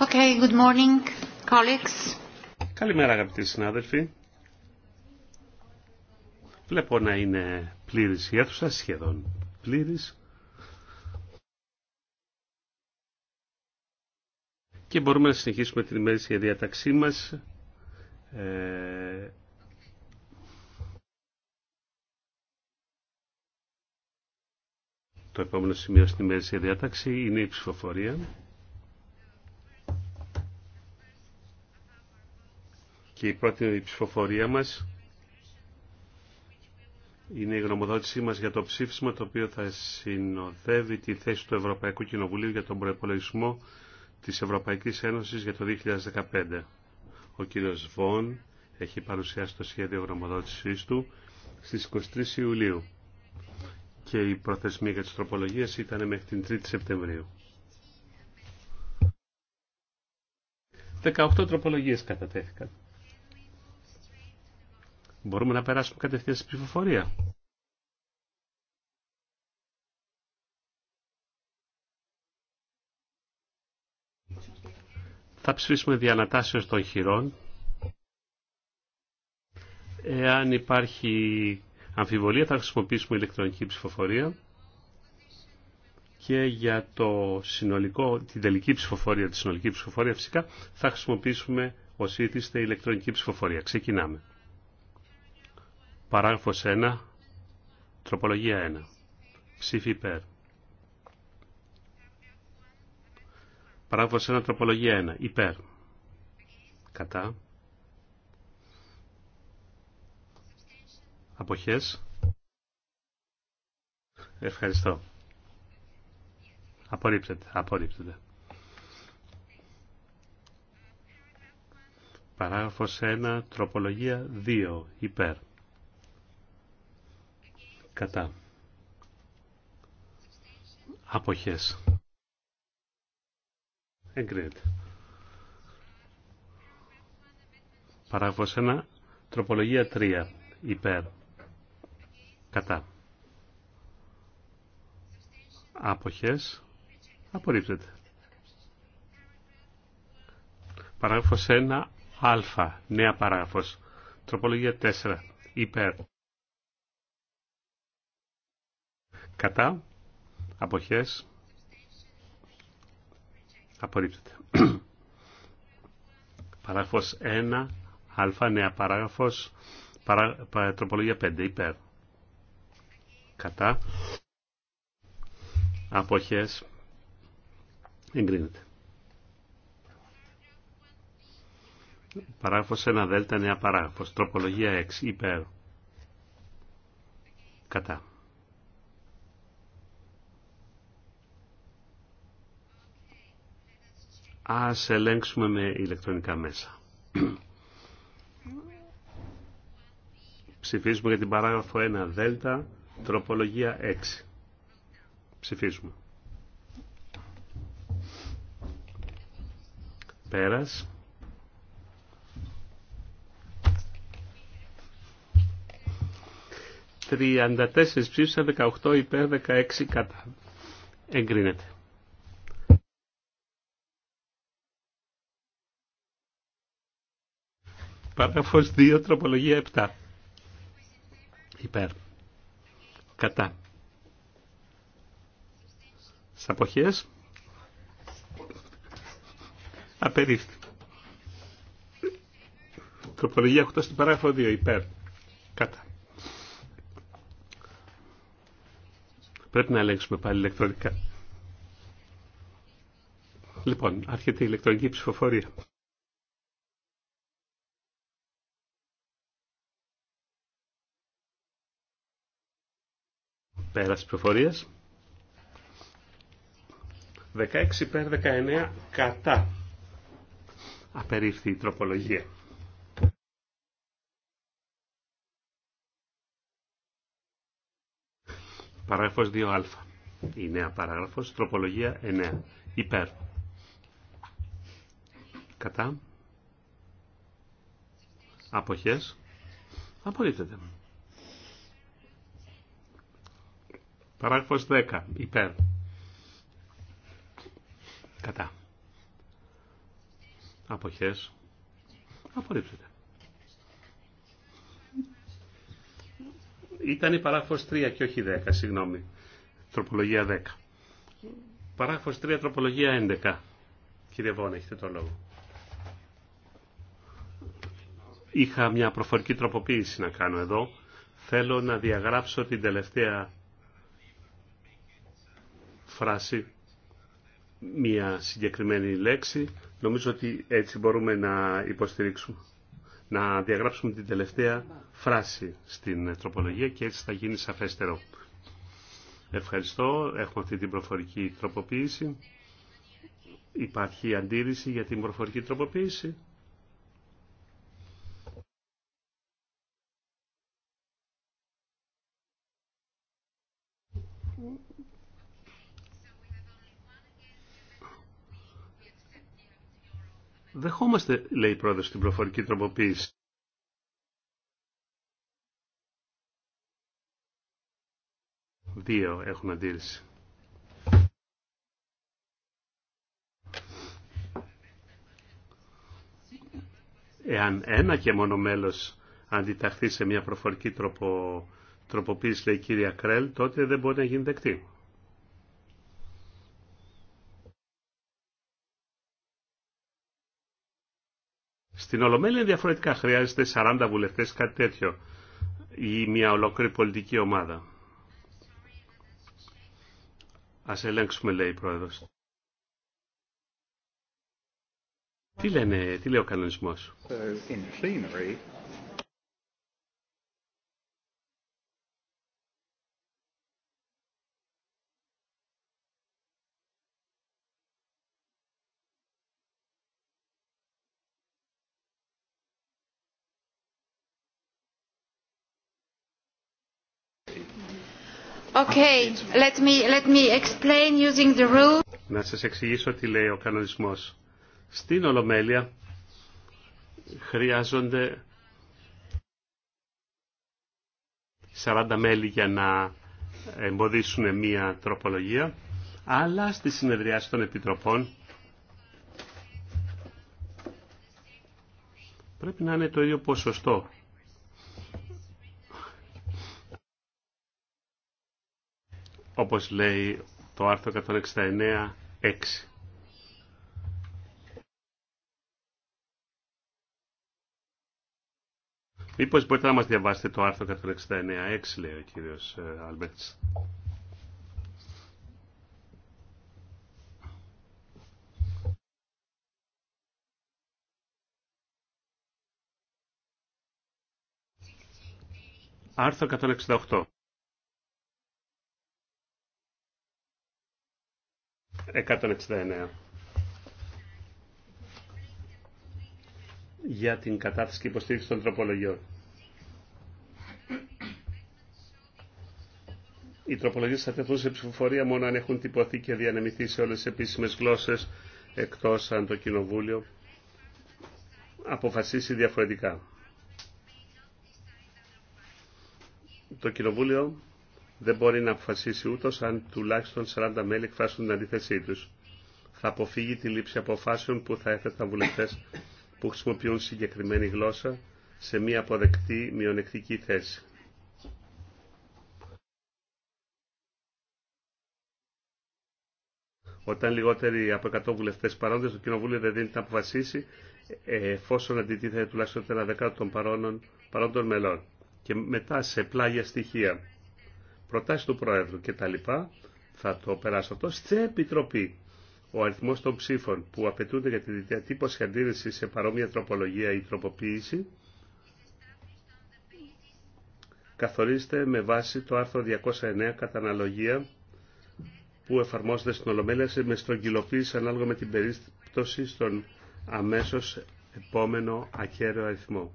Okay, good morning, colleagues. Καλημέρα αγαπητοί συνάδελφοι. Βλέπω να είναι πλήρης η αίθουσα, σχεδόν πλήρης. Και μπορούμε να συνεχίσουμε την ημέρηση διαταξή μας. Ε, το επόμενο σημείο στην ημέρηση διάταξη είναι η ψηφοφορία. και η πρώτη ψηφοφορία μας είναι η γνωμοδότησή μας για το ψήφισμα το οποίο θα συνοδεύει τη θέση του Ευρωπαϊκού Κοινοβουλίου για τον προπολογισμό της Ευρωπαϊκής Ένωσης για το 2015. Ο κύριος Βον έχει παρουσιάσει το σχέδιο γνωμοδότησής του στις 23 Ιουλίου και η προθεσμία για τις τροπολογίες ήταν μέχρι την 3η Σεπτεμβρίου. 18 τροπολογίες κατατέθηκαν. Μπορούμε να περάσουμε κατευθείαν στην ψηφοφορία. Θα ψηφίσουμε διανατάσεως των χειρών. Εάν υπάρχει αμφιβολία θα χρησιμοποιήσουμε ηλεκτρονική ψηφοφορία και για το συνολικό, την τελική ψηφοφορία, τη συνολική ψηφοφορία φυσικά θα χρησιμοποιήσουμε ως ήθιστε ηλεκτρονική ψηφοφορία. Ξεκινάμε. Παράγραφος 1. Τροπολογία 1. Ψήφι υπέρ. Παράγραφος 1. Τροπολογία 1. Υπέρ. Κατά. Αποχές. Ευχαριστώ. Απορρίπτεται. Απορρίπτεται. Παράγραφος 1. Τροπολογία 2. Υπέρ κατά αποχές εγκρίνεται παράγραφος 1 τροπολογία 3 υπέρ κατά άποχες απορρίπτεται παράγραφος 1 α νέα παράγραφος τροπολογία 4 υπέρ Κατά. Αποχές. Απορρίπτεται. Παράγραφος 1. Α νέα παράγραφος. Παρά, τροπολογία 5. Υπέρ. Κατά. Αποχές. Εγκρίνεται. Παράγραφος 1. Δέλτα νέα παράγραφος. Τροπολογία 6. Υπέρ. Κατά. Ας ελέγξουμε με ηλεκτρονικά μέσα. Ψηφίζουμε για την παράγραφο 1 Δέλτα, τροπολογία 6. Ψηφίζουμε. Πέρας. 34 ψήφισαν 18 υπέρ 16 κατά. Εγκρίνεται. Παράγραφος 2, τροπολογία 7. Υπέρ. Κατά. Σαποχές. Απερίφθη. Τροπολογία 8 στην παράγραφο 2. Υπέρ. Κατά. Πρέπει να ελέγξουμε πάλι ηλεκτρονικά. Λοιπόν, άρχεται η ηλεκτρονική ψηφοφορία. Πέρα στις προφορίας. 16 υπέρ 19 κατά. Απερίφθη η τροπολογία. Παράγραφος 2α. Η νέα παράγραφος, τροπολογία 9. Υπέρ. Κατά. Αποχές. Απολύτεται. Παράγραφος 10. Υπέρ. Κατά. Αποχές. Απορρίψετε. Ήταν η παράγραφος 3 και όχι 10, συγγνώμη. Τροπολογία 10. Παράγραφος 3, τροπολογία 11. Κύριε Βόν, έχετε το λόγο. Είχα μια προφορική τροποποίηση να κάνω εδώ. Θέλω να διαγράψω την τελευταία φράση, μια συγκεκριμένη λέξη. Νομίζω ότι έτσι μπορούμε να υποστηρίξουμε, να διαγράψουμε την τελευταία φράση στην τροπολογία και έτσι θα γίνει σαφέστερο. Ευχαριστώ. Έχουμε αυτή την προφορική τροποποίηση. Υπάρχει αντίρρηση για την προφορική τροποποίηση. Δεχόμαστε, λέει η πρόεδρος, την προφορική τροποποίηση. Δύο έχουν αντίρρηση. Εάν ένα και μόνο μέλος αντιταχθεί σε μια προφορική τροπο, τροποποίηση, λέει η κυρία Κρέλ, τότε δεν μπορεί να γίνει δεκτή. Στην Ολομέλεια διαφορετικά. Χρειάζεται 40 βουλευτές, κάτι τέτοιο ή μια ολόκληρη πολιτική ομάδα. Ας ελέγξουμε, λέει η Πρόεδρος. Τι, λένε, τι λέει ο κανονισμός. Ε, let me, explain using the rule. Να σας εξηγήσω τι λέει ο κανονισμός. Στην Ολομέλεια χρειάζονται 40 μέλη για να εμποδίσουν μία τροπολογία, αλλά στη συνεδριάση των Επιτροπών πρέπει να είναι το ίδιο ποσοστό όπως λέει το άρθρο 169.6. Μήπω μπορείτε να μα διαβάσετε το άρθρο 169.6, λέει ο κύριο ε, Αλμπερτ. Άρθρο 168. 169. για την κατάθεση και υποστήριξη των τροπολογιών. Οι τροπολογίε θα τεθούν σε ψηφοφορία μόνο αν έχουν τυπωθεί και διανεμηθεί σε όλε τι επίσημε γλώσσε, εκτό αν το Κοινοβούλιο αποφασίσει διαφορετικά. Το Κοινοβούλιο δεν μπορεί να αποφασίσει ούτω αν τουλάχιστον 40 μέλη εκφράσουν την αντίθεσή του. Θα αποφύγει τη λήψη αποφάσεων που θα έθεταν βουλευτέ που χρησιμοποιούν συγκεκριμένη γλώσσα σε μία αποδεκτή μειονεκτική θέση. Όταν λιγότεροι από 100 βουλευτέ παρόντε, το Κοινοβούλιο δεν δίνει να αποφασίσει εφόσον αντιτίθεται τουλάχιστον ένα δεκάτο των παρόντων μελών. Και μετά σε πλάγια στοιχεία Προτάσει του Πρόεδρου λοιπά Θα το περάσω αυτό στην Επιτροπή. Ο αριθμός των ψήφων που απαιτούνται για τη διατύπωση αντίρρηση σε παρόμοια τροπολογία ή τροποποίηση καθορίζεται με βάση το άρθρο 209 καταναλογία που εφαρμόζεται στην Ολομέλεια με στρογγυλοποίηση ανάλογα με την περίπτωση στον αμέσως επόμενο ακέραιο αριθμό.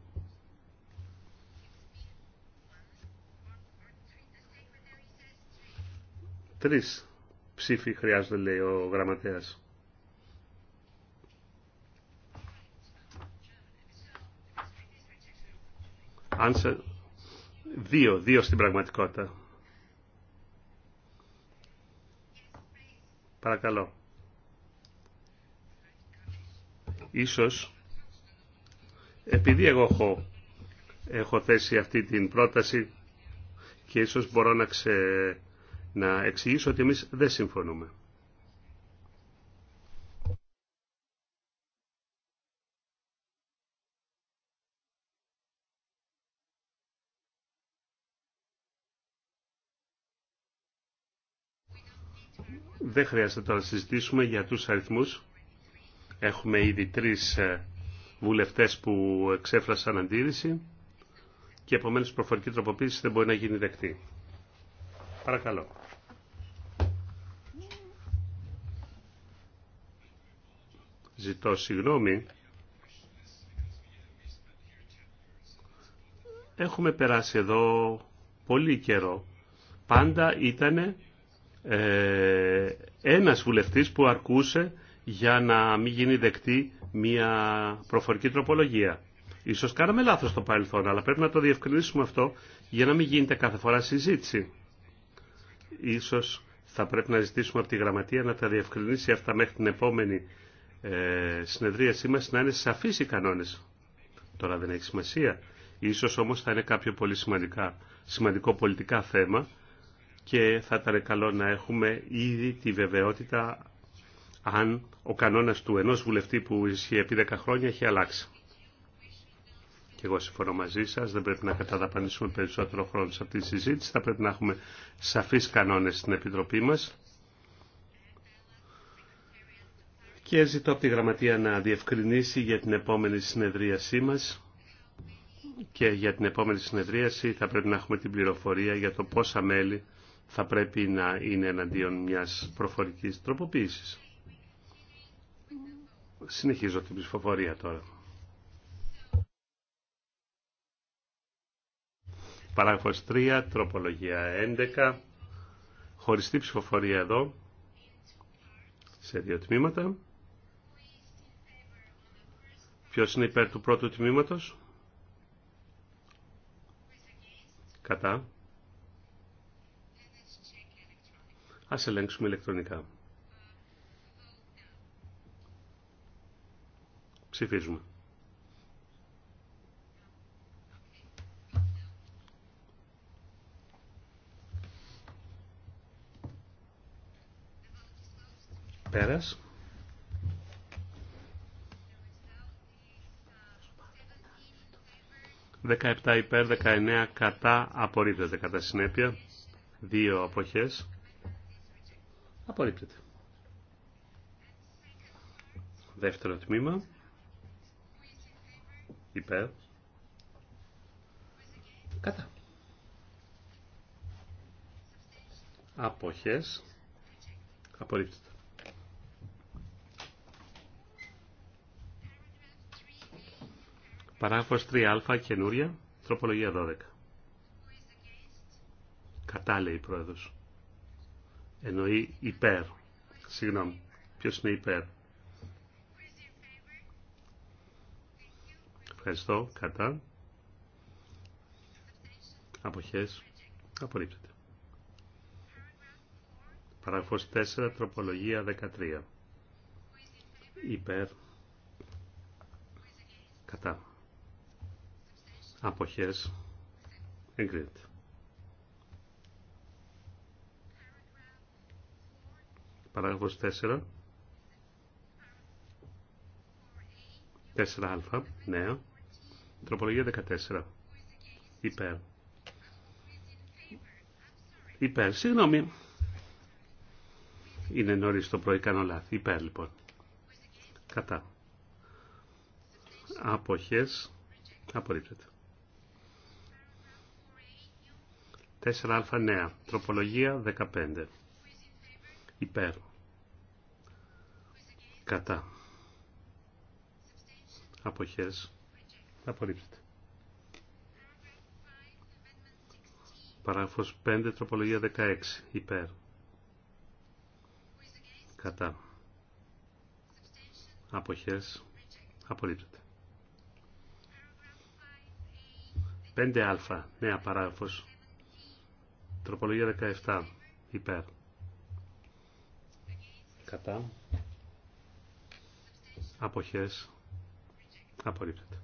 Τρεις ψήφοι χρειάζονται, λέει ο γραμματέας. Αν σε... Δύο, δύο στην πραγματικότητα. Παρακαλώ. Ίσως, επειδή εγώ έχω, έχω θέσει αυτή την πρόταση και ίσως μπορώ να, ξε, να εξηγήσω ότι εμείς δεν συμφωνούμε. Δεν χρειάζεται τώρα να συζητήσουμε για τους αριθμούς. Έχουμε ήδη τρεις ε, βουλευτές που εξέφρασαν αντίρρηση και επομένως η προφορική τροποποίηση δεν μπορεί να γίνει δεκτή. Παρακαλώ. Ζητώ συγγνώμη. Έχουμε περάσει εδώ πολύ καιρό. Πάντα ήταν ε, ένας βουλευτής που αρκούσε για να μην γίνει δεκτή μια προφορική τροπολογία. Ίσως κάναμε λάθος στο παρελθόν, αλλά πρέπει να το διευκρινίσουμε αυτό για να μην γίνεται κάθε φορά συζήτηση. Ίσως θα πρέπει να ζητήσουμε από τη Γραμματεία να τα διευκρινίσει αυτά μέχρι την επόμενη ε, συνεδρίασή μας να είναι σαφείς οι κανόνες. Τώρα δεν έχει σημασία. Ίσως όμως θα είναι κάποιο πολύ σημαντικά, σημαντικό πολιτικά θέμα και θα ήταν καλό να έχουμε ήδη τη βεβαιότητα αν ο κανόνας του ενός βουλευτή που ισχύει επί 10 χρόνια έχει αλλάξει. Και εγώ συμφωνώ μαζί σα, δεν πρέπει να καταδαπανίσουμε περισσότερο χρόνο σε αυτή τη συζήτηση. Θα πρέπει να έχουμε σαφεί κανόνε στην Επιτροπή μα και ζητώ από τη Γραμματεία να διευκρινίσει για την επόμενη συνεδρίασή μας και για την επόμενη συνεδρίαση θα πρέπει να έχουμε την πληροφορία για το πόσα μέλη θα πρέπει να είναι εναντίον μιας προφορικής τροποποίησης. Συνεχίζω την ψηφοφορία τώρα. Παράγραφος 3, τροπολογία 11, χωριστή ψηφοφορία εδώ, σε δύο τμήματα. Ποιος είναι υπέρ του πρώτου τμήματος. Κατά. Ας ελέγξουμε ηλεκτρονικά. Ψηφίζουμε. Πέρας. 17 υπέρ, 19 κατά, απορρίπτεται κατά συνέπεια. Δύο αποχές. Απορρίπτεται. Δεύτερο τμήμα. Υπέρ. Κατά. Αποχές. Απορρίπτεται. Παράγραφος 3α καινούρια, τροπολογία 12. Κατά λέει η πρόεδρος. Εννοεί υπέρ. Συγγνώμη. Ποιος είναι υπέρ. Ευχαριστώ. Κατά. Αποχές. Απορρίπτεται. Παράγραφος 4, τροπολογία 13. Υπέρ. Κατά αποχές εγκρίνεται. Παράγραφος 4. 4α, νέο. Τροπολογία 14. Υπέρ. Υπέρ, συγγνώμη. Είναι νωρίς το πρωί, κάνω λάθη. Υπέρ, λοιπόν. Κατά. Αποχές απορρίπτεται. 4α νέα. Τροπολογία 15. Υπέρ. Κατά. Αποχές. Απορρίπτεται. Παράγραφος 5, τροπολογία 16. Υπέρ. Κατά. Αποχές. Απορρίπτεται. 5α, νέα παράγραφος Τροπολογία 17. Υπέρ. Κατά. Αποχές. Απορρίπτεται.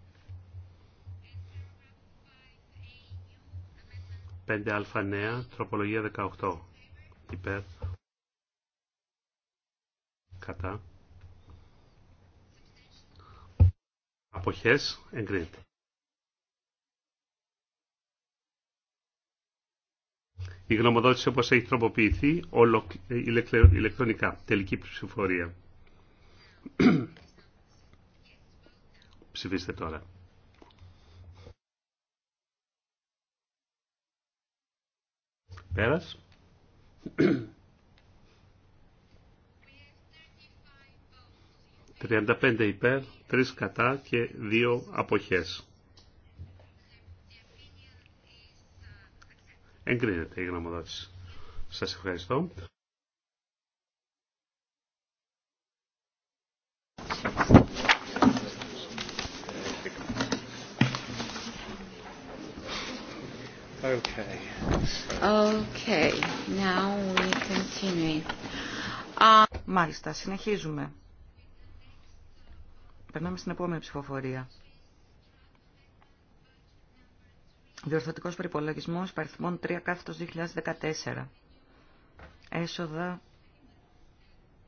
5α νέα. Τροπολογία 18. Υπέρ. Κατά. Αποχές. Εγκρίνεται. Η γνωμοδότηση όπως έχει τροποποιηθεί ολοκ... ηλεκτρονικά. Τελική ψηφοφορία. Ψηφίστε τώρα. Πέρας. «35 υπέρ, 3 κατά και 2 αποχές». Εγκρίνεται η γνωμοδότηση. Σας ευχαριστώ. Okay. Now we continue. Μάλιστα, συνεχίζουμε. Περνάμε στην επόμενη ψηφοφορία. Διορθωτικό προϋπολογισμός παριθμών 3 κάθετο 2014. Έσοδα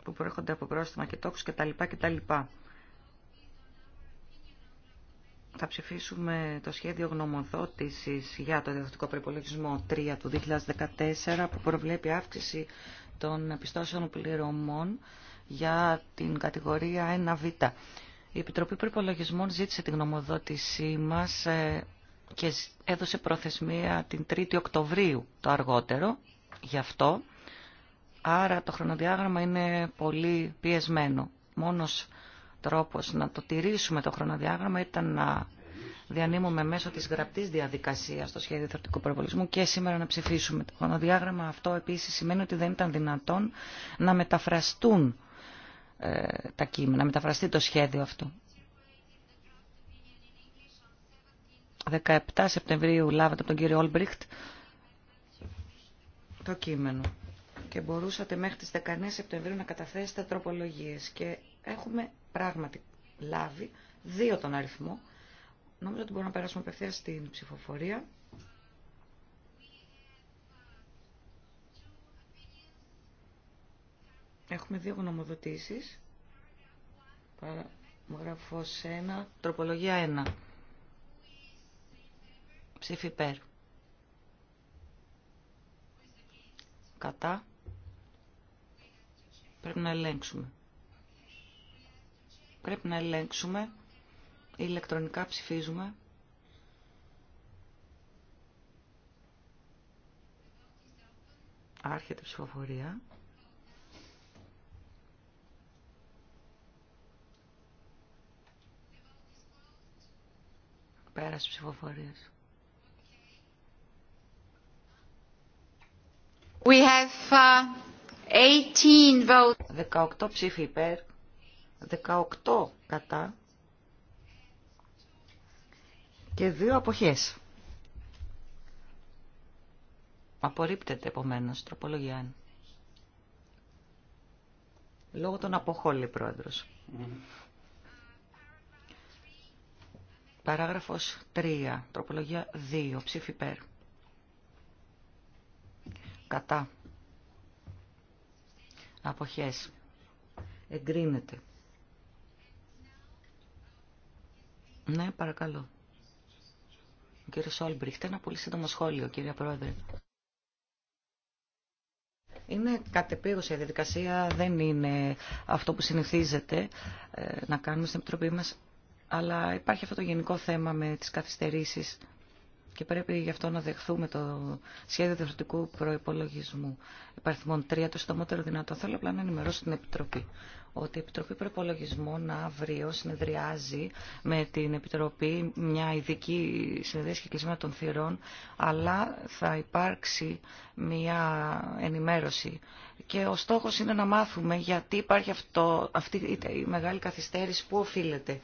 που προέρχονται από πρόστιμα και τόξου κτλ. Θα ψηφίσουμε το σχέδιο γνωμοδότηση για το διορθωτικό προϋπολογισμό 3 του 2014 που προβλέπει αύξηση των πιστώσεων πληρωμών για την κατηγορία 1β. Η Επιτροπή Προπολογισμών ζήτησε την γνωμοδότησή μας ε, και έδωσε προθεσμία την 3η Οκτωβρίου το αργότερο, γι' αυτό. Άρα το χρονοδιάγραμμα είναι πολύ πιεσμένο. Μόνος τρόπος να το τηρήσουμε το χρονοδιάγραμμα ήταν να διανύμουμε μέσω της γραπτής διαδικασίας το σχέδιο θεωρητικού προβολισμού και σήμερα να ψηφίσουμε. Το χρονοδιάγραμμα αυτό επίσης σημαίνει ότι δεν ήταν δυνατόν να μεταφραστούν ε, τα κείμενα, να μεταφραστεί το σχέδιο αυτό. 17 Σεπτεμβρίου λάβατε από τον κύριο Όλμπριχτ το κείμενο και μπορούσατε μέχρι τις 19 Σεπτεμβρίου να καταθέσετε τροπολογίες και έχουμε πράγματι λάβει δύο τον αριθμό. Νομίζω ότι μπορούμε να περάσουμε απευθεία στην ψηφοφορία. Έχουμε δύο γνωμοδοτήσεις. Παραγραφός 1, τροπολογία 1. Ψήφι υπέρ. Κατά. Πρέπει να ελέγξουμε. Πρέπει να ελέγξουμε. Ηλεκτρονικά ψηφίζουμε. Άρχεται η ψηφοφορία. Πέρας ψηφοφορίας. We have 18 uh, votes. 18 ψήφοι υπέρ, 18 κατά και δύο αποχές. Απορρίπτεται επομένως τροπολογία. Λόγω των αποχώλη πρόεδρος. Mm. Παράγραφος 3, τροπολογία 2, ψήφι υπέρ κατά αποχές εγκρίνεται ναι παρακαλώ ο κύριο Όλμπριχτ ένα πολύ σύντομο σχόλιο κύριε Πρόεδρε είναι κατεπίγουσα η διαδικασία, δεν είναι αυτό που συνηθίζεται ε, να κάνουμε στην Επιτροπή μας, αλλά υπάρχει αυτό το γενικό θέμα με τις καθυστερήσεις και πρέπει γι' αυτό να δεχθούμε το σχέδιο διευθυντικού προπολογισμού υπαριθμών 3 το συντομότερο δυνατό. Θέλω απλά να ενημερώσω την Επιτροπή ότι η Επιτροπή Προπολογισμών αύριο συνεδριάζει με την Επιτροπή μια ειδική συνεδρίαση και κλεισμένα των θυρών, αλλά θα υπάρξει μια ενημέρωση. Και ο στόχος είναι να μάθουμε γιατί υπάρχει αυτό, αυτή η μεγάλη καθυστέρηση που οφείλεται.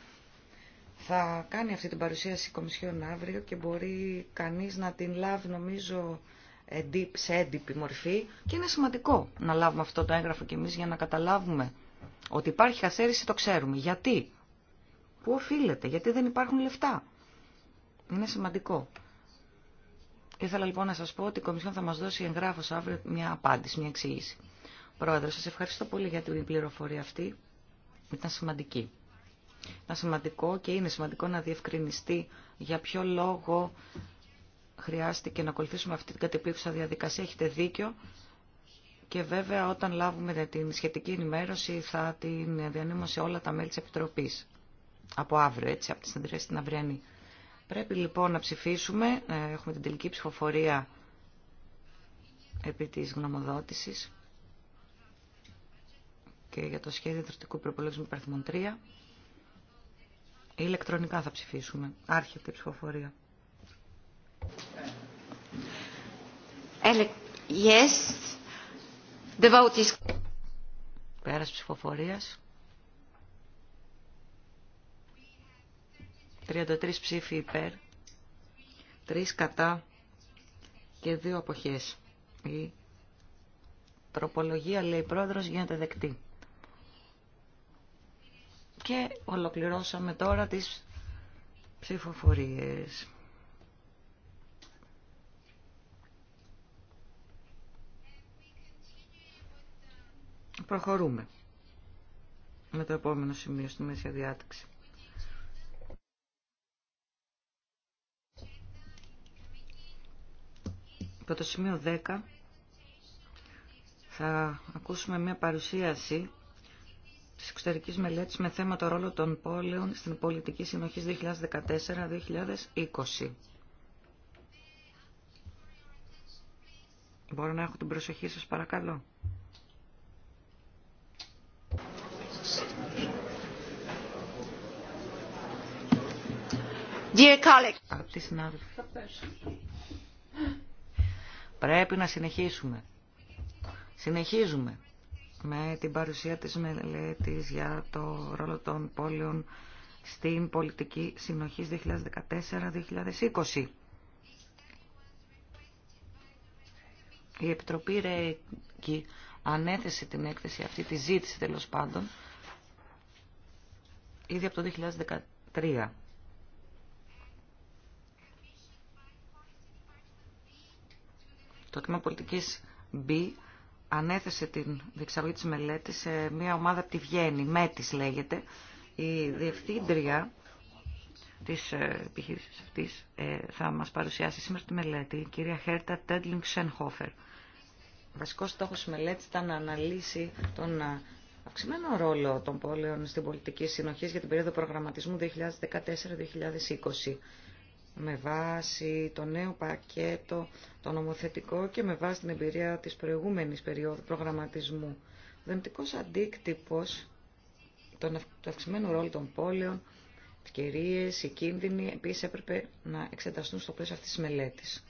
Θα κάνει αυτή την παρουσίαση η Κομισιόν αύριο και μπορεί κανείς να την λάβει νομίζω σε έντυπη μορφή και είναι σημαντικό να λάβουμε αυτό το έγγραφο κι εμείς για να καταλάβουμε ότι υπάρχει καθαίρεση το ξέρουμε. Γιατί, πού οφείλεται, γιατί δεν υπάρχουν λεφτά. Είναι σημαντικό. Και Ήθελα λοιπόν να σας πω ότι η Κομισιόν θα μας δώσει εγγράφος αύριο μια απάντηση, μια εξήγηση. Πρόεδρε, σας ευχαριστώ πολύ για την πληροφορία αυτή. Ήταν σημαντική. Είναι σημαντικό και είναι σημαντικό να διευκρινιστεί για ποιο λόγο χρειάστηκε να ακολουθήσουμε αυτή την κατεπίθουσα διαδικασία. Έχετε δίκιο. Και βέβαια όταν λάβουμε την σχετική ενημέρωση θα την διανύμω σε όλα τα μέλη της Επιτροπής. Από αύριο, έτσι, από τη συνεδρία στην αυριανή. Πρέπει λοιπόν να ψηφίσουμε. Ε, έχουμε την τελική ψηφοφορία επί της γνωμοδότησης και για το σχέδιο δραστικού προπολογισμού υπερθυμών Ηλεκτρονικά θα ψηφίσουμε. Άρχεται η ψηφοφορία. Yes. The vote is... Πέρας ψηφοφορίας. 33 ψήφοι υπέρ, 3 κατά και 2 αποχές. Η τροπολογία, λέει η πρόεδρος, γίνεται δεκτή. Και ολοκληρώσαμε τώρα τις ψηφοφορίες. Προχωρούμε με το επόμενο σημείο στη μέση διάταξη. Από το σημείο 10 θα ακούσουμε μια παρουσίαση της εξωτερικής μελέτης με θέμα το ρόλο των πόλεων στην πολιτική συνοχή 2014-2020. Μπορώ να έχω την προσοχή σας παρακαλώ. πρέπει να συνεχίσουμε. Συνεχίζουμε με την παρουσία της μελέτης για το ρόλο των πόλεων στην πολιτικη συνοχη συνοχής 2014-2020. Η Επιτροπή ΡΕΚΙ ανέθεσε την έκθεση αυτή, τη ζήτηση τέλο πάντων, ήδη από το 2013. Το τμήμα πολιτικής B ανέθεσε την διεξαγωγή της μελέτης σε μια ομάδα από τη Βιέννη, ΜΕΤΙΣ λέγεται. Η διευθύντρια της ε, επιχείρησης αυτής ε, θα μας παρουσιάσει σήμερα τη μελέτη, η κυρία Χέρτα Τέντλινγκ Σενχόφερ. Βασικός στόχος της μελέτης ήταν να αναλύσει τον ε, αυξημένο ρόλο των πόλεων στην πολιτική συνοχή για την περίοδο προγραμματισμού 2014-2020 με βάση το νέο πακέτο, το νομοθετικό και με βάση την εμπειρία της προηγούμενης περίοδου προγραμματισμού. Ο αντίκτυπος, τον αυξημένο ρόλο των πόλεων, ευκαιρίε, οι κίνδυνοι, επίσης έπρεπε να εξεταστούν στο πλαίσιο αυτής της μελέτης.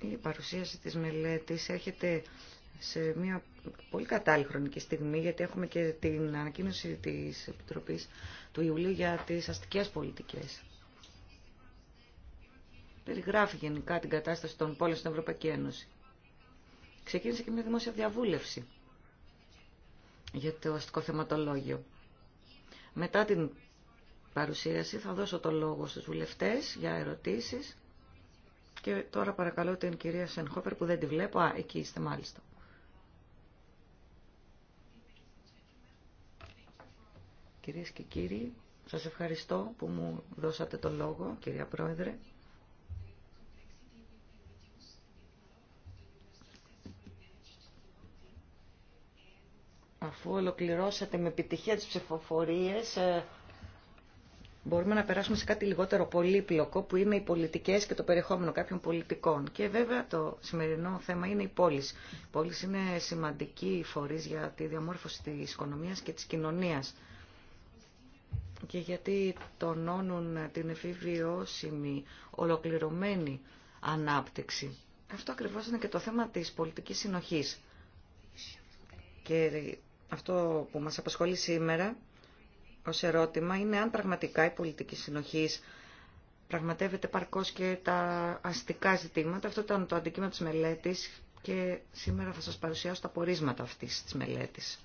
Η παρουσίαση της μελέτης έρχεται σε μια πολύ κατάλληλη χρονική στιγμή, γιατί έχουμε και την ανακοίνωση της Επιτροπής του Ιουλίου για τις αστικές πολιτικές περιγράφει γενικά την κατάσταση των πόλεων στην Ευρωπαϊκή Ένωση. Ξεκίνησε και μια δημόσια διαβούλευση για το αστικό θεματολόγιο. Μετά την παρουσίαση θα δώσω το λόγο στους βουλευτές για ερωτήσεις και τώρα παρακαλώ την κυρία Σενχόπερ που δεν τη βλέπω. Α, εκεί είστε μάλιστα. Κυρίες και κύριοι, σας ευχαριστώ που μου δώσατε το λόγο, κυρία Πρόεδρε. Αφού ολοκληρώσατε με επιτυχία τις ψηφοφορίες, ε, μπορούμε να περάσουμε σε κάτι λιγότερο πολύπλοκο που είναι οι πολιτικές και το περιεχόμενο κάποιων πολιτικών. Και βέβαια το σημερινό θέμα είναι η πόλη. Η πόλη είναι σημαντική φορή για τη διαμόρφωση της οικονομίας και της κοινωνίας. Και γιατί τονώνουν την εφηβιώσιμη, ολοκληρωμένη ανάπτυξη. Αυτό ακριβώς είναι και το θέμα της πολιτικής συνοχής. Και αυτό που μας απασχολεί σήμερα ως ερώτημα είναι αν πραγματικά η πολιτική συνοχής πραγματεύεται παρκώς και τα αστικά ζητήματα. Αυτό ήταν το αντικείμενο της μελέτης και σήμερα θα σας παρουσιάσω τα πορίσματα αυτής της μελέτης.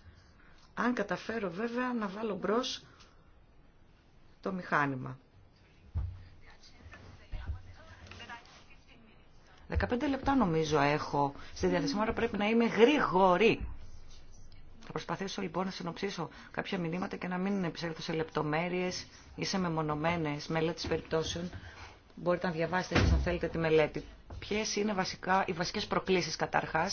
Αν καταφέρω βέβαια να βάλω μπρο το μηχάνημα. 15 λεπτά νομίζω έχω στη διάθεσή μου, πρέπει να είμαι γρήγορη. Θα προσπαθήσω λοιπόν να συνοψίσω κάποια μηνύματα και να μην επισέλθω σε λεπτομέρειε ή σε μεμονωμένε μελέτε περιπτώσεων. Μπορείτε να διαβάσετε εσεί, αν θέλετε τη μελέτη. Ποιε είναι βασικά, οι βασικέ προκλήσει καταρχά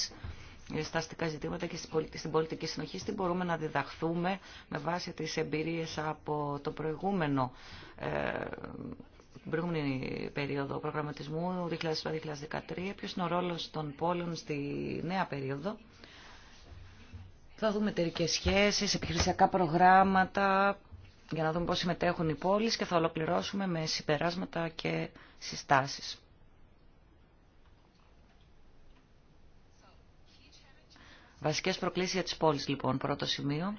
ε, στα αστικά ζητήματα και στην πολιτική συνοχή, τι μπορούμε να διδαχθούμε με βάση τι εμπειρίε από το προηγούμενο ε, περίοδο προγραμματισμού 2013, ποιος είναι ο ρόλος των πόλεων στη νέα περίοδο θα δούμε εταιρικέ σχέσει, επιχειρησιακά προγράμματα, για να δούμε πώς συμμετέχουν οι πόλεις και θα ολοκληρώσουμε με συμπεράσματα και συστάσεις. Βασικές προκλήσεις για τις πόλεις, λοιπόν, πρώτο σημείο.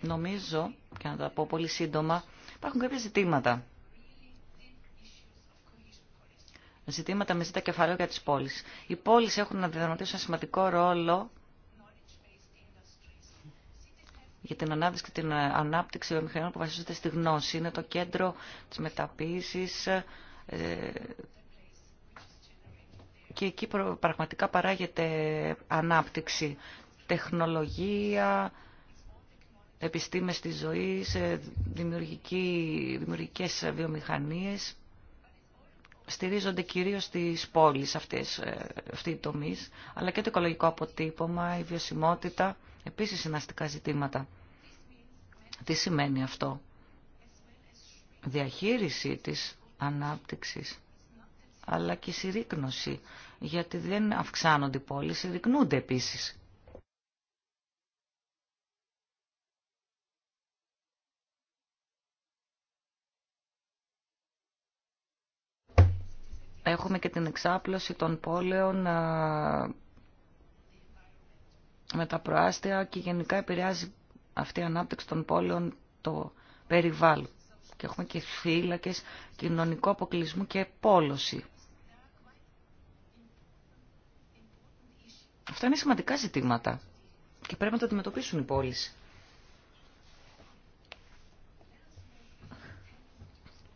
Νομίζω, και να τα πω πολύ σύντομα, υπάρχουν κάποια ζητήματα. Ζητήματα με ζήτα κεφαλαίο για τις πόλεις. Οι πόλεις έχουν να διαδραματίσουν ένα σημαντικό ρόλο για την ανάδειξη και την ε, ανάπτυξη βιομηχανιών που βασίζονται στη γνώση. Είναι το κέντρο της μεταποίησης ε, και εκεί πραγματικά παράγεται ανάπτυξη, τεχνολογία, επιστήμες της ζωής, δημιουργικές βιομηχανίες. Στηρίζονται κυρίως στις πόλεις αυτές, ε, αυτοί οι τομείς, αλλά και το οικολογικό αποτύπωμα, η βιωσιμότητα, επίσης συναστικά ζητήματα. Τι σημαίνει αυτό. Διαχείριση της ανάπτυξης αλλά και συρρήκνωση, γιατί δεν αυξάνονται οι πόλεις, συρρυκνούνται επίσης. Έχουμε και την εξάπλωση των πόλεων με τα προάστια και γενικά επηρεάζει αυτή η ανάπτυξη των πόλεων το περιβάλλον. Και έχουμε και φύλακες κοινωνικό αποκλεισμού και πόλωση. Αυτά είναι σημαντικά ζητήματα και πρέπει να τα αντιμετωπίσουν οι πόλεις.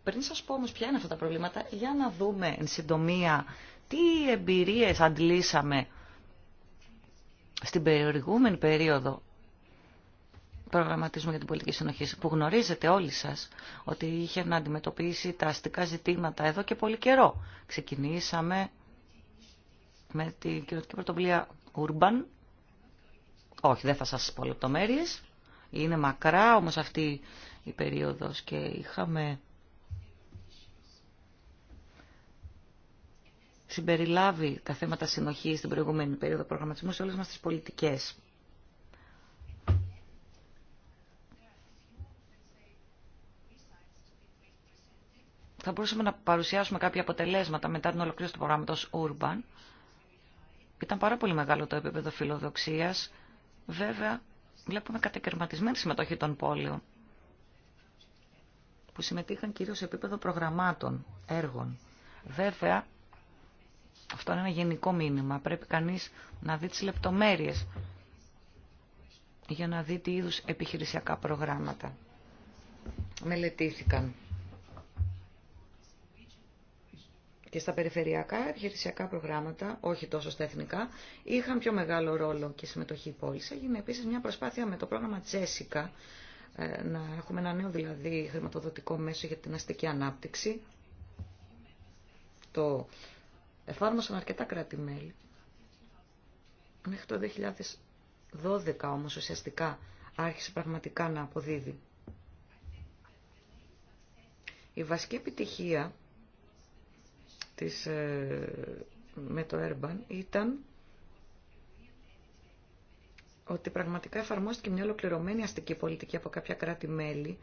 Πριν σας πω όμως ποια είναι αυτά τα προβλήματα, για να δούμε εν συντομία τι εμπειρίες αντλήσαμε στην προηγούμενη περίοδο προγραμματισμού για την πολιτική συνοχή, που γνωρίζετε όλοι σας ότι είχε να αντιμετωπίσει τα αστικά ζητήματα εδώ και πολύ καιρό. Ξεκινήσαμε με την κοινωνική πρωτοβουλία Urban. Όχι, δεν θα σα πω λεπτομέρειε. Είναι μακρά όμως αυτή η περίοδος και είχαμε συμπεριλάβει τα θέματα συνοχής στην προηγούμενη περίοδο προγραμματισμού σε όλες μας τις πολιτικές. θα μπορούσαμε να παρουσιάσουμε κάποια αποτελέσματα μετά την ολοκλήρωση του προγράμματος Urban. Ήταν πάρα πολύ μεγάλο το επίπεδο φιλοδοξίας. Βέβαια, βλέπουμε κατακαιρματισμένη συμμετοχή των πόλεων, που συμμετείχαν κυρίως σε επίπεδο προγραμμάτων, έργων. Βέβαια, αυτό είναι ένα γενικό μήνυμα. Πρέπει κανείς να δει τις λεπτομέρειες για να δει τι είδους επιχειρησιακά προγράμματα μελετήθηκαν και στα περιφερειακά επιχειρησιακά προγράμματα, όχι τόσο στα εθνικά, είχαν πιο μεγάλο ρόλο και συμμετοχή η πόλη. Έγινε επίση μια προσπάθεια με το πρόγραμμα Τζέσικα, ε, να έχουμε ένα νέο δηλαδή χρηματοδοτικό μέσο για την αστική ανάπτυξη. Το εφάρμοσαν αρκετά κράτη-μέλη. Μέχρι το 2012 όμως ουσιαστικά άρχισε πραγματικά να αποδίδει. Η βασική επιτυχία της, ε, με το Urban ήταν ότι πραγματικά εφαρμόστηκε μια ολοκληρωμένη αστική πολιτική από κάποια κράτη-μέλη,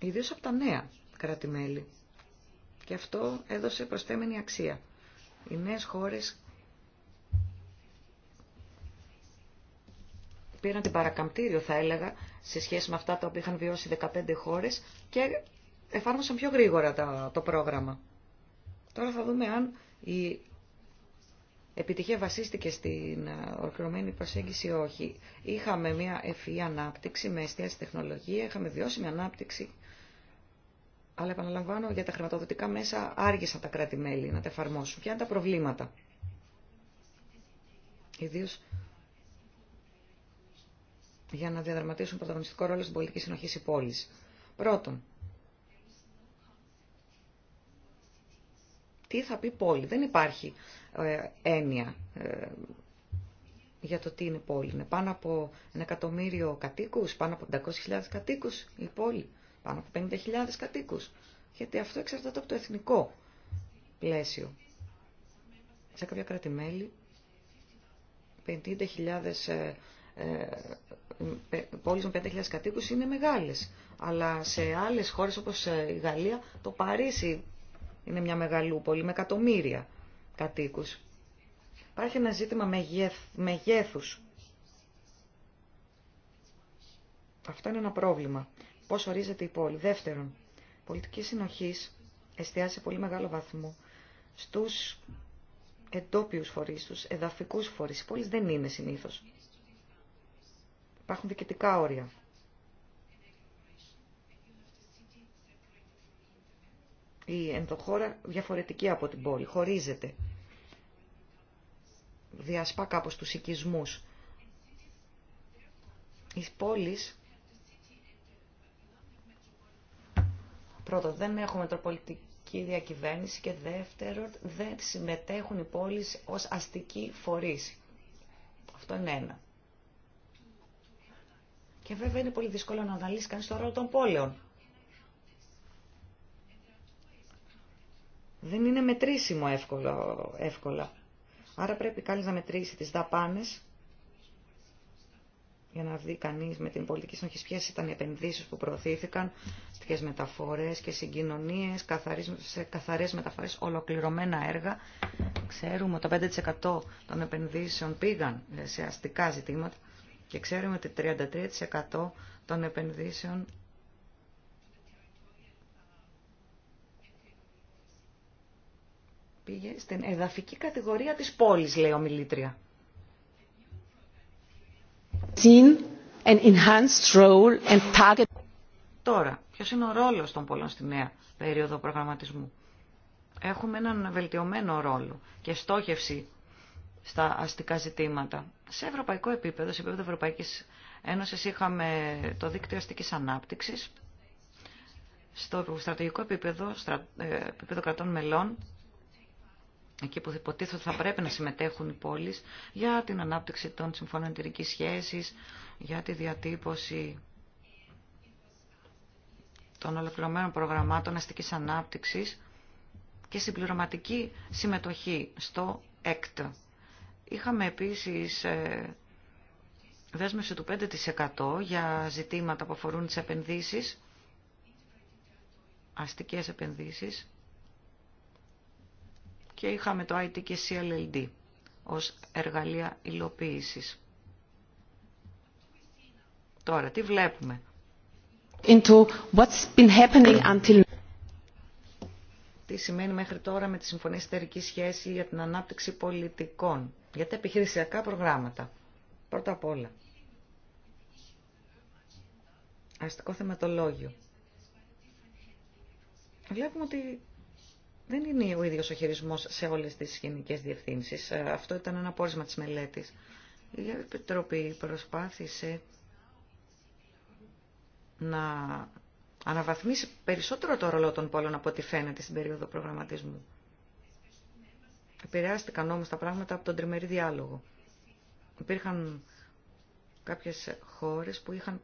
ιδίως από τα νέα κράτη-μέλη. Και αυτό έδωσε προσθέμενη αξία. Οι νέες χώρες πήραν την παρακαμπτήριο, θα έλεγα, σε σχέση με αυτά τα οποία είχαν βιώσει 15 χώρες και εφάρμοσαν πιο γρήγορα το πρόγραμμα. Τώρα θα δούμε αν η επιτυχία βασίστηκε στην ε, ολοκληρωμένη προσέγγιση ή όχι. Είχαμε μια ευφυή ανάπτυξη με εστίαση τεχνολογία, είχαμε βιώσιμη ανάπτυξη. Αλλά επαναλαμβάνω, για τα χρηματοδοτικά μέσα άργησαν τα κράτη-μέλη να τα εφαρμόσουν. Ποια είναι τα προβλήματα. Ιδίω για να διαδραματίσουν πρωταγωνιστικό ρόλο στην πολιτική συνοχή τη πόλη. Πρώτον, τι θα πει πόλη. Δεν υπάρχει ε, έννοια ε, για το τι είναι πόλη. Είναι πάνω από ένα εκατομμύριο κατοίκους, πάνω από 500.000 κατοίκους η πόλη, πάνω από 50.000 κατοίκους. Γιατί αυτό εξαρτάται από το εθνικό πλαίσιο. Σε κάποια 50.000 ε, πόλεις με 5.000 κατοίκους είναι μεγάλες. Αλλά σε άλλες χώρες όπως η Γαλλία, το Παρίσι είναι μια μεγαλούπολη με εκατομμύρια κατοίκους. Υπάρχει ένα ζήτημα μεγέθους. Αυτό είναι ένα πρόβλημα. Πώς ορίζεται η πόλη. Δεύτερον, πολιτική συνοχής εστιάζει σε πολύ μεγάλο βαθμό στους εντόπιους φορείς, στους εδαφικούς φορείς. Οι πόλεις δεν είναι συνήθως. Υπάρχουν διοικητικά όρια. η ενδοχώρα διαφορετική από την πόλη, χωρίζεται. Διασπά κάπως τους οικισμούς. Οι πόλεις, πρώτον, δεν έχουν μετροπολιτική διακυβέρνηση και δεύτερον, δεν συμμετέχουν οι πόλεις ως αστικοί φορείς. Αυτό είναι ένα. Και βέβαια είναι πολύ δύσκολο να αναλύσει κανείς το ρόλο των πόλεων δεν είναι μετρήσιμο εύκολο, εύκολα. Άρα πρέπει κάλλιστα να μετρήσει τις δαπάνες για να δει κανείς με την πολιτική συνοχή ποιες ήταν οι επενδύσεις που προωθήθηκαν στις μεταφορές και συγκοινωνίες, σε καθαρές μεταφορές, ολοκληρωμένα έργα. Ξέρουμε ότι το 5% των επενδύσεων πήγαν σε αστικά ζητήματα και ξέρουμε ότι 33% των επενδύσεων Πήγε στην εδαφική κατηγορία της πόλης, λέει ο Μιλήτρια. Τώρα, ποιος είναι ο ρόλος των πολλών στη νέα περίοδο προγραμματισμού. Έχουμε έναν βελτιωμένο ρόλο και στόχευση στα αστικά ζητήματα. Σε ευρωπαϊκό επίπεδο, σε επίπεδο Ευρωπαϊκής Ένωσης, είχαμε το δίκτυο αστικής ανάπτυξης. Στο στρατηγικό επίπεδο, στρα, ε, επίπεδο κρατών μελών, εκεί που υποτίθεται ότι θα πρέπει να συμμετέχουν οι πόλεις για την ανάπτυξη των συμφώνων εταιρικής σχέσης, για τη διατύπωση των ολοκληρωμένων προγραμμάτων αστικής ανάπτυξης και συμπληρωματική συμμετοχή στο ΕΚΤ. Είχαμε επίσης ε, δέσμευση του 5% για ζητήματα που αφορούν τις επενδύσεις, αστικές επενδύσεις, και είχαμε το IT και CLLD ως εργαλεία υλοποίησης. Τώρα, τι βλέπουμε. Into what's been happening until... Τι σημαίνει μέχρι τώρα με τη Συμφωνία Συντερική Σχέση για την Ανάπτυξη Πολιτικών, για τα επιχειρησιακά προγράμματα. Πρώτα απ' όλα. Αστικό θεματολόγιο. Βλέπουμε ότι δεν είναι ο ίδιος ο χειρισμός σε όλες τις γενικές διευθύνσεις. Ε, αυτό ήταν ένα πόρισμα της μελέτης. Η Επιτροπή προσπάθησε να αναβαθμίσει περισσότερο το ρόλο των πόλων από ό,τι φαίνεται στην περίοδο προγραμματισμού. Επηρεάστηκαν όμως τα πράγματα από τον τριμερή διάλογο. Υπήρχαν κάποιες χώρες που είχαν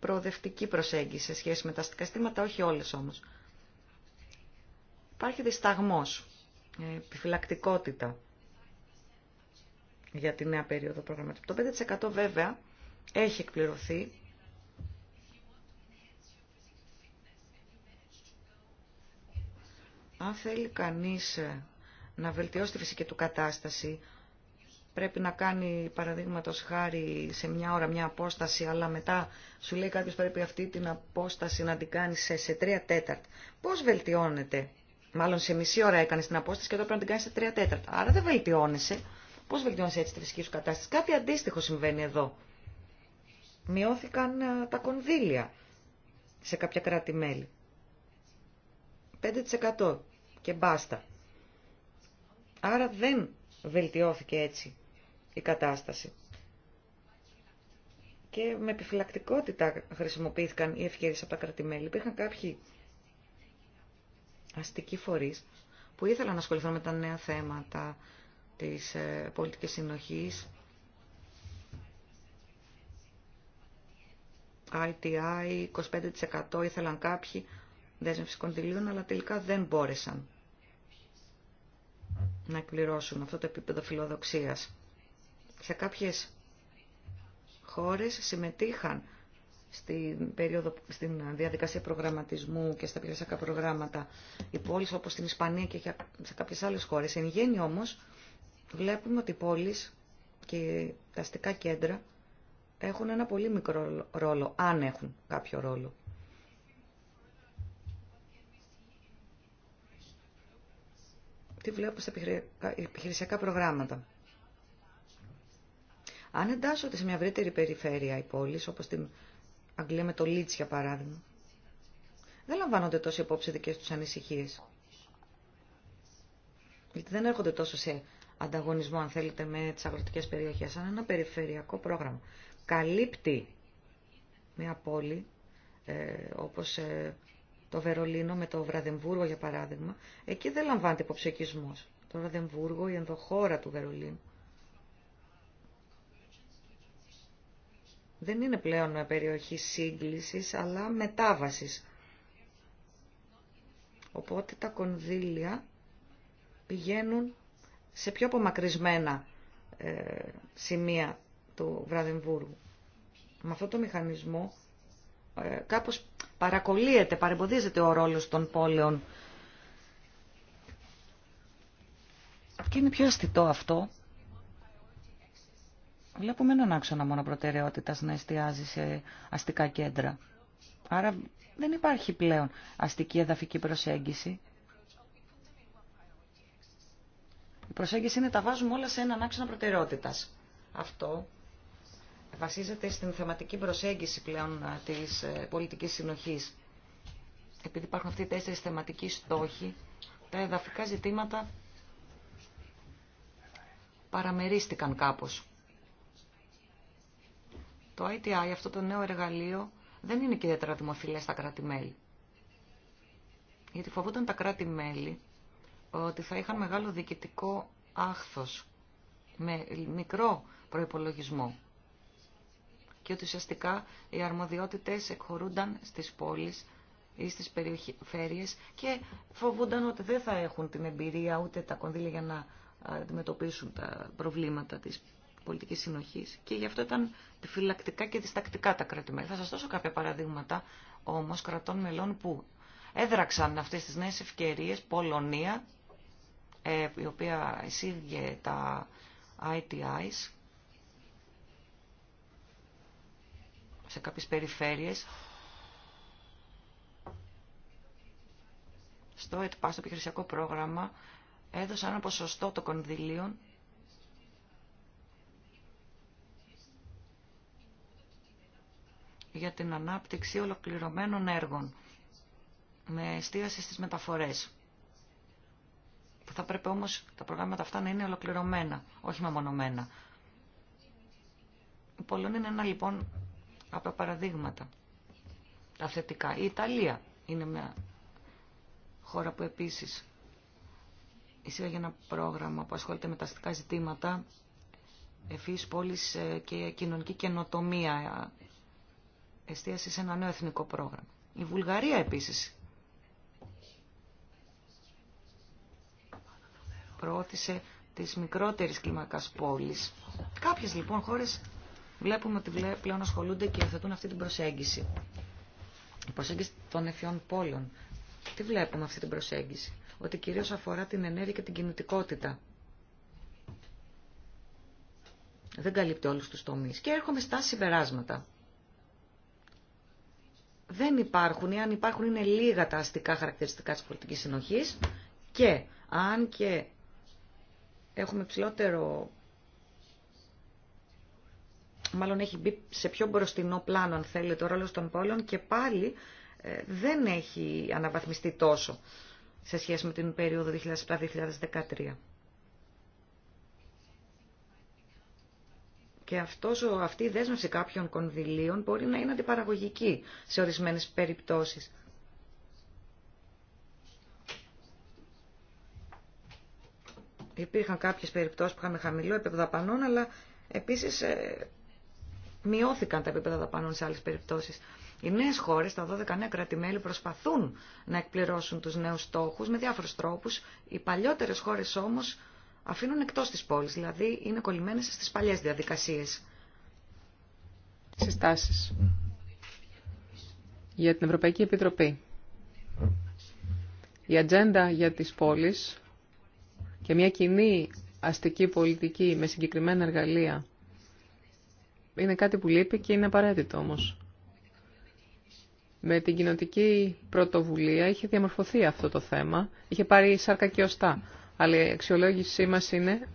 προοδευτική προσέγγιση σε σχέση με τα αστικά όχι όλες όμως. Υπάρχει δισταγμός, ε, επιφυλακτικότητα για τη νέα περίοδο προγραμματικού. Το 5% βέβαια έχει εκπληρωθεί. Αν θέλει κανείς ε, να βελτιώσει τη φυσική του κατάσταση, πρέπει να κάνει παραδείγματο χάρη σε μια ώρα μια απόσταση, αλλά μετά σου λέει κάποιο πρέπει αυτή την απόσταση να την κάνει σε, σε τρία τέταρτα. Πώ βελτιώνεται μάλλον σε μισή ώρα έκανε την απόσταση και εδώ πρέπει να την κάνει σε τρία τέταρτα. Άρα δεν βελτιώνεσαι. Πώ βελτιώνεσαι έτσι τη φυσική σου κατάσταση. Κάτι αντίστοιχο συμβαίνει εδώ. Μειώθηκαν ε, τα κονδύλια σε κάποια κράτη-μέλη. 5% και μπάστα. Άρα δεν βελτιώθηκε έτσι η κατάσταση. Και με επιφυλακτικότητα χρησιμοποιήθηκαν οι ευκαιρίες από τα κράτη-μέλη. Υπήρχαν κάποιοι αστικοί φορείς που ήθελαν να ασχοληθούν με τα νέα θέματα της ε, πολιτικής συνοχής, ITI, 25% ήθελαν κάποιοι δέσμευση κοντιλίων, αλλά τελικά δεν μπόρεσαν να εκπληρώσουν αυτό το επίπεδο φιλοδοξίας. Σε κάποιες χώρες συμμετείχαν στην, περίοδο, στην διαδικασία προγραμματισμού και στα επιχειρησιακά προγράμματα οι πόλεις όπως στην Ισπανία και σε κάποιες άλλες χώρες. Εν γένει όμως βλέπουμε ότι οι πόλεις και τα αστικά κέντρα έχουν ένα πολύ μικρό ρόλο, αν έχουν κάποιο ρόλο. Τι βλέπω στα επιχειρησιακά προγράμματα. Αν εντάσσονται σε μια ευρύτερη περιφέρεια οι πόλεις, όπως την Αγγλία με το Λίτς για παράδειγμα. Δεν λαμβάνονται τόσο υπόψη δικές τους ανησυχίες. Γιατί δεν έρχονται τόσο σε ανταγωνισμό, αν θέλετε, με τις αγροτικές περιοχές, σαν ένα περιφερειακό πρόγραμμα. Καλύπτει μια πόλη, ε, όπως ε, το Βερολίνο με το Βραδεμβούργο, για παράδειγμα. Εκεί δεν λαμβάνεται υποψηφισμός. Το Βραδεμβούργο, η ενδοχώρα του Βερολίνου, δεν είναι πλέον περιοχή σύγκλησης, αλλά μετάβασης. Οπότε τα κονδύλια πηγαίνουν σε πιο απομακρυσμένα ε, σημεία του Βραδεμβούργου. Με αυτό το μηχανισμό ε, κάπως παρακολύεται, παρεμποδίζεται ο ρόλος των πόλεων. Και είναι πιο αισθητό αυτό Βλέπουμε έναν άξονα μόνο προτεραιότητα να εστιάζει σε αστικά κέντρα. Άρα δεν υπάρχει πλέον αστική εδαφική προσέγγιση. Η προσέγγιση είναι τα βάζουμε όλα σε έναν άξονα προτεραιότητα. Αυτό βασίζεται στην θεματική προσέγγιση πλέον ε, της ε, πολιτική συνοχής. Επειδή υπάρχουν αυτοί οι τέσσερις θεματικοί στόχοι, τα εδαφικά ζητήματα παραμερίστηκαν κάπως. Το ITI, αυτό το νέο εργαλείο, δεν είναι και ιδιαίτερα δημοφιλέ στα κράτη-μέλη. Γιατί φοβούνταν τα κράτη-μέλη ότι θα είχαν μεγάλο διοικητικό άχθος με μικρό προϋπολογισμό και ότι ουσιαστικά οι αρμοδιότητες εκχωρούνταν στις πόλεις ή στις περιφέρειες και φοβούνταν ότι δεν θα έχουν την εμπειρία ούτε τα κονδύλια για να αντιμετωπίσουν τα προβλήματα της πολιτική συνοχής και γι' αυτό ήταν φυλακτικά και διστακτικά τα κρατη Θα σα δώσω κάποια παραδείγματα όμω κρατών μελών που έδραξαν αυτέ τι νέε ευκαιρίε Πολωνία, ε, η οποία εισήγε τα ITIs σε κάποιες περιφέρειες, στο ΕΤΠΑ, στο επιχειρησιακό πρόγραμμα, έδωσαν ένα ποσοστό των κονδυλίων για την ανάπτυξη ολοκληρωμένων έργων με εστίαση στις μεταφορές. Που θα πρέπει όμως τα προγράμματα αυτά να είναι ολοκληρωμένα, όχι μεμονωμένα. Η Πολωνία είναι ένα λοιπόν από τα παραδείγματα τα θετικά. Η Ιταλία είναι μια χώρα που επίσης εισήγαγε ένα πρόγραμμα που ασχολείται με τα αστικά ζητήματα εφής, πόλης ε, και κοινωνική καινοτομία εστίαση σε ένα νέο εθνικό πρόγραμμα. Η Βουλγαρία επίσης προώθησε τις μικρότερες κλιμακάς πόλεις. Κάποιες λοιπόν χώρες βλέπουμε ότι πλέον ασχολούνται και υιοθετούν αυτή την προσέγγιση. Η προσέγγιση των εφιών πόλεων. Τι βλέπουμε αυτή την προσέγγιση. Ότι κυρίως αφορά την ενέργεια και την κινητικότητα. Δεν καλύπτει όλους τους τομείς. Και έρχομαι στα συμπεράσματα δεν υπάρχουν ή αν υπάρχουν είναι λίγα τα αστικά χαρακτηριστικά της πολιτικής συνοχής και αν και έχουμε ψηλότερο μάλλον έχει μπει σε πιο μπροστινό πλάνο αν θέλετε ο ρόλο των πόλεων και πάλι ε, δεν έχει αναβαθμιστεί τόσο σε σχέση με την περίοδο 2007-2013. Και αυτός, αυτή η δέσμευση κάποιων κονδυλίων μπορεί να είναι αντιπαραγωγική σε ορισμένες περιπτώσεις. Υπήρχαν κάποιες περιπτώσεις που είχαμε χαμηλό επίπεδο δαπανών, αλλά επίσης ε, μειώθηκαν τα επίπεδα δαπανών σε άλλες περιπτώσεις. Οι νέες χώρες, τα 12 νέα προσπαθούν να εκπληρώσουν τους νέους στόχους με διάφορους τρόπους. Οι παλιότερες χώρες όμως αφήνουν εκτός της πόλης, δηλαδή είναι κολλημένες στις παλιές διαδικασίες. Συστάσεις για την Ευρωπαϊκή Επιτροπή. Η ατζέντα για τις πόλεις και μια κοινή αστική πολιτική με συγκεκριμένα εργαλεία είναι κάτι που λείπει και είναι απαραίτητο όμως. Με την κοινοτική πρωτοβουλία είχε διαμορφωθεί αυτό το θέμα, είχε πάρει σάρκα και οστά. Αλλά η αξιολόγησή μα είναι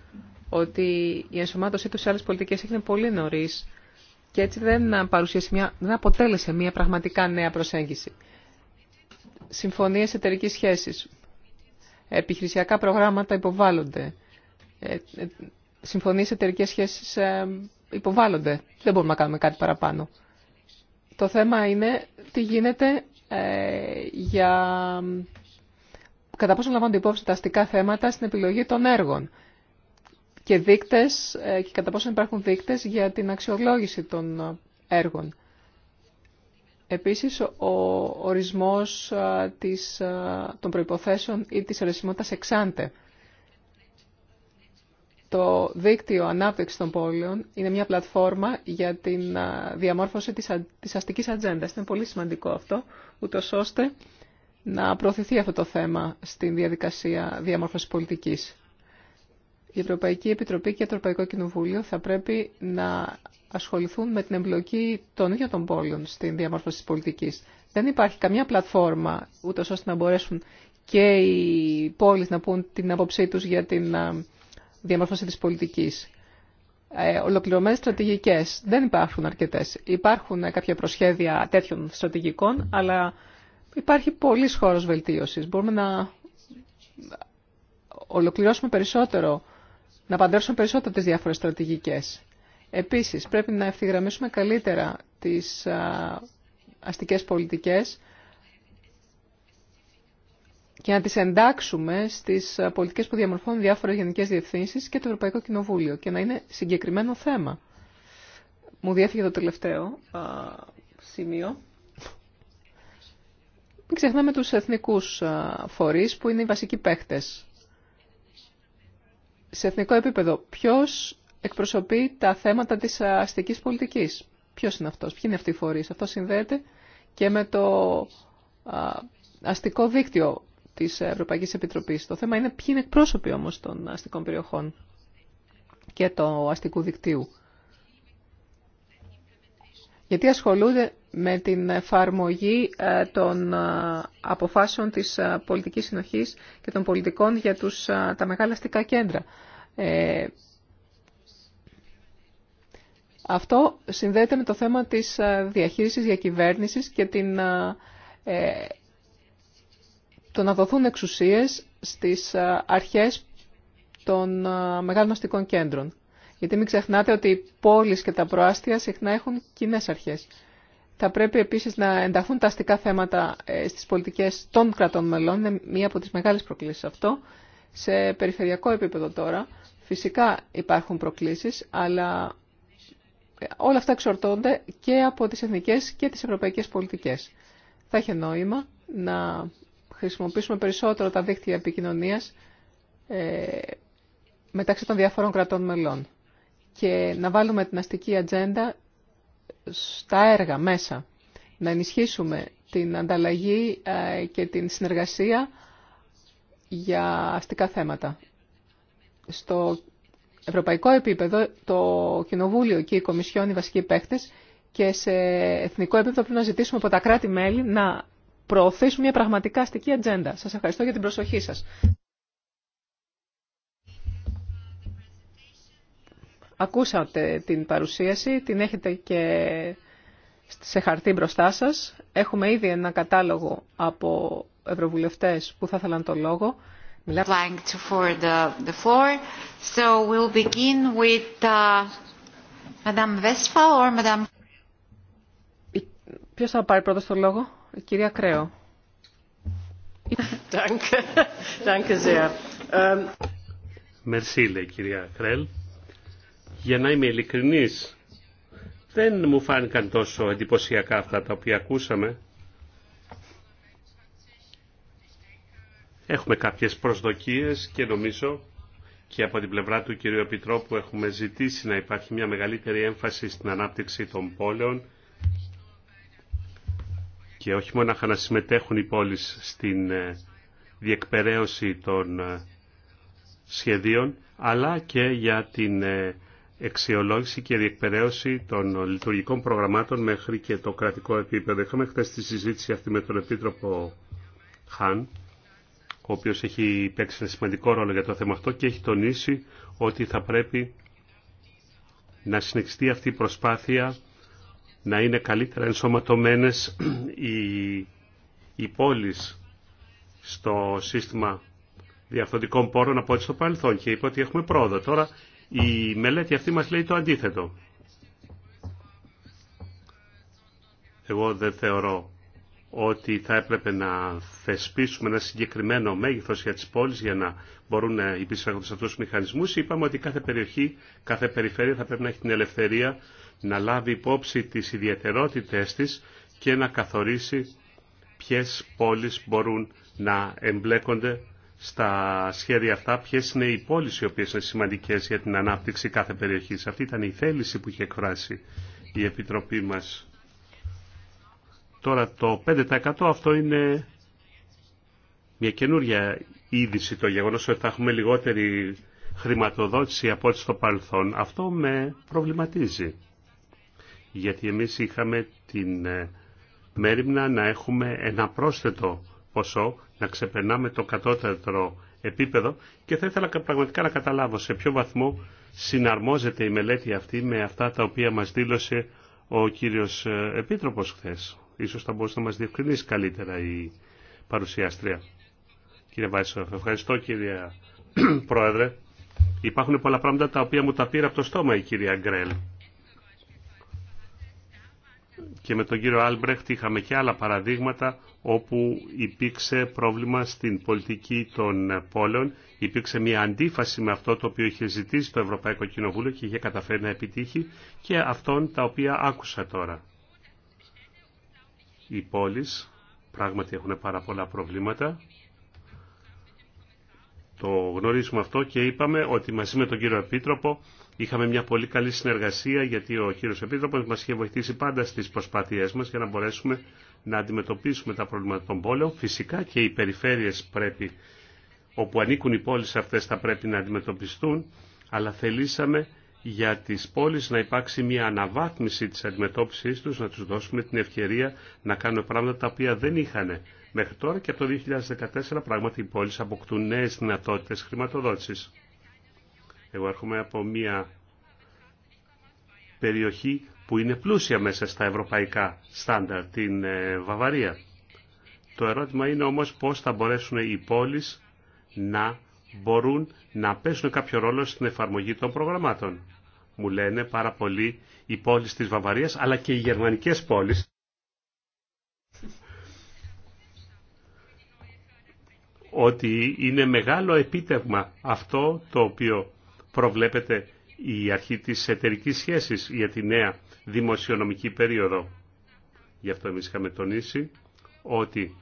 ότι η ενσωμάτωσή του σε άλλες πολιτικές έγινε πολύ νωρί και έτσι δεν, μια, δεν αποτέλεσε μια πραγματικά νέα προσέγγιση. Συμφωνίε εταιρική σχέσης. Επιχειρησιακά προγράμματα υποβάλλονται. Ε, ε, συμφωνίες εταιρικέ σχέσει ε, υποβάλλονται. Δεν μπορούμε να κάνουμε κάτι παραπάνω. Το θέμα είναι τι γίνεται για κατά πόσο λαμβάνονται υπόψη τα αστικά θέματα στην επιλογή των έργων και δείκτες ε, και κατά πόσο υπάρχουν δείκτες για την αξιολόγηση των ε, έργων. Επίσης, ο ορισμός ε, της, των προϋποθέσεων ή της αιρεσιμότητας εξάντε. Το δίκτυο ανάπτυξης των πόλεων είναι μια πλατφόρμα για τη διαμόρφωση της αστικής ατζέντας. Είναι πολύ σημαντικό αυτό, ούτω ώστε να προωθηθεί αυτό το θέμα στην διαδικασία διαμόρφωσης πολιτικής. Η Ευρωπαϊκή Επιτροπή και το Ευρωπαϊκό Κοινοβούλιο θα πρέπει να ασχοληθούν με την εμπλοκή των ίδιων των πόλεων στην διαμόρφωση της πολιτικής. Δεν υπάρχει καμία πλατφόρμα ούτω ώστε να μπορέσουν και οι πόλεις να πούν την άποψή τους για την διαμόρφωση της πολιτικής. Ε, ολοκληρωμένες στρατηγικές δεν υπάρχουν αρκετές. Υπάρχουν κάποια προσχέδια τέτοιων στρατηγικών, αλλά Υπάρχει πολλής χώρος βελτίωσης. Μπορούμε να ολοκληρώσουμε περισσότερο, να παντρέψουμε περισσότερο τις διάφορες στρατηγικές. Επίσης, πρέπει να ευθυγραμμίσουμε καλύτερα τις αστικές πολιτικές και να τις εντάξουμε στις πολιτικές που διαμορφώνουν διάφορες γενικές διευθύνσεις και το Ευρωπαϊκό Κοινοβούλιο και να είναι συγκεκριμένο θέμα. Μου διέφυγε το τελευταίο σημείο. Μην ξεχνάμε τους εθνικούς ε, φορείς που είναι οι βασικοί παίχτες. Σε εθνικό επίπεδο, ποιος εκπροσωπεί τα θέματα της αστικής πολιτικής. Ποιος είναι αυτός, ποιοι είναι αυτοί οι φορείς. Αυτό συνδέεται και με το αστικό δίκτυο της Ευρωπαϊκής Επιτροπής. Το θέμα είναι ποιοι είναι εκπρόσωποι όμως των αστικών περιοχών και του αστικού δικτύου. Γιατί ασχολούνται με την εφαρμογή ε, των ε, αποφάσεων της ε, πολιτικής συνοχής και των πολιτικών για τους, τα μεγάλα αστικά κέντρα. αυτό συνδέεται με το θέμα της διαχείρισης διακυβέρνησης και την, το να δοθούν εξουσίες στις αρχές των μεγάλων αστικών κέντρων. Γιατί μην ξεχνάτε ότι οι πόλεις και τα προάστια συχνά έχουν κοινέ αρχές. Θα πρέπει επίση να ενταχθούν τα αστικά θέματα ε, στις πολιτικές των κρατών μελών. Είναι μία από τις μεγάλες προκλήσεις αυτό. Σε περιφερειακό επίπεδο τώρα φυσικά υπάρχουν προκλήσεις, αλλά ε, όλα αυτά εξορτώνται και από τις εθνικές και τις ευρωπαϊκές πολιτικές. Θα έχει νόημα να χρησιμοποιήσουμε περισσότερο τα δίκτυα επικοινωνίας ε, μεταξύ των διαφορών κρατών μελών και να βάλουμε την αστική ατζέντα στα έργα μέσα, να ενισχύσουμε την ανταλλαγή ε, και την συνεργασία για αστικά θέματα. Στο ευρωπαϊκό επίπεδο, το Κοινοβούλιο και η Κομισιόν, οι βασικοί παίχτες, και σε εθνικό επίπεδο πρέπει να ζητήσουμε από τα κράτη-μέλη να προωθήσουν μια πραγματικά αστική ατζέντα. Σας ευχαριστώ για την προσοχή σας. Ακούσατε την παρουσίαση, την έχετε και σε χαρτί μπροστά σας. Έχουμε ήδη ένα κατάλογο από ευρωβουλευτές που θα ήθελαν το λόγο. Ποιος θα πάρει πρώτα το λόγο, η κυρία Κρέο. Μερσή, λέει κυρία Κρέλ. Για να είμαι ειλικρινής, δεν μου φάνηκαν τόσο εντυπωσιακά αυτά τα οποία ακούσαμε. Έχουμε κάποιες προσδοκίες και νομίζω και από την πλευρά του κυρίου Επιτρόπου έχουμε ζητήσει να υπάρχει μια μεγαλύτερη έμφαση στην ανάπτυξη των πόλεων και όχι μόνο να συμμετέχουν οι πόλεις στην ε, διεκπαιρέωση των ε, σχεδίων αλλά και για την ε, εξιολόγηση και διεκπαιρέωση των λειτουργικών προγραμμάτων μέχρι και το κρατικό επίπεδο. Είχαμε χθε τη συζήτηση αυτή με τον Επίτροπο Χαν, ο οποίο έχει παίξει ένα σημαντικό ρόλο για το θέμα αυτό και έχει τονίσει ότι θα πρέπει να συνεχιστεί αυτή η προσπάθεια να είναι καλύτερα ενσωματωμένες οι, οι στο σύστημα διαφθοντικών πόρων από ό,τι στο παρελθόν και είπε ότι έχουμε πρόοδο. Τώρα η μελέτη αυτή μας λέει το αντίθετο. Εγώ δεν θεωρώ ότι θα έπρεπε να θεσπίσουμε ένα συγκεκριμένο μέγεθος για τις πόλεις για να μπορούν να υπησέρχονται σε αυτούς τους μηχανισμούς. Είπαμε ότι κάθε περιοχή, κάθε περιφέρεια θα πρέπει να έχει την ελευθερία να λάβει υπόψη τις ιδιαιτερότητές της και να καθορίσει ποιες πόλεις μπορούν να εμπλέκονται στα σχέδια αυτά ποιε είναι οι πόλει οι οποίε είναι σημαντικές για την ανάπτυξη κάθε περιοχής. Αυτή ήταν η θέληση που είχε εκφράσει η Επιτροπή μας. Τώρα το 5% αυτό είναι μια καινούρια είδηση το γεγονός ότι θα έχουμε λιγότερη χρηματοδότηση από ό,τι στο παρελθόν. Αυτό με προβληματίζει. Γιατί εμείς είχαμε την ε, μέρημνα να έχουμε ένα πρόσθετο ποσό, να ξεπερνάμε το κατώτερο επίπεδο και θα ήθελα πραγματικά να καταλάβω σε ποιο βαθμό συναρμόζεται η μελέτη αυτή με αυτά τα οποία μας δήλωσε ο κύριος ε, Επίτροπος χθες. Ίσως θα μπορούσε να μας διευκρινίσει καλύτερα η παρουσιάστρια. Κύριε Βάισοφ, ευχαριστώ κύριε Πρόεδρε. Υπάρχουν πολλά πράγματα τα οποία μου τα πήρε από το στόμα η κυρία Γκρέλ και με τον κύριο Άλμπρεχτ είχαμε και άλλα παραδείγματα όπου υπήρξε πρόβλημα στην πολιτική των πόλεων, υπήρξε μια αντίφαση με αυτό το οποίο είχε ζητήσει το Ευρωπαϊκό Κοινοβούλιο και είχε καταφέρει να επιτύχει και αυτόν τα οποία άκουσα τώρα. Οι πόλεις πράγματι έχουν πάρα πολλά προβλήματα. Το γνωρίζουμε αυτό και είπαμε ότι μαζί με τον κύριο Επίτροπο Είχαμε μια πολύ καλή συνεργασία γιατί ο κύριος Επίτροπος μας είχε βοηθήσει πάντα στις προσπάθειές μας για να μπορέσουμε να αντιμετωπίσουμε τα προβλήματα των πόλεων. Φυσικά και οι περιφέρειες πρέπει, όπου ανήκουν οι πόλεις αυτές θα πρέπει να αντιμετωπιστούν, αλλά θελήσαμε για τις πόλεις να υπάρξει μια αναβάθμιση της αντιμετώπισης τους, να τους δώσουμε την ευκαιρία να κάνουν πράγματα τα οποία δεν είχαν μέχρι τώρα και από το 2014 πράγματι οι πόλεις αποκτούν νέες δυνατότητε χρηματοδότηση. Εγώ έρχομαι από μια περιοχή που είναι πλούσια μέσα στα ευρωπαϊκά στάνταρ, την ε, Βαβαρία. Το ερώτημα είναι όμως πώς θα μπορέσουν οι πόλεις να μπορούν να πέσουν κάποιο ρόλο στην εφαρμογή των προγραμμάτων. Μου λένε πάρα πολύ οι πόλεις της Βαβαρίας, αλλά και οι γερμανικές πόλεις. ότι είναι μεγάλο επίτευγμα αυτό το οποίο προβλέπεται η αρχή της εταιρική σχέσης για τη νέα δημοσιονομική περίοδο. Γι' αυτό εμείς είχαμε τονίσει ότι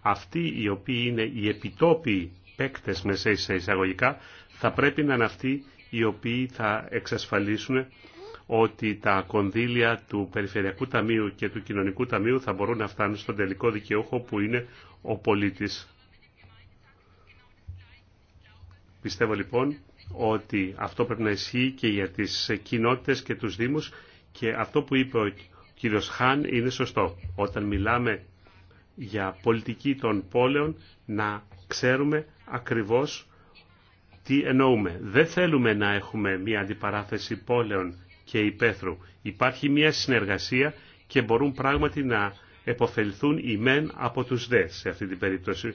αυτοί οι οποίοι είναι οι επιτόπιοι παίκτες μέσα σε εισαγωγικά θα πρέπει να είναι αυτοί οι οποίοι θα εξασφαλίσουν ότι τα κονδύλια του Περιφερειακού Ταμείου και του Κοινωνικού Ταμείου θα μπορούν να φτάνουν στον τελικό δικαιούχο που είναι ο πολίτης. Πιστεύω λοιπόν ότι αυτό πρέπει να ισχύει και για τις κοινότητες και τους Δήμους και αυτό που είπε ο κύριος Χάν είναι σωστό. Όταν μιλάμε για πολιτική των πόλεων να ξέρουμε ακριβώς τι εννοούμε. Δεν θέλουμε να έχουμε μια αντιπαράθεση πόλεων και υπαίθρου. Υπάρχει μια συνεργασία και μπορούν πράγματι να εποφεληθούν οι μεν από τους δε σε αυτή την περίπτωση.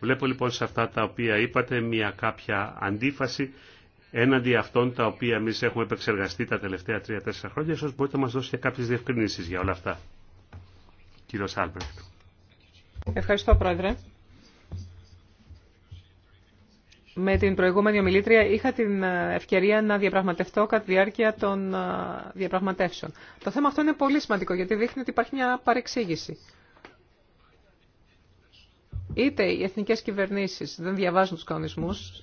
Βλέπω λοιπόν σε αυτά τα οποία είπατε μια κάποια αντίφαση έναντι αυτών τα οποία εμεί έχουμε επεξεργαστεί τα τελευταία τρία-τέσσερα χρόνια. Ίσως μπορείτε να μας δώσετε κάποιες διευκρινήσεις για όλα αυτά. κύριο Άλμπρεχτ. Ευχαριστώ Πρόεδρε. Με την προηγούμενη ομιλήτρια είχα την ε, ευκαιρία να διαπραγματευτώ κατά τη διάρκεια των ε, διαπραγματεύσεων. Το θέμα αυτό είναι πολύ σημαντικό γιατί δείχνει ότι υπάρχει μια παρεξήγηση είτε οι εθνικές κυβερνήσεις δεν διαβάζουν τους κανονισμούς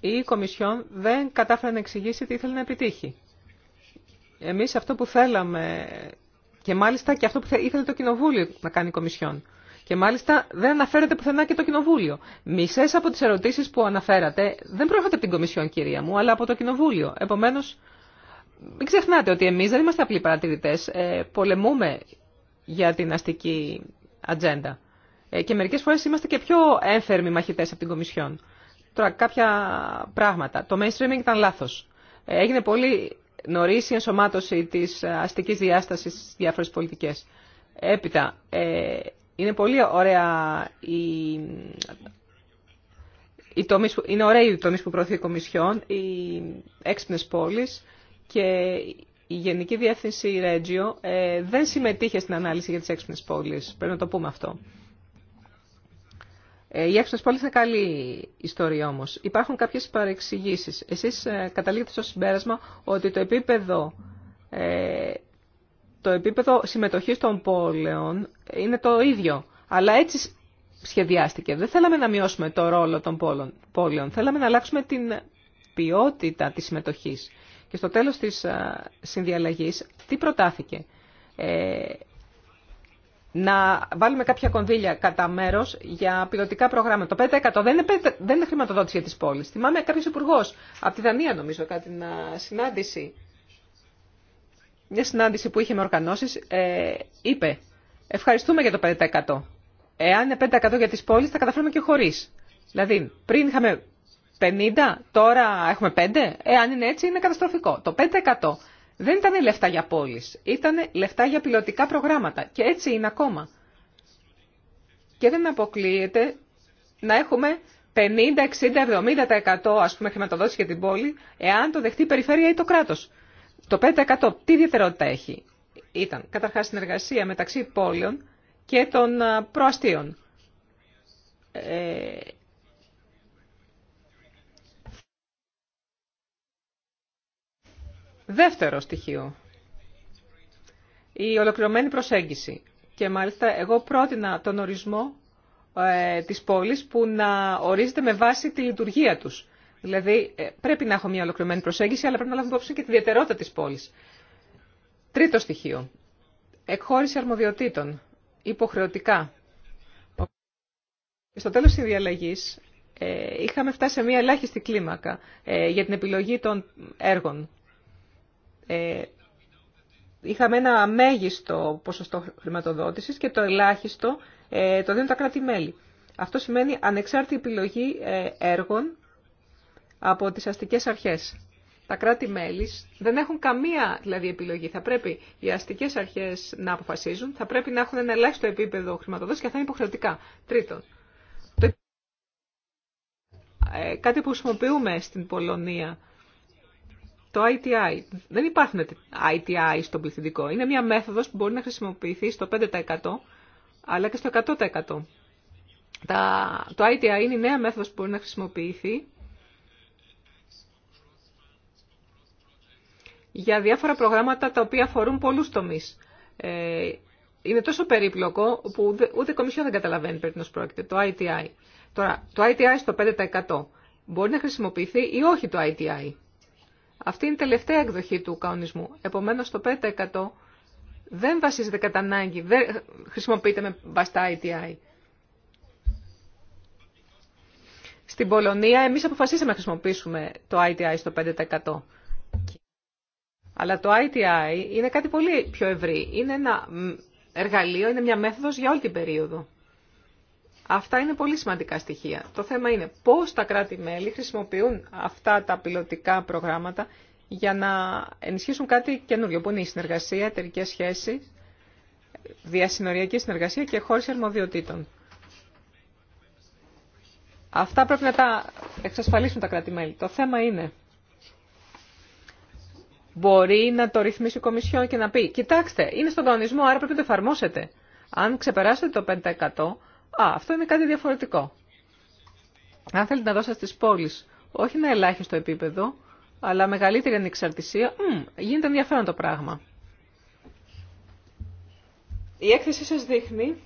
ή η Κομισιόν δεν κατάφερε να εξηγήσει τι ήθελε να επιτύχει. Εμείς αυτό που θέλαμε και μάλιστα και αυτό που ήθελε το Κοινοβούλιο να κάνει η Κομισιόν. Και μάλιστα δεν αναφέρεται πουθενά και το Κοινοβούλιο. Μισέ από τι ερωτήσει που αναφέρατε δεν προέρχονται από την Κομισιόν, κυρία μου, αλλά από το Κοινοβούλιο. Επομένω, μην ξεχνάτε ότι εμεί δεν είμαστε απλοί παρατηρητέ. Ε, πολεμούμε για την αστική ατζέντα. Ε, και μερικές φορές είμαστε και πιο έμφερμοι μαχητές από την Κομισιόν. Τώρα κάποια πράγματα. Το mainstreaming ήταν λάθος. Ε, έγινε πολύ νωρίς η ενσωμάτωση της αστικής διάστασης στις διάφορες πολιτικές. Έπειτα, ε, είναι πολύ ωραία η... η τομής, είναι οι τομείς που προωθεί η Κομισιόν, οι έξυπνε πόλεις και η Γενική Διεύθυνση Regio ε, δεν συμμετείχε στην ανάλυση για τις έξυπνε πόλεις. Πρέπει να το πούμε αυτό. Ε, η Εύσος πολύ είναι καλή ιστορία όμως. Υπάρχουν κάποιες παρεξηγήσεις. Εσείς ε, καταλήγετε στο συμπέρασμα ότι το επίπεδο, ε, το επίπεδο συμμετοχής των πόλεων είναι το ίδιο. Αλλά έτσι σχεδιάστηκε. Δεν θέλαμε να μειώσουμε το ρόλο των πόλεων. Θέλαμε να αλλάξουμε την ποιότητα της συμμετοχής. Και στο τέλος της συνδιαλλαγής, τι προτάθηκε να βάλουμε κάποια κονδύλια κατά μέρο για πιλωτικά προγράμματα. Το 5% δεν είναι, δεν είναι χρηματοδότηση για τι πόλει. Θυμάμαι κάποιο υπουργό από τη Δανία, νομίζω, κάτι να συνάντηση. Μια συνάντηση που είχε με οργανώσει, ε, είπε Ευχαριστούμε για το 5%. Εάν είναι 5% για τι πόλει, θα καταφέρουμε και χωρί. Δηλαδή, πριν είχαμε 50, τώρα έχουμε 5. Εάν είναι έτσι, είναι καταστροφικό. Το 5% δεν ήταν λεφτά για πόλεις, ήταν λεφτά για πιλωτικά προγράμματα και έτσι είναι ακόμα. Και δεν αποκλείεται να έχουμε 50, 60, 70% ας πούμε χρηματοδότηση για την πόλη, εάν το δεχτεί η περιφέρεια ή το κράτος. Το 5% τι ιδιαιτερότητα έχει. Ήταν καταρχάς συνεργασία μεταξύ πόλεων και των προαστίων. Ε, Δεύτερο στοιχείο. Η ολοκληρωμένη προσέγγιση. Και μάλιστα εγώ πρότεινα τον ορισμό ε, της πόλης που να ορίζεται με βάση τη λειτουργία τους. Δηλαδή ε, πρέπει να έχω μια ολοκληρωμένη προσέγγιση, αλλά πρέπει να λάβω υπόψη και τη ιδιαιτερότητα της πόλης. Τρίτο στοιχείο. Εκχώρηση αρμοδιοτήτων. Υποχρεωτικά. Στο τέλος της διαλλαγής ε, είχαμε φτάσει σε μια ελάχιστη κλίμακα για την επιλογή των έργων ε, είχαμε ένα μέγιστο ποσοστό χρηματοδότησης και το ελάχιστο ε, το δίνουν τα κράτη-μέλη. Αυτό σημαίνει ανεξάρτητη επιλογή ε, έργων από τις αστικές αρχές. Τα κράτη-μέλη δεν έχουν καμία δηλαδή, επιλογή. Θα πρέπει οι αστικέ αρχέ να αποφασίζουν, θα πρέπει να έχουν ένα ελάχιστο επίπεδο χρηματοδότηση και θα είναι υποχρεωτικά. Τρίτον, κάτι που χρησιμοποιούμε στην Πολωνία το ITI. Δεν υπάρχουν ITI στον πληθυντικό. Είναι μια μέθοδος που μπορεί να χρησιμοποιηθεί στο 5% αλλά και στο 100%. το ITI είναι η νέα μέθοδος που μπορεί να χρησιμοποιηθεί για διάφορα προγράμματα τα οποία αφορούν πολλούς τομείς. Ε, είναι τόσο περίπλοκο που ούτε η Κομισιόν δεν καταλαβαίνει περί τίνος πρόκειται, το ITI. Τώρα, το ITI στο 5% μπορεί να χρησιμοποιηθεί ή όχι το ITI. Αυτή είναι η τελευταία εκδοχή του κανονισμού. Επομένως το 5% δεν βασίζεται κατά ανάγκη, δεν χρησιμοποιείται με βάση τα ITI. Στην Πολωνία εμείς αποφασίσαμε να χρησιμοποιήσουμε το ITI στο 5%. Αλλά το ITI είναι κάτι πολύ πιο ευρύ. Είναι ένα εργαλείο, είναι μια μέθοδος για όλη την περίοδο. Αυτά είναι πολύ σημαντικά στοιχεία. Το θέμα είναι πώς τα κράτη-μέλη χρησιμοποιούν αυτά τα πιλωτικά προγράμματα για να ενισχύσουν κάτι καινούριο, που είναι η συνεργασία, εταιρικέ σχέσει, διασυνοριακή συνεργασία και χώρες αρμοδιοτήτων. Αυτά πρέπει να τα εξασφαλίσουν τα κράτη-μέλη. Το θέμα είναι, μπορεί να το ρυθμίσει η Κομισιόν και να πει, κοιτάξτε, είναι στον κανονισμό, άρα πρέπει να το εφαρμόσετε. Αν ξεπεράσετε το 5%, Α, αυτό είναι κάτι διαφορετικό. Αν θέλετε να δώσετε στις πόλεις, όχι ένα ελάχιστο επίπεδο, αλλά μεγαλύτερη ανεξαρτησία, μ, γίνεται ενδιαφέρον το πράγμα. Η έκθεση σας δείχνει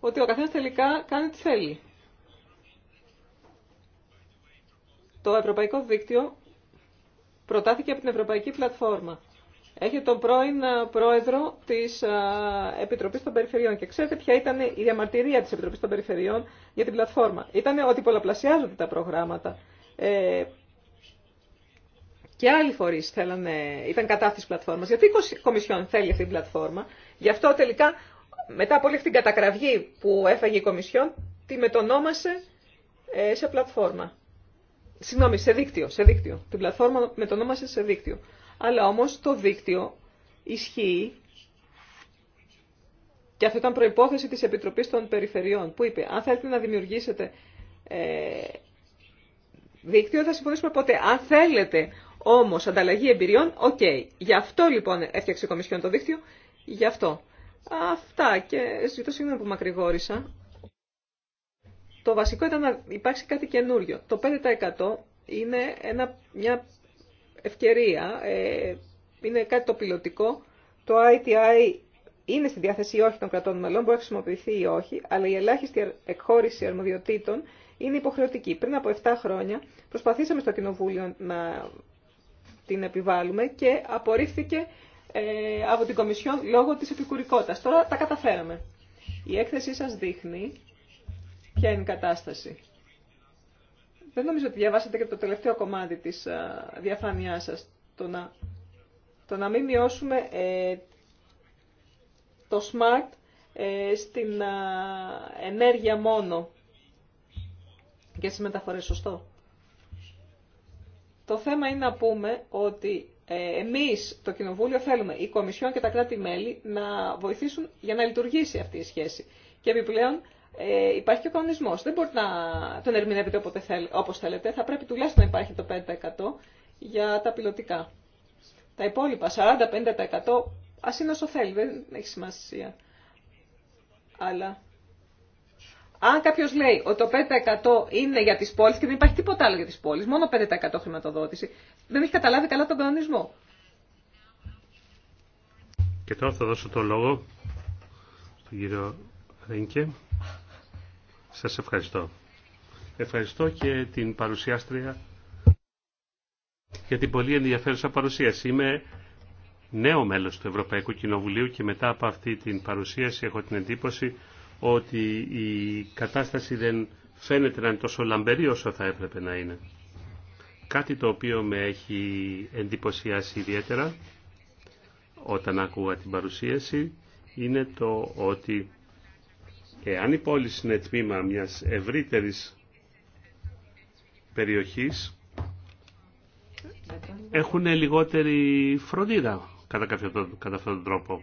ότι ο καθένας τελικά κάνει τι θέλει. Το Ευρωπαϊκό Δίκτυο προτάθηκε από την Ευρωπαϊκή Πλατφόρμα. Έχει τον πρώην ε, πρόεδρο τη ε, Επιτροπή των Περιφερειών και ξέρετε ποια ήταν η διαμαρτυρία τη Επιτροπή των Περιφερειών για την πλατφόρμα. Ήταν ότι πολλαπλασιάζονται τα προγράμματα. Ε, και άλλοι φορεί θέλανε, ήταν κατά αυτής της πλατφόρμας. Γιατί η Κομισιόν θέλει αυτή την πλατφόρμα. Γι' αυτό τελικά μετά από όλη αυτή την κατακραυγή που έφαγε η Κομισιόν, τη μετονόμασε ε, σε πλατφόρμα. Συγγνώμη, σε δίκτυο, σε δίκτυο. Την πλατφόρμα μετονόμασε σε δίκτυο αλλά όμως το δίκτυο ισχύει και αυτό ήταν προϋπόθεση της Επιτροπής των Περιφερειών που είπε αν θέλετε να δημιουργήσετε ε, δίκτυο θα συμφωνήσουμε ποτέ. Αν θέλετε όμως ανταλλαγή εμπειριών, οκ. Γι' αυτό λοιπόν έφτιαξε η Κομισιόν το δίκτυο, γι' αυτό. Αυτά και ζητώ συγγνώμη που μακρηγόρησα. Το βασικό ήταν να υπάρξει κάτι καινούριο. Το 5% είναι ένα, μια ευκαιρία, ε, είναι κάτι το πιλωτικό. Το ITI είναι στη διάθεση ή όχι των κρατών μελών, μπορεί να χρησιμοποιηθεί ή όχι, αλλά η ελάχιστη εκχώρηση αρμοδιοτήτων είναι υποχρεωτική. Πριν από 7 χρόνια προσπαθήσαμε στο Κοινοβούλιο να την επιβάλλουμε και απορρίφθηκε ε, από την Κομισιόν λόγω της επικουρικότητας. Τώρα τα καταφέραμε. Η έκθεσή σας δείχνει ποια είναι η κατάσταση δεν νομίζω ότι διαβάσατε και το τελευταίο κομμάτι της διαφάνειάς σας, το να, το να μην μειώσουμε ε, το smart ε, στην ενέργεια μόνο και στις μεταφορές, σωστό. Το θέμα είναι να πούμε ότι ε, εμείς, το Κοινοβούλιο, θέλουμε η Κομισιόν και τα κράτη-μέλη να βοηθήσουν για να λειτουργήσει αυτή η σχέση. Και επιπλέον ε, υπάρχει και ο κανονισμό. Δεν μπορείτε να τον ερμηνεύετε όπω θέλετε. Θα πρέπει τουλάχιστον να υπάρχει το 5% για τα πιλωτικά. Τα υπόλοιπα 40-50% α είναι όσο θέλει, δεν έχει σημασία. Αλλά αν κάποιο λέει ότι το 5% είναι για τι πόλει και δεν υπάρχει τίποτα άλλο για τι πόλει, μόνο 5% χρηματοδότηση, δεν έχει καταλάβει καλά τον κανονισμό. Και τώρα θα δώσω το λόγο στον κύριο Ρίνκε. Σας ευχαριστώ. Ευχαριστώ και την παρουσιάστρια για την πολύ ενδιαφέρουσα παρουσίαση. Είμαι νέο μέλος του Ευρωπαϊκού Κοινοβουλίου και μετά από αυτή την παρουσίαση έχω την εντύπωση ότι η κατάσταση δεν φαίνεται να είναι τόσο λαμπερή όσο θα έπρεπε να είναι. Κάτι το οποίο με έχει εντυπωσιάσει ιδιαίτερα όταν ακούγα την παρουσίαση είναι το ότι Εάν η πόλη είναι τμήμα μιας ευρύτερης περιοχής, έχουν λιγότερη φροντίδα κατά, κάποιο, κατά αυτόν τον τρόπο.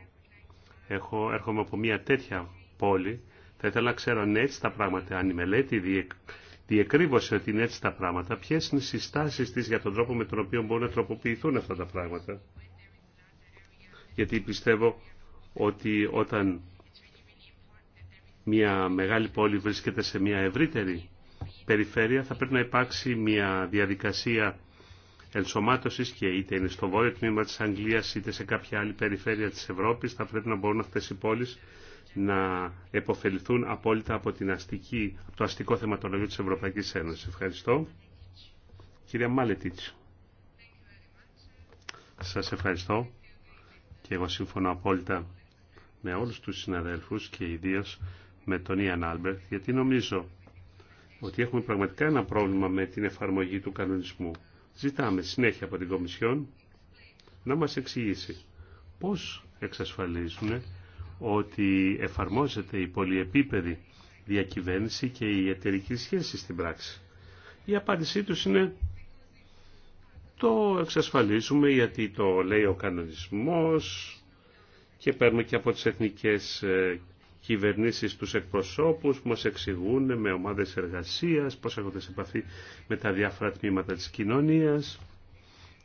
Έχω, έρχομαι από μια τέτοια πόλη. Θα ήθελα να ξέρω αν είναι έτσι τα πράγματα, αν η μελέτη διεκ, διεκρύβωσε ότι είναι έτσι τα πράγματα, ποιες είναι οι συστάσεις της για τον τρόπο με τον οποίο μπορούν να τροποποιηθούν αυτά τα πράγματα. Γιατί πιστεύω ότι όταν μια μεγάλη πόλη βρίσκεται σε μια ευρύτερη περιφέρεια, θα πρέπει να υπάρξει μια διαδικασία ενσωμάτωσης και είτε είναι στο βόρειο τμήμα της Αγγλίας είτε σε κάποια άλλη περιφέρεια της Ευρώπης θα πρέπει να μπορούν αυτές οι πόλεις να επωφεληθούν απόλυτα από, την αστική, από το αστικό θεματολόγιο της Ευρωπαϊκής Ένωσης. Ευχαριστώ. Κυρία Μάλετιτς. Σας ευχαριστώ και εγώ σύμφωνα απόλυτα με όλους τους συναδέλφους και ιδίως με τον Ιαν Άλμπερτ, γιατί νομίζω ότι έχουμε πραγματικά ένα πρόβλημα με την εφαρμογή του κανονισμού. Ζητάμε συνέχεια από την Κομισιόν να μας εξηγήσει πώς εξασφαλίζουν ότι εφαρμόζεται η πολυεπίπεδη διακυβέρνηση και η εταιρική σχέση στην πράξη. Η απάντησή τους είναι το εξασφαλίζουμε γιατί το λέει ο κανονισμός και παίρνουμε και από τις εθνικές ε, κυβερνήσεις τους εκπροσώπους που μας εξηγούν με ομάδες εργασίας, πώς έχουν σε επαφή με τα διάφορα τμήματα της κοινωνίας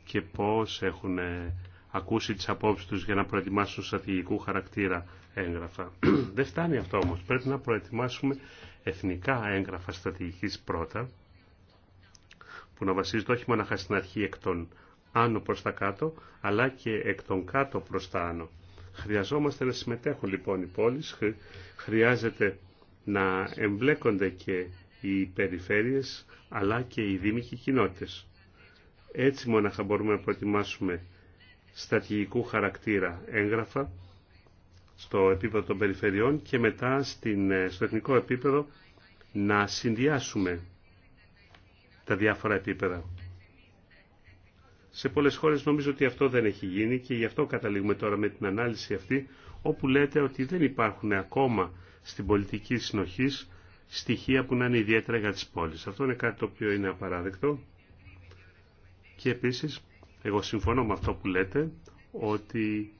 και πώς έχουν ε, ακούσει τις απόψεις τους για να προετοιμάσουν στρατηγικού χαρακτήρα έγγραφα. Δεν φτάνει αυτό όμως. Πρέπει να προετοιμάσουμε εθνικά έγγραφα στρατηγικής πρώτα, που να βασίζεται όχι μόνο στην αρχή εκ των άνω προς τα κάτω, αλλά και εκ των κάτω προς τα άνω. Χρειαζόμαστε να συμμετέχουν λοιπόν οι πόλεις, χρειάζεται να εμπλέκονται και οι περιφέρειες αλλά και οι δήμοι και οι κοινότητες. Έτσι μόνο θα μπορούμε να προετοιμάσουμε στρατηγικού χαρακτήρα έγγραφα στο επίπεδο των περιφερειών και μετά στην, ε, στο εθνικό επίπεδο να συνδυάσουμε τα διάφορα επίπεδα. Σε πολλές χώρες νομίζω ότι αυτό δεν έχει γίνει και γι' αυτό καταλήγουμε τώρα με την ανάλυση αυτή όπου λέτε ότι δεν υπάρχουν ακόμα στην πολιτική συνοχή στοιχεία που να είναι ιδιαίτερα για τις πόλεις. Αυτό είναι κάτι το οποίο είναι απαράδεκτο και επίσης εγώ συμφωνώ με αυτό που λέτε ότι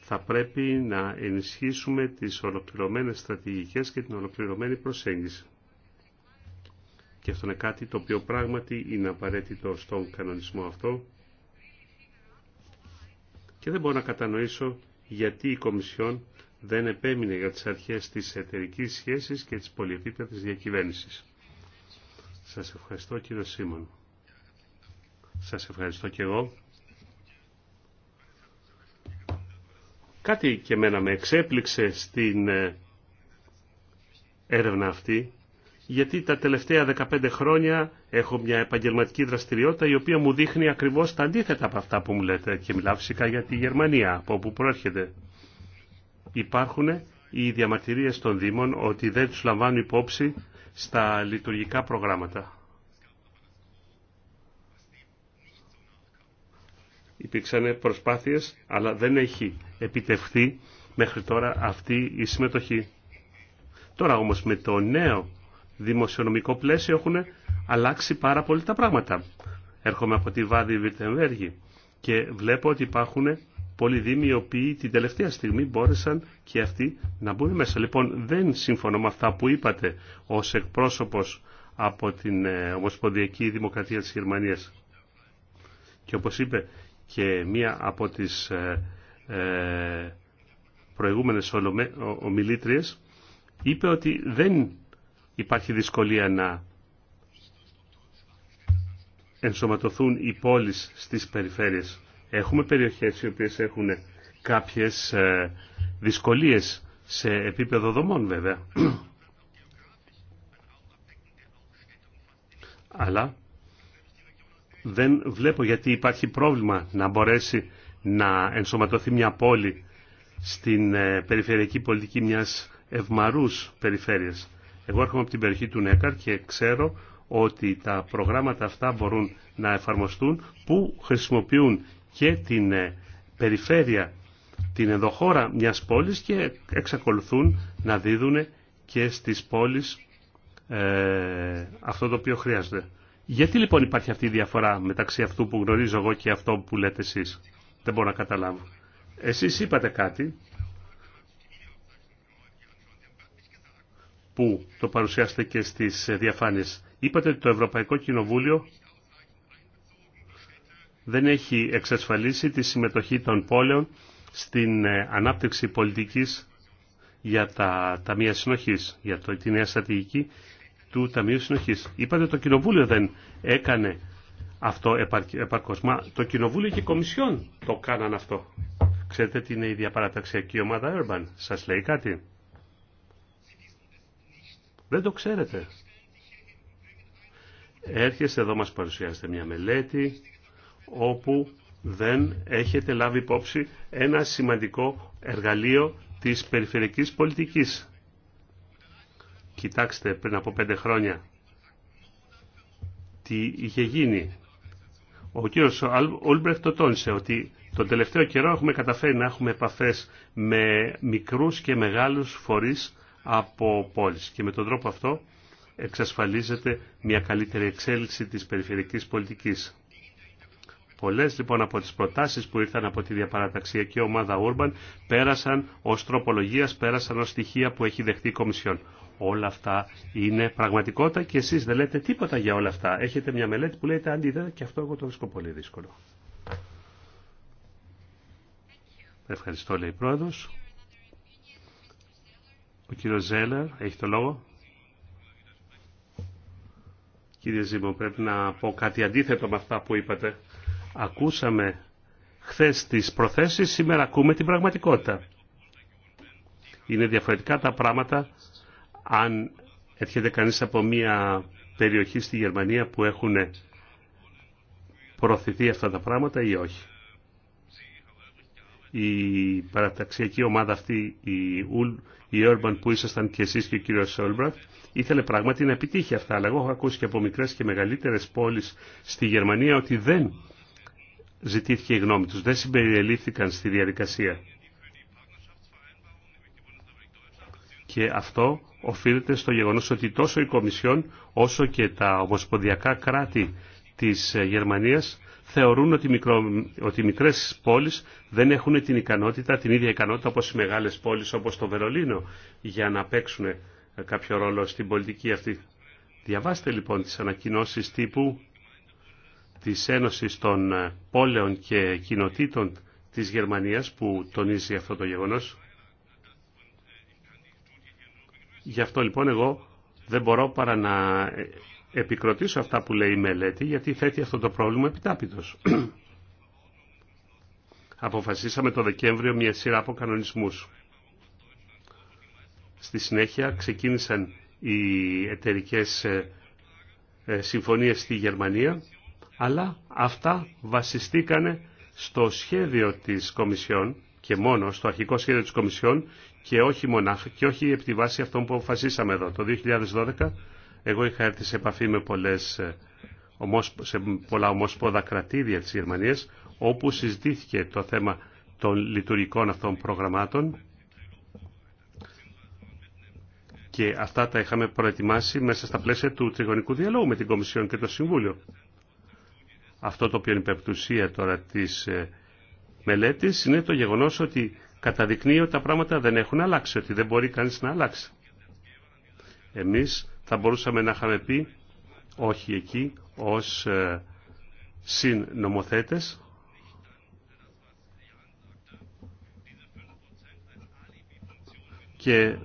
θα πρέπει να ενισχύσουμε τις ολοκληρωμένες στρατηγικές και την ολοκληρωμένη προσέγγιση. Και αυτό είναι κάτι το οποίο πράγματι είναι απαραίτητο στον κανονισμό αυτό και δεν μπορώ να κατανοήσω γιατί η Κομισιόν δεν επέμεινε για τις αρχές της εταιρική σχέσης και της πολυεπίπεδης διακυβέρνησης. Σας ευχαριστώ κύριο Σίμων. Σας ευχαριστώ και εγώ. Κάτι και μένα με εξέπληξε στην ε, έρευνα αυτή γιατί τα τελευταία 15 χρόνια έχω μια επαγγελματική δραστηριότητα η οποία μου δείχνει ακριβώς τα αντίθετα από αυτά που μου λέτε και μιλάω φυσικά για τη Γερμανία από όπου προέρχεται. Υπάρχουν οι διαμαρτυρίες των Δήμων ότι δεν τους λαμβάνουν υπόψη στα λειτουργικά προγράμματα. Υπήρξαν προσπάθειες, αλλά δεν έχει επιτευχθεί μέχρι τώρα αυτή η συμμετοχή. Τώρα όμως με το νέο δημοσιονομικό πλαίσιο έχουν αλλάξει πάρα πολύ τα πράγματα. Έρχομαι από τη Βάδη Βιρτεμβέργη και βλέπω ότι υπάρχουν πολλοί δήμοι οι οποίοι την τελευταία στιγμή μπόρεσαν και αυτοί να μπουν μέσα. Λοιπόν, δεν συμφωνώ με αυτά που είπατε ως εκπρόσωπος από την ε, Ομοσπονδιακή Δημοκρατία της Γερμανίας. Και όπως είπε και μία από τις ε, ε, προηγούμενες ομιλήτριες, είπε ότι δεν υπάρχει δυσκολία να ενσωματωθούν οι πόλεις στις περιφέρειες. Έχουμε περιοχές οι οποίες έχουν κάποιες ε, δυσκολίες σε επίπεδο δομών βέβαια. Αλλά δεν βλέπω γιατί υπάρχει πρόβλημα να μπορέσει να ενσωματωθεί μια πόλη στην ε, περιφερειακή πολιτική μιας ευμαρούς περιφέρειας. Εγώ έρχομαι από την περιοχή του Νέκαρ και ξέρω ότι τα προγράμματα αυτά μπορούν να εφαρμοστούν που χρησιμοποιούν και την ε, περιφέρεια, την ενδοχώρα μιας πόλης και εξακολουθούν να δίδουν και στις πόλεις ε, αυτό το οποίο χρειάζεται. Γιατί λοιπόν υπάρχει αυτή η διαφορά μεταξύ αυτού που γνωρίζω εγώ και αυτό που λέτε εσείς. Δεν μπορώ να καταλάβω. Εσείς είπατε κάτι που το παρουσιάσετε και στις ε, διαφάνειες. Είπατε ότι το Ευρωπαϊκό Κοινοβούλιο δεν έχει εξασφαλίσει τη συμμετοχή των πόλεων στην ε, ανάπτυξη πολιτικής για τα Ταμεία Συνοχής, για το, τη νέα στρατηγική του Ταμείου Συνοχής. Είπατε το Κοινοβούλιο δεν έκανε αυτό επαρκώς. Μα το Κοινοβούλιο και η Κομισιόν το κάναν αυτό. Ξέρετε τι είναι η διαπαραταξιακή ομάδα Urban. Σας λέει κάτι. Δεν το ξέρετε. Έρχεστε εδώ μας παρουσιάσετε μια μελέτη όπου δεν έχετε λάβει υπόψη ένα σημαντικό εργαλείο της περιφερειακής πολιτικής. Κοιτάξτε πριν από πέντε χρόνια τι είχε γίνει. Ο κύριος Όλμπρεχτ το τόνισε ότι τον τελευταίο καιρό έχουμε καταφέρει να έχουμε επαφές με μικρούς και μεγάλους φορείς από πόλεις. Και με τον τρόπο αυτό εξασφαλίζεται μια καλύτερη εξέλιξη της περιφερειακής πολιτικής. Πολλές λοιπόν από τις προτάσεις που ήρθαν από τη διαπαραταξιακή ομάδα Urban πέρασαν ως τροπολογίας, πέρασαν ως στοιχεία που έχει δεχτεί η Κομισιόν. Όλα αυτά είναι πραγματικότητα και εσείς δεν λέτε τίποτα για όλα αυτά. Έχετε μια μελέτη που λέτε αντίθετα και αυτό εγώ το βρίσκω πολύ δύσκολο. Ευχαριστώ λέει η Πρόεδρος. Ο κύριος Ζέλερ έχει το λόγο. Κύριε Ζήμο, πρέπει να πω κάτι αντίθετο με αυτά που είπατε. Ακούσαμε χθες τις προθέσεις, σήμερα ακούμε την πραγματικότητα. Είναι διαφορετικά τα πράγματα αν έρχεται κανείς από μια περιοχή στη Γερμανία που έχουν προωθηθεί αυτά τα πράγματα ή όχι η παραταξιακή ομάδα αυτή, η, Ουλ, η Urban που ήσασταν και εσείς και ο κύριος Σόλμπραφ ήθελε πράγματι να επιτύχει αυτά. Αλλά εγώ έχω ακούσει και από μικρές και μεγαλύτερες πόλεις στη Γερμανία ότι δεν ζητήθηκε η γνώμη τους, δεν συμπεριελήφθηκαν στη διαδικασία. Και αυτό οφείλεται στο γεγονός ότι τόσο η Κομισιόν όσο και τα ομοσπονδιακά κράτη της Γερμανίας θεωρούν ότι, οι μικρές πόλεις δεν έχουν την ικανότητα, την ίδια ικανότητα όπως οι μεγάλες πόλεις όπως το Βερολίνο για να παίξουν ε, κάποιο ρόλο στην πολιτική αυτή. Διαβάστε λοιπόν τις ανακοινώσεις τύπου της Ένωσης των ε, Πόλεων και Κοινοτήτων της Γερμανίας που τονίζει αυτό το γεγονός. Γι' αυτό λοιπόν εγώ δεν μπορώ παρά να ε, επικροτήσω αυτά που λέει η μελέτη γιατί θέτει αυτό το πρόβλημα επιτάπητος. Αποφασίσαμε το Δεκέμβριο μια σειρά από κανονισμούς. Στη συνέχεια ξεκίνησαν οι εταιρικέ ε, ε, συμφωνίες στη Γερμανία, αλλά αυτά βασιστήκανε στο σχέδιο της Κομισιόν και μόνο στο αρχικό σχέδιο της Κομισιόν και όχι μονάχα και όχι επί τη βάση αυτών που αποφασίσαμε εδώ. Το 2012 εγώ είχα έρθει σε επαφή με, πολλές, ε, σε πολλά ομόσποδα κρατήδια της Γερμανίας όπου συζητήθηκε το θέμα των λειτουργικών αυτών προγραμμάτων και αυτά τα είχαμε προετοιμάσει μέσα στα πλαίσια του τριγωνικού διαλόγου με την Κομισιόν και το Συμβούλιο. Αυτό το οποίο είναι υπερπτουσία τώρα της ε, μελέτης είναι το γεγονός ότι καταδεικνύει ότι τα πράγματα δεν έχουν αλλάξει, ότι δεν μπορεί κανείς να αλλάξει. Εμείς θα μπορούσαμε να είχαμε πει όχι εκεί ως ε, συνομοθέτες και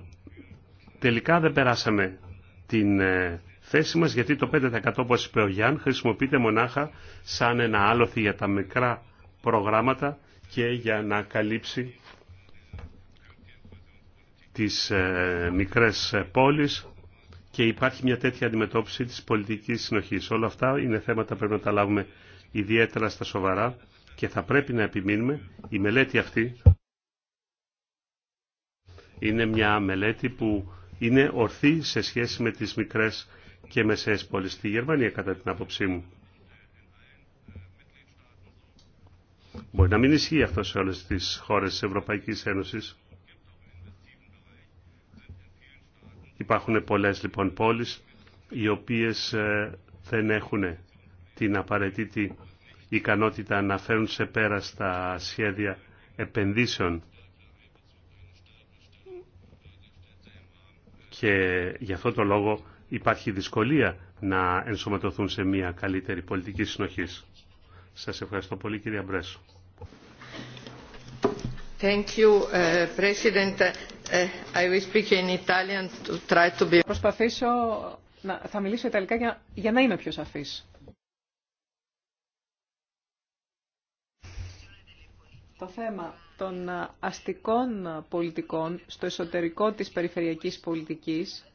τελικά δεν περάσαμε την ε, θέση μας γιατί το 5% όπως είπε ο Γιάνν χρησιμοποιείται μονάχα σαν ένα άλοθη για τα μικρά προγράμματα και για να καλύψει τις ε, μικρές πόλεις και υπάρχει μια τέτοια αντιμετώπιση της πολιτικής συνοχής. Όλα αυτά είναι θέματα που πρέπει να τα λάβουμε ιδιαίτερα στα σοβαρά και θα πρέπει να επιμείνουμε. Η μελέτη αυτή είναι μια μελέτη που είναι ορθή σε σχέση με τις μικρές και μεσαίες πόλεις στη Γερμανία κατά την άποψή μου. Μπορεί να μην ισχύει αυτό σε όλες τις χώρες της Ευρωπαϊκής Ένωσης, Υπάρχουν πολλές λοιπόν πόλεις οι οποίες ε, δεν έχουν την απαραίτητη ικανότητα να φέρουν σε πέρα στα σχέδια επενδύσεων και γι' αυτό το λόγο υπάρχει δυσκολία να ενσωματωθούν σε μια καλύτερη πολιτική συνοχή. Σας ευχαριστώ πολύ κύριε Μπρέσο. Προσπαθήσω να θα μιλήσω ιταλικά για, για να είμαι πιο σαφής. Το θέμα των ε, αστικών πολιτικών στο εσωτερικό της περιφερειακής πολιτικής,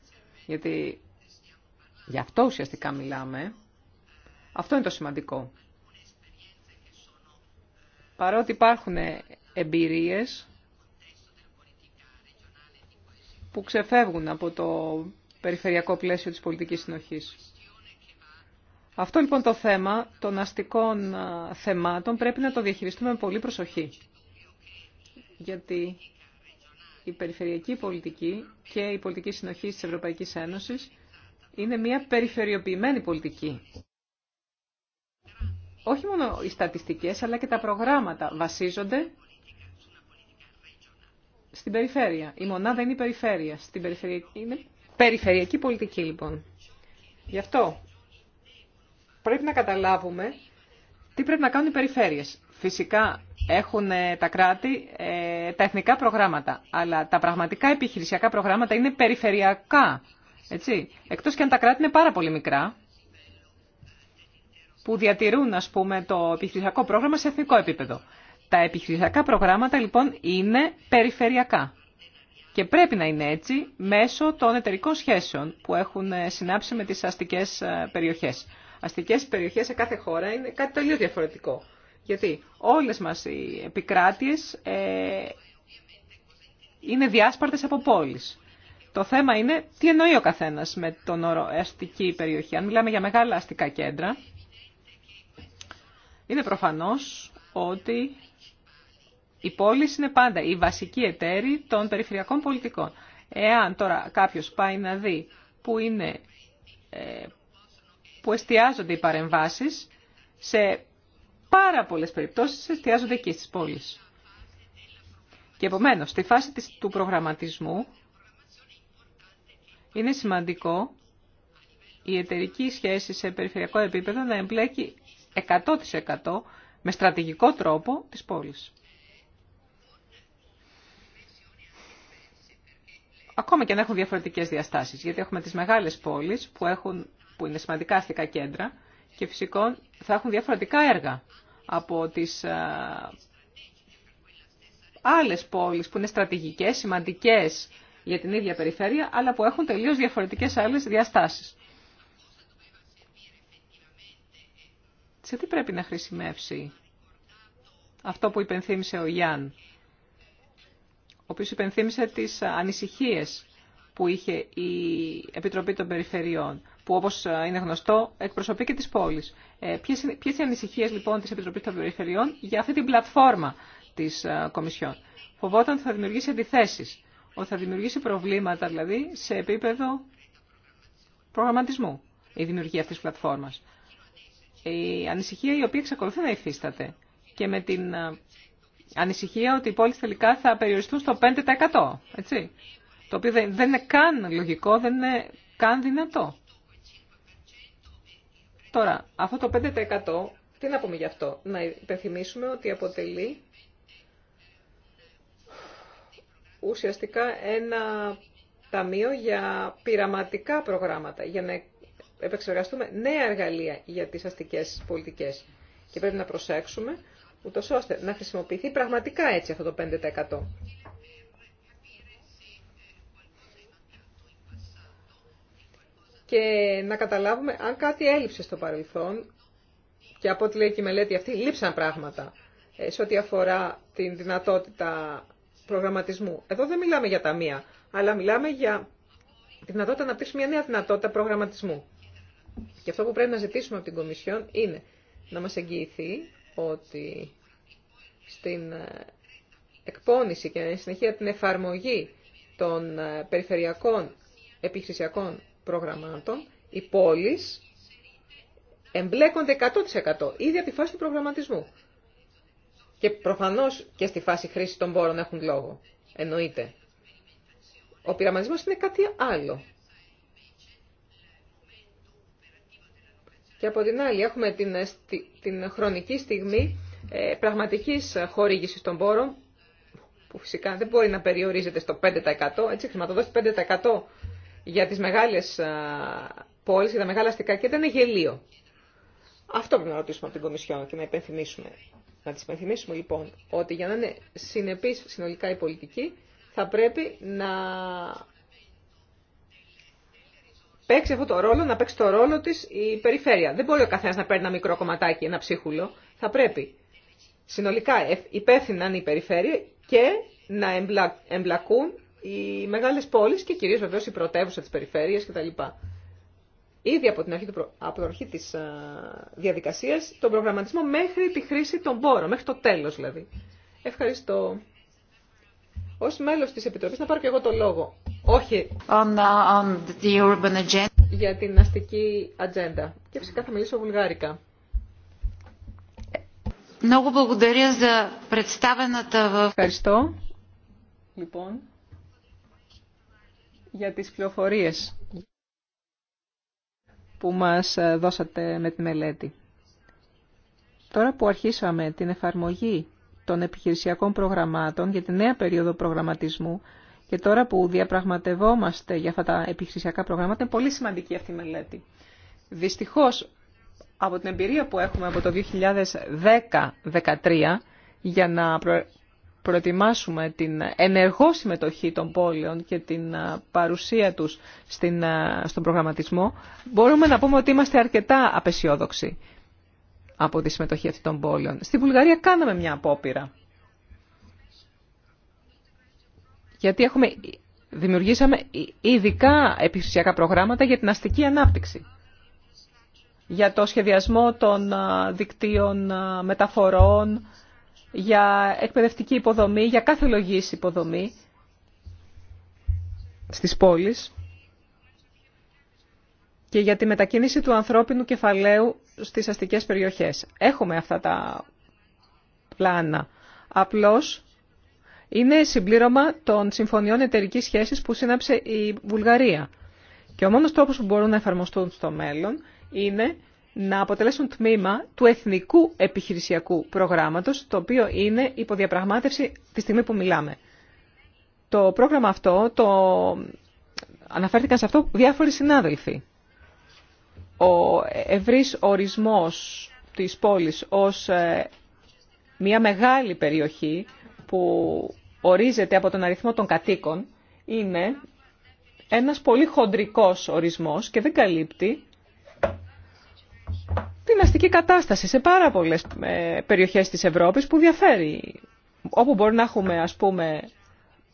γιατί γι' αυτό ουσιαστικά μιλάμε, αυτό είναι το σημαντικό. Παρότι υπάρχουν εμπειρίες που ξεφεύγουν από το περιφερειακό πλαίσιο της πολιτικής συνοχής. Αυτό λοιπόν το θέμα των αστικών θεμάτων πρέπει να το διαχειριστούμε με πολύ προσοχή. Γιατί η περιφερειακή πολιτική και η πολιτική συνοχή της Ευρωπαϊκής Ένωσης είναι μια περιφερειοποιημένη πολιτική. Όχι μόνο οι στατιστικές αλλά και τα προγράμματα βασίζονται στην περιφέρεια. Η μονάδα είναι η περιφέρεια. Στην περιφερειακή είναι περιφερειακή πολιτική λοιπόν. Γι' αυτό πρέπει να καταλάβουμε τι πρέπει να κάνουν οι περιφέρειες. Φυσικά έχουν ε, τα κράτη ε, τα εθνικά προγράμματα, αλλά τα πραγματικά επιχειρησιακά προγράμματα είναι περιφερειακά. Έτσι. Εκτός και αν τα κράτη είναι πάρα πολύ μικρά, που διατηρούν ας πούμε, το επιχειρησιακό πρόγραμμα σε εθνικό επίπεδο. Τα επιχειρησιακά προγράμματα λοιπόν είναι περιφερειακά και πρέπει να είναι έτσι μέσω των εταιρικών σχέσεων που έχουν ε, συνάψει με τις αστικές ε, περιοχές. Αστικές περιοχές σε κάθε χώρα είναι κάτι τελείω διαφορετικό. Γιατί όλες μας οι επικράτειες ε, είναι διάσπαρτες από πόλεις. Το θέμα είναι τι εννοεί ο καθένας με τον όρο αστική περιοχή. Αν μιλάμε για μεγάλα αστικά κέντρα, είναι προφανώς ότι οι πόλεις είναι πάντα οι βασικοί εταίροι των περιφερειακών πολιτικών. Εάν τώρα κάποιος πάει να δει που, είναι, ε, που εστιάζονται οι παρεμβάσεις, σε πάρα πολλές περιπτώσεις εστιάζονται και στις πόλεις. Και επομένως, στη φάση του προγραμματισμού είναι σημαντικό η εταιρική σχέση σε περιφερειακό επίπεδο να εμπλέκει 100% με στρατηγικό τρόπο τις πόλεις. ακόμα και αν έχουν διαφορετικές διαστάσεις, γιατί έχουμε τις μεγάλες πόλεις που, που είναι σημαντικά αστικά κέντρα και φυσικών θα έχουν διαφορετικά έργα από τις άλλες πόλεις που είναι στρατηγικές, σημαντικές για την ίδια περιφέρεια, αλλά που έχουν τελείως διαφορετικές άλλε διαστάσεις. Σε τι πρέπει να χρησιμεύσει αυτό που υπενθύμησε ο Γιάνν ο οποίος υπενθύμησε τις ανησυχίες που είχε η Επιτροπή των Περιφερειών, που όπως είναι γνωστό εκπροσωπεί και τις πόλεις. Ε, ποιες, είναι, οι ανησυχίες λοιπόν της Επιτροπής των Περιφερειών για αυτή την πλατφόρμα της ε, Κομισιόν. Φοβόταν ότι θα δημιουργήσει αντιθέσεις, ότι θα δημιουργήσει προβλήματα δηλαδή σε επίπεδο προγραμματισμού η δημιουργία αυτής της πλατφόρμας. Η ανησυχία η οποία εξακολουθεί να υφίσταται και με την ε, ανησυχία ότι οι πόλεις τελικά θα περιοριστούν στο 5%. Έτσι. Το οποίο δεν είναι καν λογικό, δεν είναι καν δυνατό. Τώρα, αυτό το 5% τι να πούμε γι' αυτό. Να υπενθυμίσουμε ότι αποτελεί ουσιαστικά ένα ταμείο για πειραματικά προγράμματα, για να επεξεργαστούμε νέα εργαλεία για τις αστικές πολιτικές. Και πρέπει να προσέξουμε ούτως ώστε να χρησιμοποιηθεί πραγματικά έτσι αυτό το 5%. και να καταλάβουμε αν κάτι έλειψε στο παρελθόν και από ό,τι λέει και η μελέτη αυτή, λείψαν πράγματα ε, σε ό,τι αφορά την δυνατότητα προγραμματισμού. Εδώ δεν μιλάμε για ταμεία, αλλά μιλάμε για τη δυνατότητα να πείσουμε μια νέα δυνατότητα προγραμματισμού. Και αυτό που πρέπει να ζητήσουμε από την Κομισιόν είναι να μας εγγυηθεί ότι στην ε, εκπόνηση και συνεχεία την εφαρμογή των ε, περιφερειακών επιχειρησιακών προγραμμάτων, οι πόλεις εμπλέκονται 100% ήδη από τη φάση του προγραμματισμού. Και προφανώς και στη φάση χρήση των πόρων έχουν λόγο. Εννοείται. Ο πειραματισμός είναι κάτι άλλο. Και από την άλλη έχουμε την, την χρονική στιγμή ε, πραγματικής χορήγησης των πόρων, που φυσικά δεν μπορεί να περιορίζεται στο 5%, έτσι χρηματοδότηση 5% για τις μεγάλες πόλεις, για τα μεγάλα αστικά κέντρα είναι γελίο. Αυτό πρέπει να ρωτήσουμε από την Κομισιόν και να υπενθυμίσουμε. Να τις υπενθυμίσουμε λοιπόν ότι για να είναι συνεπής συνολικά η πολιτική θα πρέπει να παίξει αυτό το ρόλο, να παίξει το ρόλο της η περιφέρεια. Δεν μπορεί ο καθένας να παίρνει ένα μικρό κομματάκι, ένα ψίχουλο. Θα πρέπει συνολικά υπεύθυνα είναι η περιφέρεια και να εμπλακούν οι μεγάλες πόλεις και κυρίως βεβαίως η πρωτεύουσα της περιφέρειας κτλ. Ήδη από την αρχή, του, από την αρχή της διαδικασίας, τον προγραμματισμό μέχρι τη χρήση των πόρων, μέχρι το τέλος δηλαδή. Ευχαριστώ ως μέλος της Επιτροπής να πάρω και εγώ το λόγο. Όχι on the, on the urban agenda. για την αστική ατζέντα. Και φυσικά θα μιλήσω βουλγάρικα. Ευχαριστώ. Λοιπόν, για τις πληροφορίες που μας ε, δώσατε με τη μελέτη. Τώρα που αρχίσαμε την εφαρμογή των επιχειρησιακών προγραμμάτων για τη νέα περίοδο προγραμματισμού και τώρα που διαπραγματευόμαστε για αυτά τα επιχειρησιακά προγράμματα είναι πολύ σημαντική αυτή η μελέτη. Δυστυχώ, από την εμπειρία που έχουμε από το 2010-2013 για να προετοιμάσουμε την ενεργό συμμετοχή των πόλεων και την παρουσία τους στην, στον προγραμματισμό, μπορούμε να πούμε ότι είμαστε αρκετά απεσιόδοξοι από τη συμμετοχή των πόλεων. Στη Βουλγαρία κάναμε μια απόπειρα. Γιατί έχουμε, δημιουργήσαμε ειδικά επιχειρησιακά προγράμματα για την αστική ανάπτυξη. Για το σχεδιασμό των δικτύων μεταφορών, για εκπαιδευτική υποδομή, για κάθε υποδομή στις πόλεις και για τη μετακίνηση του ανθρώπινου κεφαλαίου στις αστικές περιοχές. Έχουμε αυτά τα πλάνα. Απλώς είναι συμπλήρωμα των συμφωνιών εταιρικής σχέσης που σύναψε η Βουλγαρία. Και ο μόνος τρόπος που μπορούν να εφαρμοστούν στο μέλλον είναι να αποτελέσουν τμήμα του εθνικού επιχειρησιακού προγράμματος, το οποίο είναι υποδιαπραγμάτευση τη στιγμή που μιλάμε. Το πρόγραμμα αυτό το αναφέρθηκαν σε αυτό διάφοροι συνάδελφοι. Ο ευρύς ορισμός της πόλης ως ε, μια μεγάλη περιοχή που ορίζεται από τον αριθμό των κατοίκων είναι ένας πολύ χοντρικός ορισμός και δεν καλύπτει την αστική κατάσταση σε πάρα πολλές ε, περιοχές της Ευρώπης που διαφέρει. Όπου μπορεί να έχουμε ας πούμε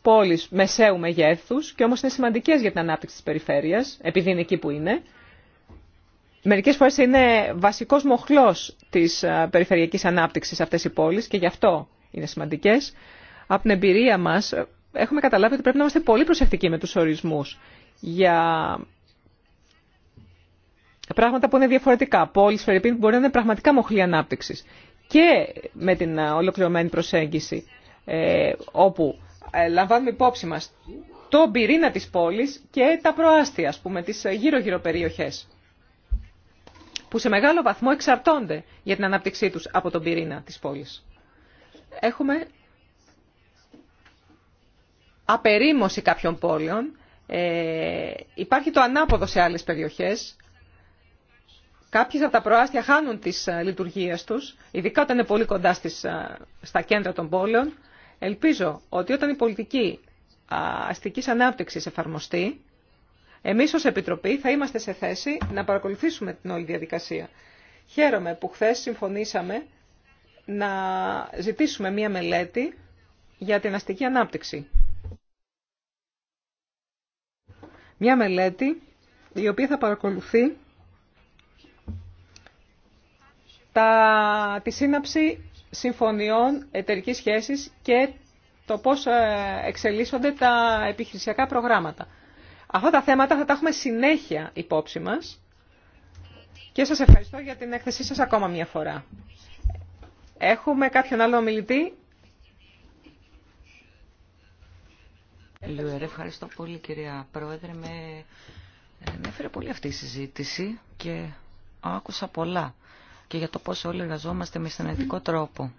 πόλεις μεσαίου μεγέθους και όμως είναι σημαντικές για την ανάπτυξη της περιφέρειας, επειδή είναι εκεί που είναι, Μερικέ φορέ είναι βασικό μοχλό τη ε, περιφερειακή ανάπτυξη αυτέ οι πόλει και γι' αυτό είναι σημαντικέ. Από την εμπειρία μα, ε, έχουμε καταλάβει ότι πρέπει να είμαστε πολύ προσεκτικοί με του ορισμού για πράγματα που είναι διαφορετικά. Πόλεις, που μπορεί να είναι πραγματικά μοχλή ανάπτυξη Και με την ε, ολοκληρωμένη προσέγγιση, ε, όπου λαμβάνουμε υπόψη μας το πυρήνα της πόλης και τα προάστια, ας πούμε, τις γύρω-γύρω περιοχές που σε μεγάλο βαθμό εξαρτώνται για την ανάπτυξή τους από τον πυρήνα της πόλης. Έχουμε απερίμωση κάποιων πόλεων, ε, υπάρχει το ανάποδο σε άλλες περιοχές, Κάποιες από τα προάστια χάνουν τις ε, λειτουργίες τους, ειδικά όταν είναι πολύ κοντά στις, ε, στα κέντρα των πόλεων. Ελπίζω ότι όταν η πολιτική αστικής ανάπτυξης εφαρμοστεί, εμείς ως Επιτροπή θα είμαστε σε θέση να παρακολουθήσουμε την όλη διαδικασία. Χαίρομαι που χθε συμφωνήσαμε να ζητήσουμε μία μελέτη για την αστική ανάπτυξη. Μία μελέτη η οποία θα παρακολουθεί τα, τη σύναψη συμφωνιών εταιρικής σχέσης και το πώς ε, εξελίσσονται τα επιχειρησιακά προγράμματα. Αυτά τα θέματα θα τα έχουμε συνέχεια υπόψη μας και σας ευχαριστώ για την έκθεσή σας ακόμα μια φορά. Έχουμε κάποιον άλλο ομιλητή. ευχαριστώ πολύ κυρία Πρόεδρε. Ε, με, έφερε πολύ αυτή η συζήτηση και άκουσα πολλά και για το πώς όλοι εργαζόμαστε με συναντικό τρόπο.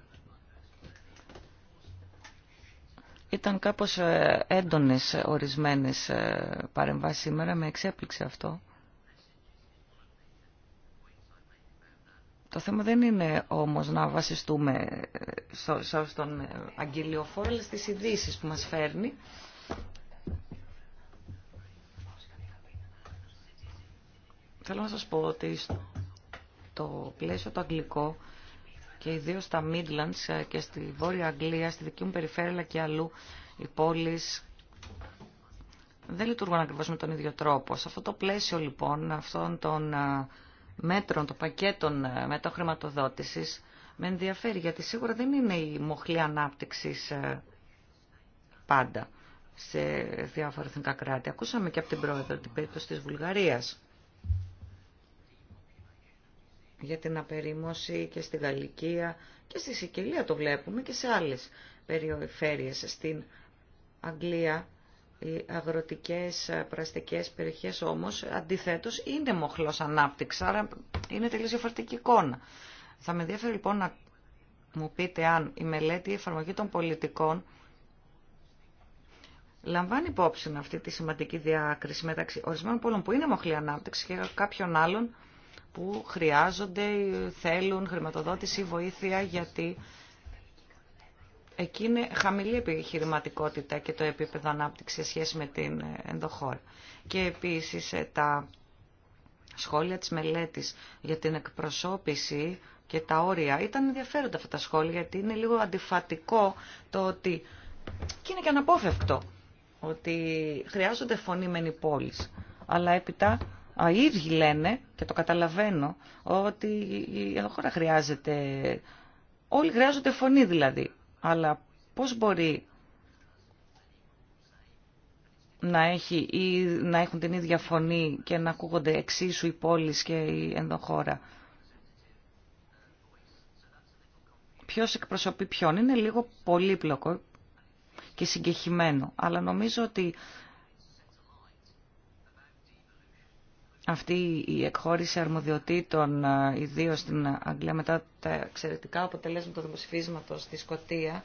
Ήταν κάπως ε, έντονες ε, ορισμένες ε, παρεμβάσεις σήμερα, με εξέπληξε αυτό. Το θέμα δεν είναι όμως να βασιστούμε στον αγγελιοφόρο, αλλά στις ειδήσει που μας φέρνει. Θέλω να σας πω ότι στο πλαίσιο το αγγλικό και ιδίω στα Midlands ε, και στη Βόρεια Αγγλία, στη δική μου περιφέρεια και αλλού οι πόλεις δεν λειτουργούν ακριβώ με τον ίδιο τρόπο. Σε αυτό το πλαίσιο λοιπόν αυτών των ε, μέτρων, των πακέτων ε, μεταχρηματοδότηση, με ενδιαφέρει γιατί σίγουρα δεν είναι η μοχλή ανάπτυξη πάντα σε διάφορα εθνικά κράτη. Ακούσαμε και από την πρόεδρο την περίπτωση της Βουλγαρίας για την απερίμωση και στη Γαλλικία και στη Σικελία το βλέπουμε και σε άλλες περιφέρειες. Στην Αγγλία οι αγροτικές ε, πραστικές περιοχές όμως αντιθέτως είναι μοχλός ανάπτυξη, άρα είναι τελείως διαφορετική εικόνα. Θα με ενδιαφέρει λοιπόν να μου πείτε αν η μελέτη εφαρμογή των πολιτικών λαμβάνει υπόψη αυτή τη σημαντική διάκριση μεταξύ ορισμένων πόλων που είναι μοχλή ανάπτυξη και κάποιων άλλων που χρειάζονται, θέλουν χρηματοδότηση βοήθεια γιατί εκεί είναι χαμηλή επιχειρηματικότητα και το επίπεδο ανάπτυξη σε σχέση με την ε, ενδοχώρα. Και επίσης ε, τα σχόλια της μελέτης για την εκπροσώπηση και τα όρια ήταν ενδιαφέροντα αυτά τα σχόλια γιατί είναι λίγο αντιφατικό το ότι και είναι και αναπόφευκτο ότι χρειάζονται φωνήμενοι πόλεις αλλά έπειτα οι ίδιοι λένε, και το καταλαβαίνω, ότι η χώρα χρειάζεται, όλοι χρειάζονται φωνή δηλαδή. Αλλά πώς μπορεί να, έχει ή να έχουν την ίδια φωνή και να ακούγονται εξίσου οι πόλεις και η ενδοχώρα. Ποιος εκπροσωπεί ποιον είναι λίγο πολύπλοκο και συγκεχημένο, αλλά νομίζω ότι αυτή η εκχώρηση αρμοδιοτήτων, ε, ιδίω στην Αγγλία, μετά τα εξαιρετικά αποτελέσματα του δημοψηφίσματο στη Σκωτία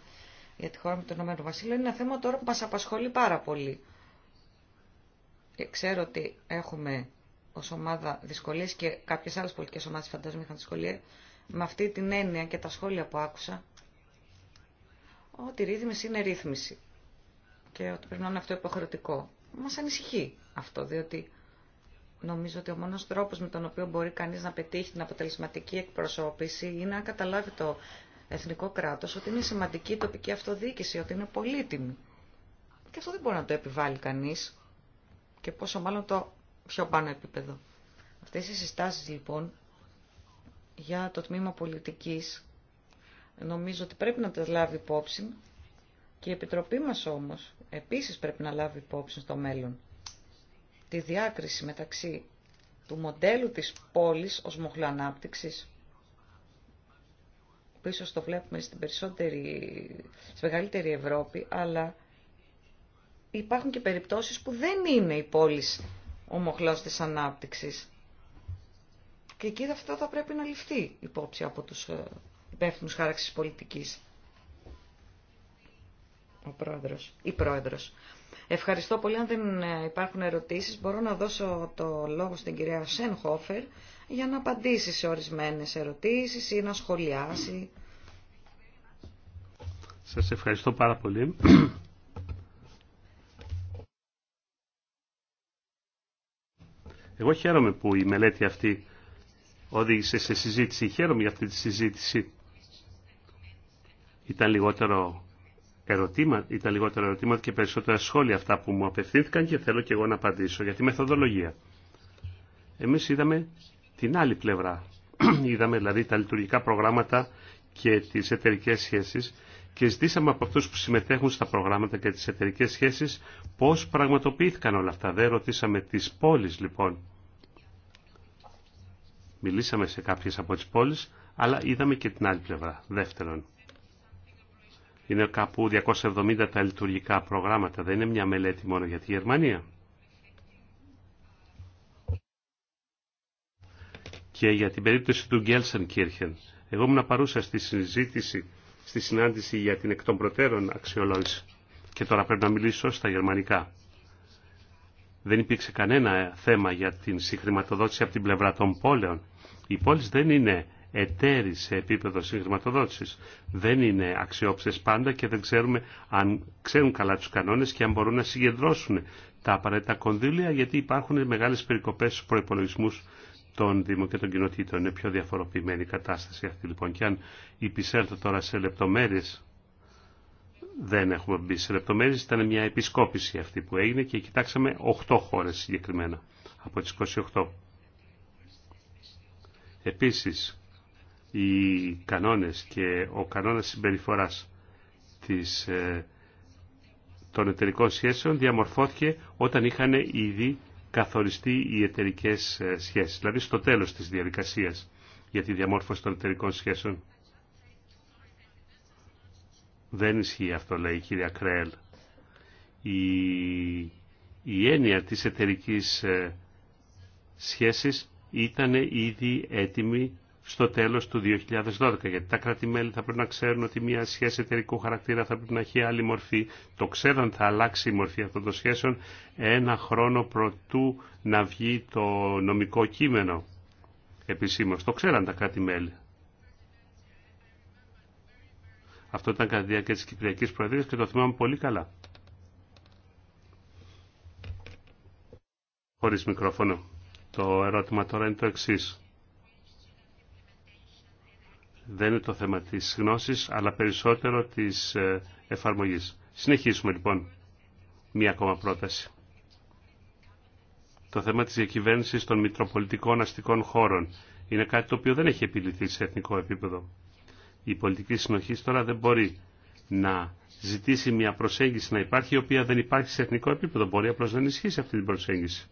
για τη χώρα με τον Ηνωμένο Βασίλειο, είναι ένα θέμα τώρα που μα απασχολεί πάρα πολύ. Ε, ξέρω ότι έχουμε ω ομάδα δυσκολίε και κάποιε άλλε πολιτικέ ομάδε φαντάζομαι είχαν δυσκολίε. Με αυτή την έννοια και τα σχόλια που άκουσα, ότι η ρύθμιση είναι ρύθμιση και ότι πρέπει να είναι αυτό υποχρεωτικό. Μα ανησυχεί αυτό, διότι Νομίζω ότι ο μόνο τρόπο με τον οποίο μπορεί κανείς να πετύχει την αποτελεσματική εκπροσώπηση είναι να καταλάβει το εθνικό κράτος ότι είναι σημαντική η τοπική αυτοδιοίκηση, ότι είναι πολύτιμη. Και αυτό δεν μπορεί να το επιβάλλει κανείς και πόσο μάλλον το πιο πάνω επίπεδο. Αυτέ οι συστάσει, λοιπόν για το τμήμα πολιτική. νομίζω ότι πρέπει να τα λάβει υπόψη και η Επιτροπή μας όμως επίσης πρέπει να λάβει υπόψη στο μέλλον τη διάκριση μεταξύ του μοντέλου της πόλης ως μοχλό ανάπτυξης, που ίσως το βλέπουμε στην περισσότερη, στη μεγαλύτερη Ευρώπη, αλλά υπάρχουν και περιπτώσεις που δεν είναι η πόλη ο μοχλός της ανάπτυξης. Και εκεί αυτό θα πρέπει να ληφθεί υπόψη από τους ε, υπεύθυνους χάραξης πολιτικής. Ο πρόεδρος, η πρόεδρος. Ευχαριστώ πολύ. Αν δεν ε, υπάρχουν ερωτήσεις, μπορώ να δώσω το λόγο στην κυρία Σενχόφερ για να απαντήσει σε ορισμένες ερωτήσεις ή να σχολιάσει. Σας ευχαριστώ πάρα πολύ. Εγώ χαίρομαι που η μελέτη αυτή οδήγησε σε συζήτηση. Χαίρομαι για αυτή τη συζήτηση. Ήταν λιγότερο ερωτήματα, ήταν λιγότερα ερωτήματα και περισσότερα σχόλια αυτά που μου απευθύνθηκαν και θέλω και εγώ να απαντήσω για τη μεθοδολογία. Εμείς είδαμε την άλλη πλευρά. είδαμε δηλαδή τα λειτουργικά προγράμματα και τις εταιρικέ σχέσεις και ζητήσαμε από αυτούς που συμμετέχουν στα προγράμματα και τις εταιρικέ σχέσεις πώς πραγματοποιήθηκαν όλα αυτά. Δεν ρωτήσαμε τις πόλεις λοιπόν. Μιλήσαμε σε κάποιες από τις πόλεις, αλλά είδαμε και την άλλη πλευρά. Δεύτερον, είναι κάπου 270 τα λειτουργικά προγράμματα. Δεν είναι μια μελέτη μόνο για τη Γερμανία. Και για την περίπτωση του Κίρχεν. Εγώ ήμουν παρούσα στη συζήτηση, στη συνάντηση για την εκ των προτέρων αξιολόγηση. Και τώρα πρέπει να μιλήσω στα γερμανικά. Δεν υπήρξε κανένα θέμα για την συγχρηματοδότηση από την πλευρά των πόλεων. Οι πόλεις δεν είναι εταίροι σε επίπεδο συγχρηματοδότησης. Δεν είναι αξιόπιστες πάντα και δεν ξέρουμε αν ξέρουν καλά τους κανόνες και αν μπορούν να συγκεντρώσουν τα απαραίτητα κονδύλια γιατί υπάρχουν μεγάλες περικοπές στους προϋπολογισμούς των Δήμων και των Κοινοτήτων. Είναι πιο διαφοροποιημένη η κατάσταση αυτή λοιπόν. Και αν υπησέλθω τώρα σε λεπτομέρειες, δεν έχουμε μπει σε λεπτομέρειες, ήταν μια επισκόπηση αυτή που έγινε και κοιτάξαμε 8 χώρες συγκεκριμένα από τις 28. Επίσης, οι κανόνες και ο κανόνας συμπεριφοράς της, ε, των εταιρικών σχέσεων διαμορφώθηκε όταν είχαν ήδη καθοριστεί οι εταιρικέ ε, σχέσεις, δηλαδή στο τέλος της διαδικασίας για τη διαμόρφωση των εταιρικών σχέσεων. Δεν ισχύει αυτό, λέει η κυρία Κρέλ. Η, η έννοια της εταιρικής ε, σχέσης ήταν ήδη έτοιμη στο τέλος του 2012. Γιατί τα κράτη-μέλη θα πρέπει να ξέρουν ότι μια σχέση εταιρικού χαρακτήρα θα πρέπει να έχει άλλη μορφή. Το ξέραν θα αλλάξει η μορφή αυτών των σχέσεων ένα χρόνο προτού να βγει το νομικό κείμενο επισήμως. Το ξέραν τα κράτη-μέλη. Αυτό ήταν κατά τη διάρκεια της Κυπριακής Προεδρίας και το θυμάμαι πολύ καλά. Χωρίς μικρόφωνο. Το ερώτημα τώρα είναι το εξής δεν είναι το θέμα της γνώσης, αλλά περισσότερο της ε, εφαρμογής. Συνεχίσουμε λοιπόν μία ακόμα πρόταση. Το θέμα της διακυβέρνηση των μητροπολιτικών αστικών χώρων είναι κάτι το οποίο δεν έχει επιληθεί σε εθνικό επίπεδο. Η πολιτική συνοχή τώρα δεν μπορεί να ζητήσει μια προσέγγιση να υπάρχει, η οποία δεν υπάρχει σε εθνικό επίπεδο. Μπορεί απλώ να ενισχύσει αυτή την προσέγγιση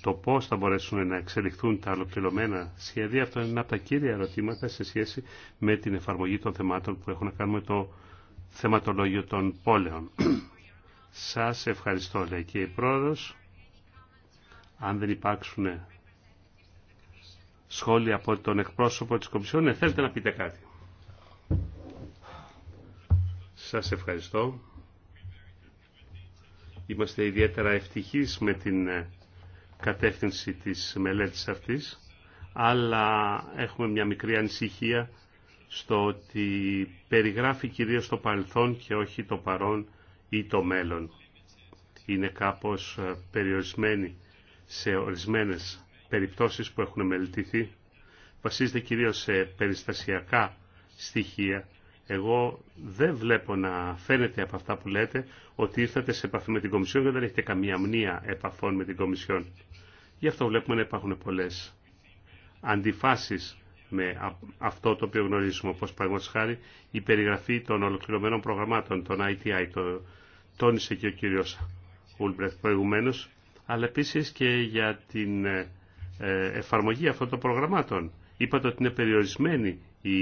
το πώς θα μπορέσουν να εξελιχθούν τα ολοκληρωμένα σχέδια, αυτό είναι ένα από τα κύρια ερωτήματα σε σχέση με την εφαρμογή των θεμάτων που έχουν να κάνουν με το θεματολόγιο των πόλεων. Σας ευχαριστώ, λέει και η πρόεδρος. Αν δεν υπάρξουν σχόλια από τον εκπρόσωπο της Κομισιόν, ναι, θέλετε να πείτε κάτι. Σας ευχαριστώ. Είμαστε ιδιαίτερα ευτυχείς με την ε, κατεύθυνση της μελέτης αυτής, αλλά έχουμε μια μικρή ανησυχία στο ότι περιγράφει κυρίως το παρελθόν και όχι το παρόν ή το μέλλον. Είναι κάπως ε, περιορισμένη σε ορισμένες περιπτώσεις που έχουν μελετηθεί. Βασίζεται κυρίως σε περιστασιακά στοιχεία εγώ δεν βλέπω να φαίνεται από αυτά που λέτε ότι ήρθατε σε επαφή με την Κομισιόν και δεν έχετε καμία μνήα επαφών με την Κομισιόν. Γι' αυτό βλέπουμε να υπάρχουν πολλέ αντιφάσει με αυτό το οποίο γνωρίζουμε, όπω παραδείγματο χάρη η περιγραφή των ολοκληρωμένων προγραμμάτων, των ITI, το τόνισε και ο κύριος Ούλμπρεθ προηγουμένω, αλλά επίση και για την ε, ε, εφαρμογή αυτών των προγραμμάτων. Είπατε ότι είναι περιορισμένη η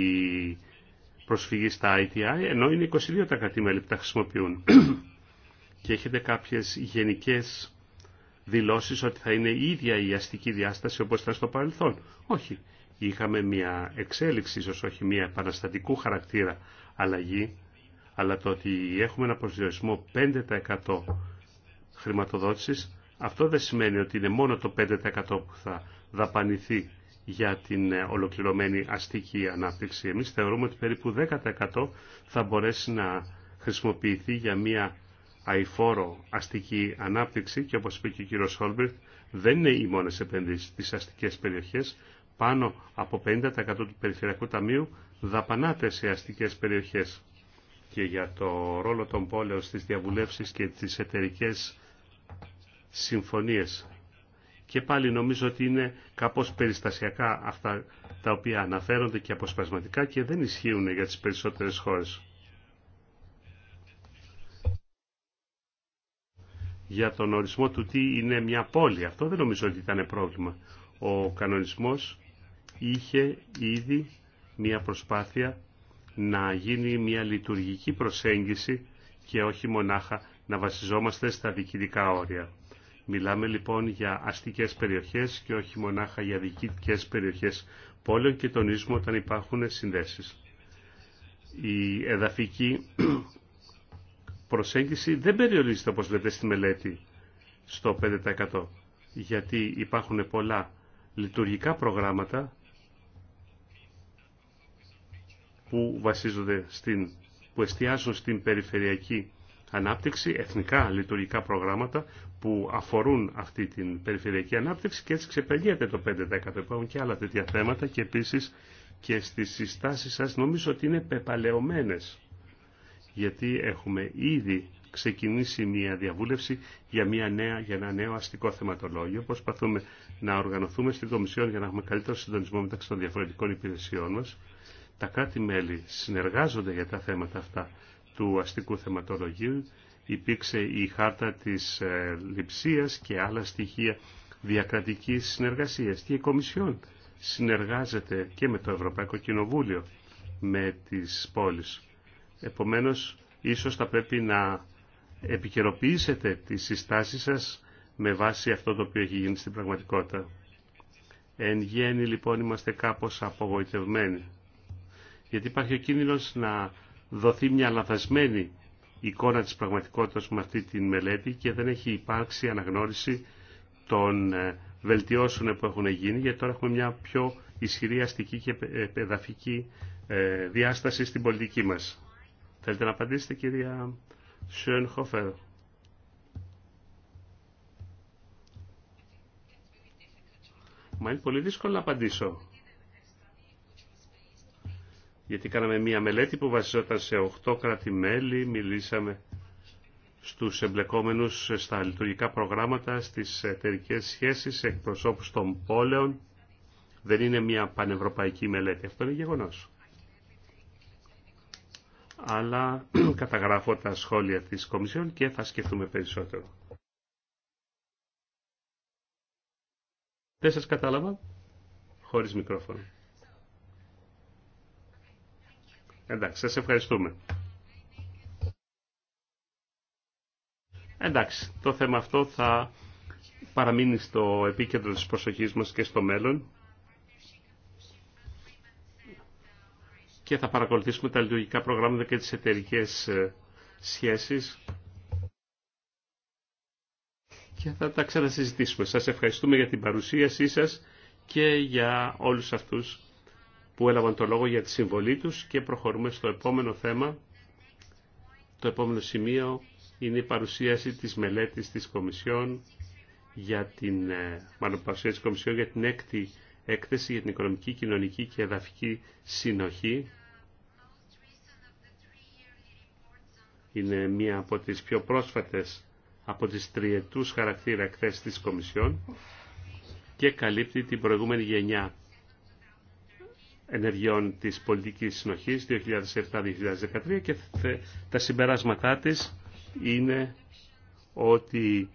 προσφυγή στα ITI, ενώ είναι 22 τα κρατημέλη που τα χρησιμοποιούν. και έχετε κάποιες γενικές δηλώσεις ότι θα είναι η ίδια η αστική διάσταση όπως ήταν στο παρελθόν. Όχι. Είχαμε μια εξέλιξη, ίσως όχι μια επαναστατικού χαρακτήρα αλλαγή, αλλά το ότι έχουμε ένα προσδιορισμό 5% χρηματοδότησης, αυτό δεν σημαίνει ότι είναι μόνο το 5% που θα δαπανηθεί για την ε, ολοκληρωμένη αστική ανάπτυξη. Εμείς θεωρούμε ότι περίπου 10% θα μπορέσει να χρησιμοποιηθεί για μια αηφόρο αστική ανάπτυξη και όπως είπε και ο κύριος Χόλμπριχτ δεν είναι οι μόνες επενδύσεις στις αστικές περιοχές. Πάνω από 50% του Περιφερειακού Ταμείου δαπανάται σε αστικές περιοχές. Και για το ρόλο των πόλεων στις διαβουλεύσεις και τις εταιρικές συμφωνίες και πάλι νομίζω ότι είναι κάπως περιστασιακά αυτά τα οποία αναφέρονται και αποσπασματικά και δεν ισχύουν για τις περισσότερες χώρες. Για τον ορισμό του τι είναι μια πόλη, αυτό δεν νομίζω ότι ήταν πρόβλημα. Ο κανονισμός είχε ήδη μια προσπάθεια να γίνει μια λειτουργική προσέγγιση και όχι μονάχα να βασιζόμαστε στα διοικητικά όρια. Μιλάμε λοιπόν για αστικές περιοχές και όχι μονάχα για δικήτικές περιοχές πόλεων και τονίζουμε όταν υπάρχουν συνδέσεις. Η εδαφική προσέγγιση δεν περιορίζεται όπως βλέπετε στη μελέτη στο 5% γιατί υπάρχουν πολλά λειτουργικά προγράμματα που βασίζονται στην, που εστιάζουν στην περιφερειακή ανάπτυξη, εθνικά λειτουργικά προγράμματα που αφορούν αυτή την περιφερειακή ανάπτυξη και έτσι ξεπερνιέται το 5%. Υπάρχουν και άλλα τέτοια θέματα και επίσης και στις συστάσεις σας νομίζω ότι είναι πεπαλαιωμένες γιατί έχουμε ήδη ξεκινήσει μια διαβούλευση για, μια νέα, για ένα νέο αστικό θεματολόγιο. Προσπαθούμε να οργανωθούμε στην Κομισιόν για να έχουμε καλύτερο συντονισμό μεταξύ των διαφορετικών υπηρεσιών μας. Τα κράτη-μέλη συνεργάζονται για τα θέματα αυτά του αστικού θεματολογίου υπήρξε η χάρτα της ε, λειψίας και άλλα στοιχεία διακρατικής συνεργασίας και η Κομισιόν συνεργάζεται και με το Ευρωπαϊκό Κοινοβούλιο με τις πόλεις. Επομένως, ίσως θα πρέπει να επικαιροποιήσετε τις συστάσεις σας με βάση αυτό το οποίο έχει γίνει στην πραγματικότητα. Εν γέννη λοιπόν είμαστε κάπως απογοητευμένοι. Γιατί υπάρχει ο κίνδυνος να δοθεί μια λαθασμένη εικόνα της πραγματικότητας με αυτή τη μελέτη και δεν έχει υπάρξει αναγνώριση των ε, βελτιώσεων που έχουν γίνει γιατί τώρα έχουμε μια πιο ισχυρή αστική και ε, παιδαφική ε, διάσταση στην πολιτική μας. Θέλετε να απαντήσετε κυρία Σιόνχοφερ. Μα είναι πολύ δύσκολο να απαντήσω γιατί κάναμε μία μελέτη που βασιζόταν σε 8 κράτη-μέλη, μιλήσαμε στους εμπλεκόμενους στα λειτουργικά προγράμματα, στις εταιρικέ σχέσεις, εκπροσώπους των πόλεων. Δεν είναι μία πανευρωπαϊκή μελέτη, αυτό είναι γεγονός. Αλλά καταγράφω τα σχόλια της Κομισιόν και θα σκεφτούμε περισσότερο. Δεν σας κατάλαβα, χωρίς μικρόφωνο. Εντάξει, σας ευχαριστούμε. Εντάξει, το θέμα αυτό θα παραμείνει στο επίκεντρο της προσοχής μας και στο μέλλον και θα παρακολουθήσουμε τα λειτουργικά προγράμματα και τις εταιρικέ ε, σχέσεις και θα τα ξανασυζητήσουμε. Σας ευχαριστούμε για την παρουσίασή σας και για όλους αυτούς που έλαβαν το λόγο για τη συμβολή τους και προχωρούμε στο επόμενο θέμα. Το επόμενο σημείο είναι η παρουσίαση της μελέτης της Κομισιόν για την, ε, μάλλον παρουσίαση της Κομισιόν για την έκτη έκθεση για την οικονομική, κοινωνική και εδαφική συνοχή. Είναι μία από τις πιο πρόσφατες από τις τριετούς χαρακτήρα εκθέσεις της Κομισιόν και καλύπτει την προηγούμενη γενιά ενεργειών της πολιτικής συνοχής 2007-2013 και τα συμπεράσματά της είναι ότι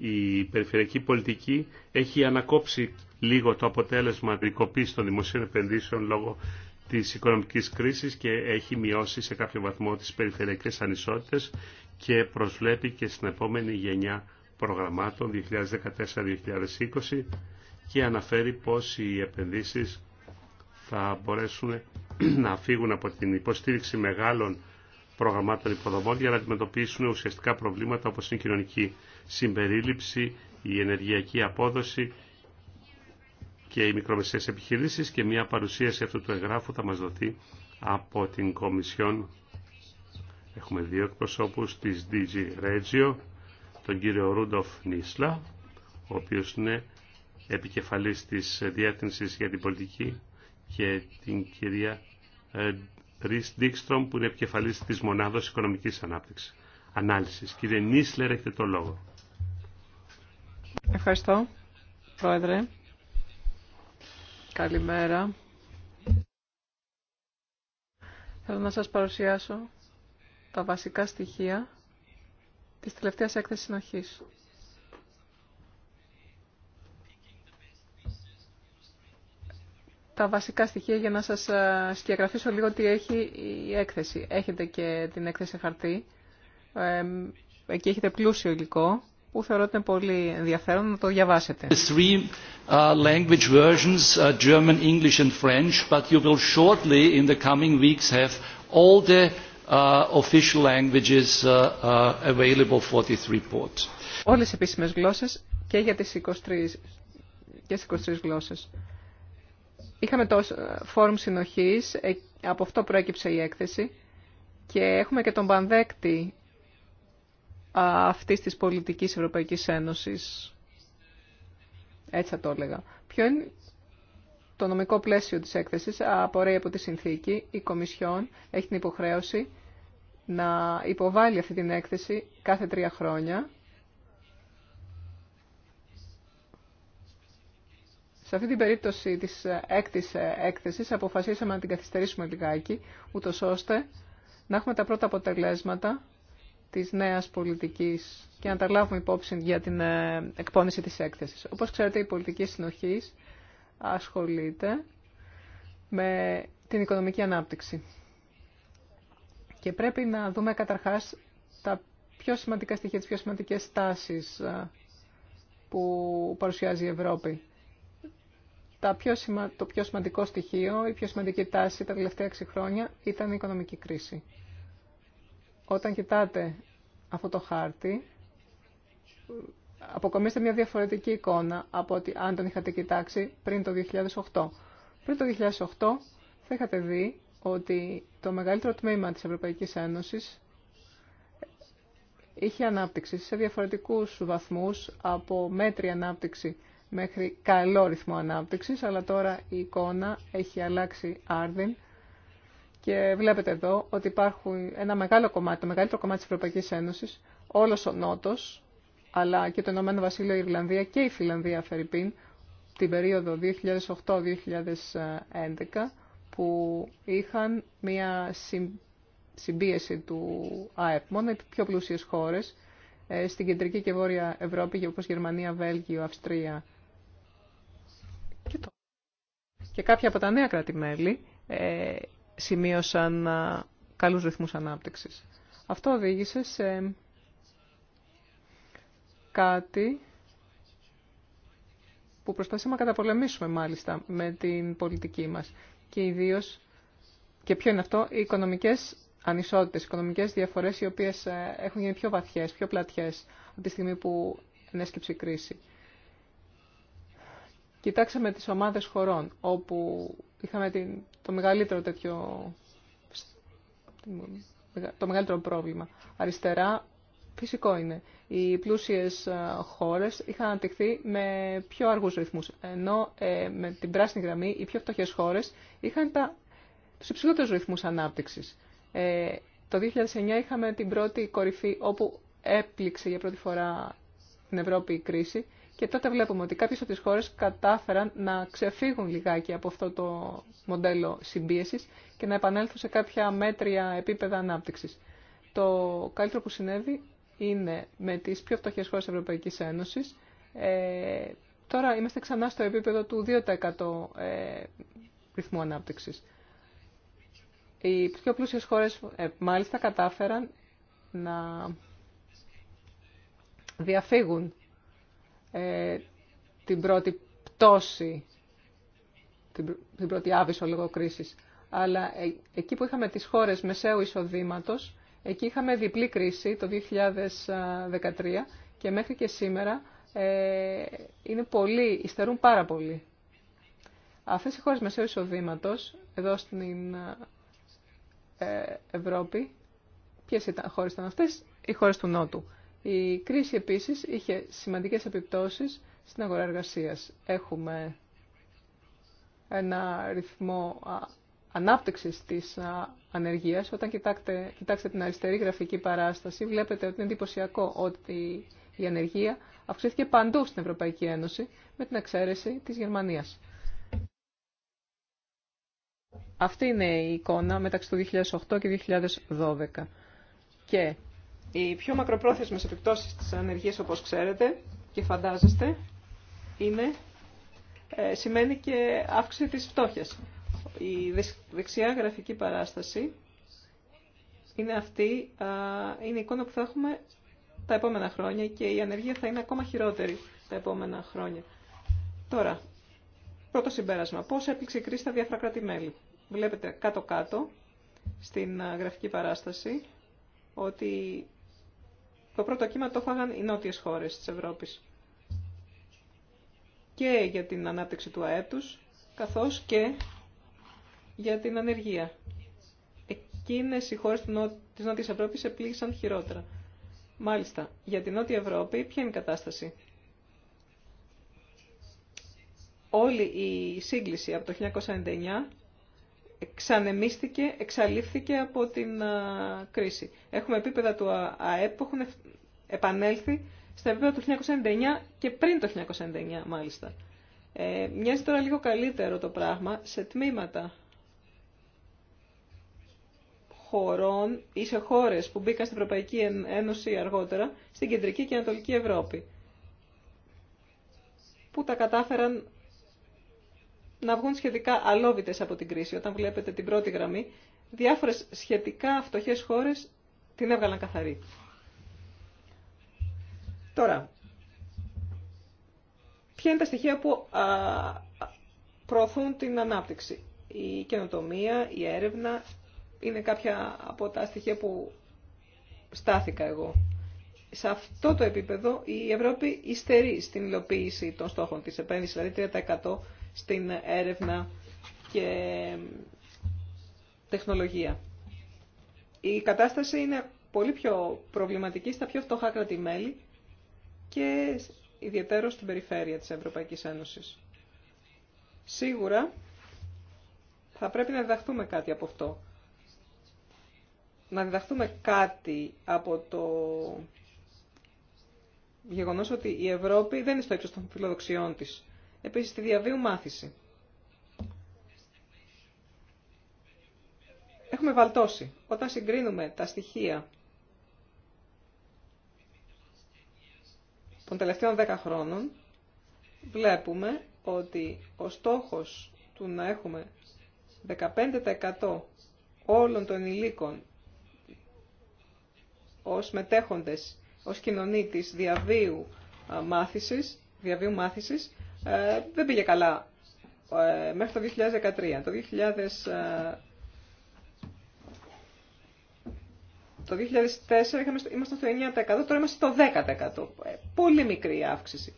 η περιφερειακή πολιτική έχει ανακόψει λίγο το αποτέλεσμα δικοπής των δημοσίων επενδύσεων λόγω της οικονομικής κρίσης και έχει μειώσει σε κάποιο βαθμό τις περιφερειακές ανισότητες και προσβλέπει και στην επόμενη γενιά προγραμμάτων 2014-2020 και αναφέρει πως οι επενδύσεις θα μπορέσουν να φύγουν από την υποστήριξη μεγάλων προγραμμάτων υποδομών για να αντιμετωπίσουν ουσιαστικά προβλήματα όπως είναι η κοινωνική συμπερίληψη, η ενεργειακή απόδοση και οι μικρομεσαίες επιχειρήσεις και μια παρουσίαση αυτού του εγγράφου θα μας δοθεί από την Κομισιόν. Έχουμε δύο εκπροσώπους της DG Regio, τον κύριο Ρούντοφ Νίσλα, ο οποίος είναι επικεφαλής της Διεύθυνσης για την Πολιτική και την κυρία ε, Ρίς Ντίκστρομ που είναι επικεφαλής της Μονάδος Οικονομικής Ανάπτυξης. Ανάλυσης. Κύριε Νίσλερ, έχετε το λόγο. Ευχαριστώ, Πρόεδρε. Καλημέρα. Θέλω να σας παρουσιάσω τα βασικά στοιχεία της τελευταίας έκθεσης συνοχής. τα βασικά στοιχεία για να σας ε, σκιαγραφίσω λίγο τι έχει η έκθεση. Έχετε και την έκθεση χαρτί. Εκεί έχετε πλούσιο υλικό που θεωρώ ότι είναι πολύ ενδιαφέρον να το διαβάσετε. Three uh, language versions, uh, German, English and French, but you will shortly in the coming weeks have all the uh, official languages available for this report. Όλες επίσημες γλώσσες και για τις 23 και στις 23 γλώσσες. Είχαμε το φόρουμ συνοχής, ε, από αυτό προέκυψε η έκθεση και έχουμε και τον πανδέκτη αυτής της πολιτικής Ευρωπαϊκής Ένωσης. Έτσι θα το έλεγα. Ποιο είναι το νομικό πλαίσιο της έκθεσης, απορρέει από τη συνθήκη, η Κομισιόν έχει την υποχρέωση να υποβάλει αυτή την έκθεση κάθε τρία χρόνια Σε αυτή την περίπτωση της έκτης έκθεσης αποφασίσαμε να την καθυστερήσουμε λιγάκι, ούτω ώστε να έχουμε τα πρώτα αποτελέσματα της νέας πολιτικής και να τα λάβουμε υπόψη για την ε, εκπόνηση της έκθεσης. Όπως ξέρετε, η πολιτική συνοχής ασχολείται με την οικονομική ανάπτυξη. Και πρέπει να δούμε καταρχάς τα πιο σημαντικά στοιχεία, τις πιο σημαντικές τάσεις ε, που παρουσιάζει η Ευρώπη τα πιο το πιο σημαντικό στοιχείο, η πιο σημαντική τάση τα τελευταία 6 χρόνια ήταν η οικονομική κρίση. Όταν κοιτάτε αυτό το χάρτη, αποκομίστε μια διαφορετική εικόνα από ότι αν τον είχατε κοιτάξει πριν το 2008. Πριν το 2008 θα είχατε δει ότι το μεγαλύτερο τμήμα της Ευρωπαϊκής Ένωσης είχε ανάπτυξη σε διαφορετικούς βαθμούς από μέτρη ανάπτυξη μέχρι καλό ρυθμό ανάπτυξης, αλλά τώρα η εικόνα έχει αλλάξει άρδιν και βλέπετε εδώ ότι υπάρχουν ένα μεγάλο κομμάτι, το μεγαλύτερο κομμάτι της Ευρωπαϊκής Ένωσης, όλος ο Νότος, αλλά και το Ηνωμένο Βασίλειο η Ιρλανδία και η Φιλανδία Φερρυπίν, την περίοδο 2008-2011, που είχαν μια συμπίεση του ΑΕΠ. Μόνο οι πιο πλούσιες χώρες, ε, στην κεντρική και βόρεια Ευρώπη, όπως Γερμανία, Βέλγιο, Αυστρία και κάποια από τα νέα κράτη-μέλη ε, σημείωσαν καλούς ρυθμούς ανάπτυξης. Αυτό οδήγησε σε κάτι που προσπαθήσαμε να καταπολεμήσουμε μάλιστα με την πολιτική μας και ιδίως και ποιο είναι αυτό, οι οικονομικές ανισότητες, οι οικονομικές διαφορές οι οποίες ε, έχουν γίνει πιο βαθιές, πιο πλατιές από τη στιγμή που ενέσκυψε η κρίση. Κοιτάξαμε τις ομάδες χωρών όπου είχαμε την, το μεγαλύτερο τέτοιο το μεγαλύτερο πρόβλημα. Αριστερά, φυσικό είναι. Οι πλούσιες ε, χώρες είχαν αναπτυχθεί με πιο αργούς ρυθμούς, ενώ ε, με την πράσινη γραμμή οι πιο φτωχές χώρες είχαν τα, τους υψηλότερους ρυθμούς ανάπτυξης. Ε, το 2009 είχαμε την πρώτη κορυφή όπου έπληξε για πρώτη φορά την Ευρώπη η κρίση και τότε βλέπουμε ότι κάποιες από τις χώρες κατάφεραν να ξεφύγουν λιγάκι από αυτό το μοντέλο συμπίεσης και να επανέλθουν σε κάποια μέτρια επίπεδα ανάπτυξης. Το καλύτερο που συνέβη είναι με τις πιο φτωχές χώρες της Ευρωπαϊκής Ένωσης. Ε, τώρα είμαστε ξανά στο επίπεδο του 2% ε, ρυθμού ανάπτυξης. Οι πιο πλούσιες χώρες ε, μάλιστα κατάφεραν να διαφύγουν ε, την πρώτη πτώση, την, την πρώτη άβυσο λόγω κρίσης. Αλλά ε, εκεί που είχαμε τις χώρες μεσαίου εισοδήματος, εκεί είχαμε διπλή κρίση το 2013 και μέχρι και σήμερα ε, είναι πολύ, υστερούν πάρα πολύ. Αυτές οι χώρες μεσαίου εισοδήματος, εδώ στην ε, Ευρώπη, ποιες ήταν, χώρες ήταν αυτές, οι χώρες του Νότου. Η κρίση επίσης είχε σημαντικές επιπτώσεις στην αγορά εργασίας. Έχουμε ένα ρυθμό ανάπτυξης της ανεργίας. Όταν κοιτάξτε, την αριστερή γραφική παράσταση, βλέπετε ότι είναι εντυπωσιακό ότι η ανεργία αυξήθηκε παντού στην Ευρωπαϊκή Ένωση, με την εξαίρεση της Γερμανίας. Αυτή είναι η εικόνα μεταξύ του 2008 και 2012. Και οι πιο μακροπρόθεσμες επιπτώσεις της ανεργίας, όπως ξέρετε και φαντάζεστε, είναι, ε, σημαίνει και αύξηση της φτώχειας. Η δεξιά γραφική παράσταση είναι αυτή, α, είναι η εικόνα που θα έχουμε τα επόμενα χρόνια και η ανεργία θα είναι ακόμα χειρότερη τα επόμενα χρόνια. Τώρα, πρώτο συμπέρασμα. Πώς έπληξε η κρίση στα διαφορα κράτη-μέλη. Βλέπετε κάτω-κάτω στην γραφική παράσταση ότι το πρώτο κύμα το φάγαν οι νότιε χώρες της Ευρώπης και για την ανάπτυξη του ΑΕΠ καθώς και για την ανεργία. Εκείνες οι χώρες της Νότιας Ευρώπης επλήγησαν χειρότερα. Μάλιστα, για την Νότια Ευρώπη ποια είναι η κατάσταση. Όλη η σύγκληση από το 1999 εξανεμίστηκε, εξαλείφθηκε από την κρίση. Έχουμε επίπεδα του ΑΕΠ που έχουν επανέλθει στα επίπεδα του 1999 και πριν το 1999 μάλιστα. Ε, μοιάζει τώρα λίγο καλύτερο το πράγμα σε τμήματα χωρών ή σε χώρες που μπήκαν στην Ευρωπαϊκή Ένωση αργότερα, στην Κεντρική και Ανατολική Ευρώπη, που τα κατάφεραν να βγουν σχετικά αλόβητες από την κρίση. Όταν βλέπετε την πρώτη γραμμή, διάφορες σχετικά φτωχέ χώρες την έβγαλαν καθαρή. Τώρα, ποια είναι τα στοιχεία που προωθούν την ανάπτυξη. Η καινοτομία, η έρευνα είναι κάποια από τα στοιχεία που στάθηκα εγώ. Σε αυτό το επίπεδο η Ευρώπη υστερεί στην υλοποίηση των στόχων της επένδυσης, δηλαδή 3% στην έρευνα και τεχνολογία. Η κατάσταση είναι πολύ πιο προβληματική στα πιο φτωχά κράτη-μέλη και ιδιαίτερο στην περιφέρεια της Ευρωπαϊκής Ένωσης. Σίγουρα θα πρέπει να διδαχθούμε κάτι από αυτό. Να διδαχθούμε κάτι από το γεγονός ότι η Ευρώπη δεν είναι στο ύψος των φιλοδοξιών της επίσης τη διαβίου μάθηση. Έχουμε βαλτώσει. Όταν συγκρίνουμε τα στοιχεία των τελευταίων 10 χρόνων, βλέπουμε ότι ο στόχος του να έχουμε 15% όλων των υλίκων ως μετέχοντες, ως κοινωνίτης διαβίου μάθησης, διαβίου μάθησης ε, δεν πήγε καλά ε, μέχρι το 2013. Το, 2000, ε, το 2004 είχαμε, ήμασταν στο 9%, τώρα είμαστε στο 10%. Πολύ μικρή αύξηση.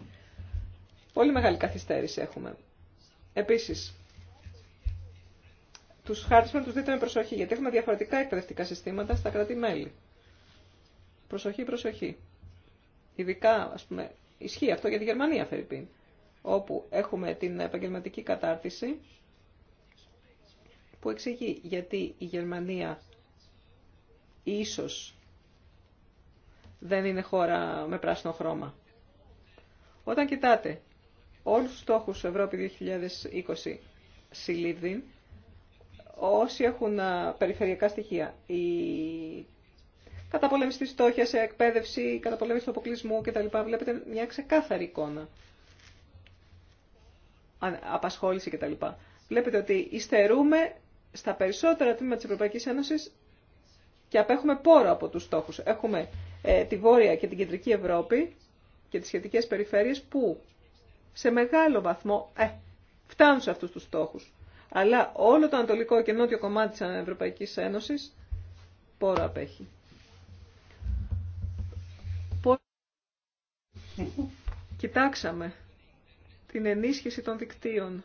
Πολύ μεγάλη καθυστέρηση έχουμε. Επίσης, τους χάρτες πρέπει να τους δείτε με προσοχή, γιατί έχουμε διαφορετικά εκπαιδευτικά συστήματα στα κράτη-μέλη. Προσοχή, προσοχή. Ειδικά, ας πούμε, ισχύει αυτό για τη Γερμανία, Φερρυπίν όπου έχουμε την επαγγελματική κατάρτιση που εξηγεί γιατί η Γερμανία ίσως δεν είναι χώρα με πράσινο χρώμα. Όταν κοιτάτε όλους τους στόχους Ευρώπη 2020 συλλήβδη, όσοι έχουν περιφερειακά στοιχεία, η καταπολέμηση της στόχιας, η εκπαίδευση, η καταπολέμηση του αποκλεισμού κτλ. Βλέπετε μια ξεκάθαρη εικόνα απασχόληση κτλ. Βλέπετε ότι υστερούμε στα περισσότερα τμήματα της Ευρωπαϊκής Ένωσης και απέχουμε πόρο από τους στόχους. Έχουμε ε, τη Βόρεια και την Κεντρική Ευρώπη και τις σχετικές περιφέρειες που σε μεγάλο βαθμό ε, φτάνουν σε αυτούς τους στόχους. Αλλά όλο το ανατολικό και νότιο κομμάτι της Ευρωπαϊκής Ένωσης πόρο απέχει. Κοιτάξαμε την ενίσχυση των δικτύων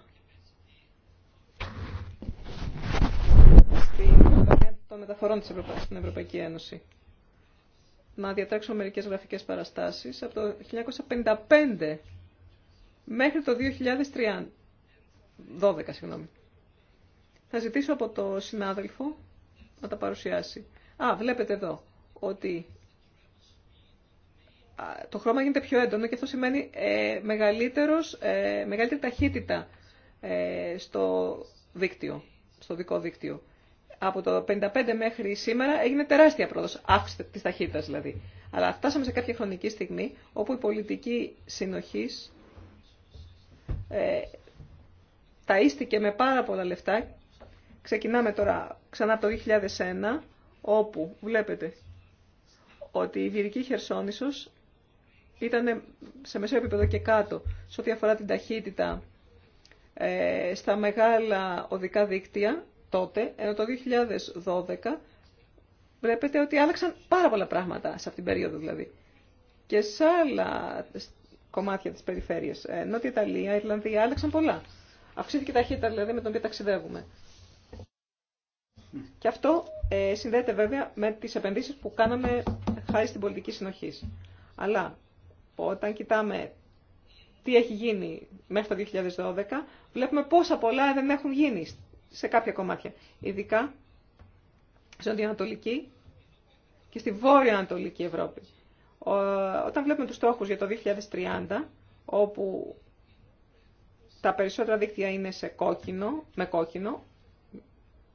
των μεταφορών της Ευρωπαϊκής, στην Ευρωπαϊκή Ένωση. Να διατρέξω μερικές γραφικές παραστάσεις από το 1955 μέχρι το 2030. 12, συγγνώμη. Θα ζητήσω από το συνάδελφο να τα παρουσιάσει. Α, βλέπετε εδώ ότι το χρώμα γίνεται πιο έντονο και αυτό σημαίνει ε, μεγαλύτερος, ε, μεγαλύτερη ταχύτητα ε, στο δίκτυο, στο δικό δίκτυο. Από το 55 μέχρι σήμερα έγινε τεράστια πρόοδος, αύξηση της ταχύτητας δηλαδή. Αλλά φτάσαμε σε κάποια χρονική στιγμή όπου η πολιτική συνοχής ε, ταΐστηκε με πάρα πολλά λεφτά. Ξεκινάμε τώρα ξανά από το 2001, όπου βλέπετε ότι η Βυρική Χερσόνησος ήταν σε μεσαίο επίπεδο και κάτω, σε ό,τι αφορά την ταχύτητα ε, στα μεγάλα οδικά δίκτυα τότε, ενώ το 2012 βλέπετε ότι άλλαξαν πάρα πολλά πράγματα σε αυτήν την περίοδο δηλαδή. Και σε άλλα κομμάτια της περιφέρειας, ε, Νότια Ιταλία, Ιρλανδία, άλλαξαν πολλά. Αυξήθηκε η ταχύτητα δηλαδή με τον οποίο ταξιδεύουμε. Και αυτό ε, συνδέεται βέβαια με τις επενδύσεις που κάναμε χάρη στην πολιτική συνοχή. Αλλά όταν κοιτάμε τι έχει γίνει μέχρι το 2012, βλέπουμε πόσα πολλά δεν έχουν γίνει σε κάποια κομμάτια. Ειδικά στην Ανατολική και στη Βόρεια Ανατολική Ευρώπη. Όταν βλέπουμε τους στόχους για το 2030, όπου τα περισσότερα δίκτυα είναι σε κόκκινο, με κόκκινο,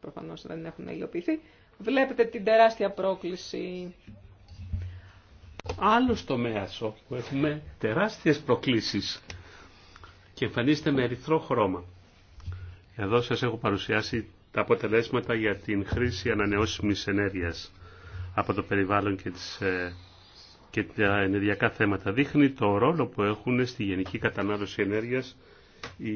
προφανώς δεν έχουν υλοποιηθεί, βλέπετε την τεράστια πρόκληση Άλλο τομέα όπου έχουμε τεράστιες προκλήσεις και εμφανίζεται με ερυθρό χρώμα. Εδώ σας έχω παρουσιάσει τα αποτελέσματα για την χρήση ανανεώσιμης ενέργειας από το περιβάλλον και, τις, ε, και τα ενεργειακά θέματα. Δείχνει το ρόλο που έχουν στη γενική κατανάλωση ενέργειας οι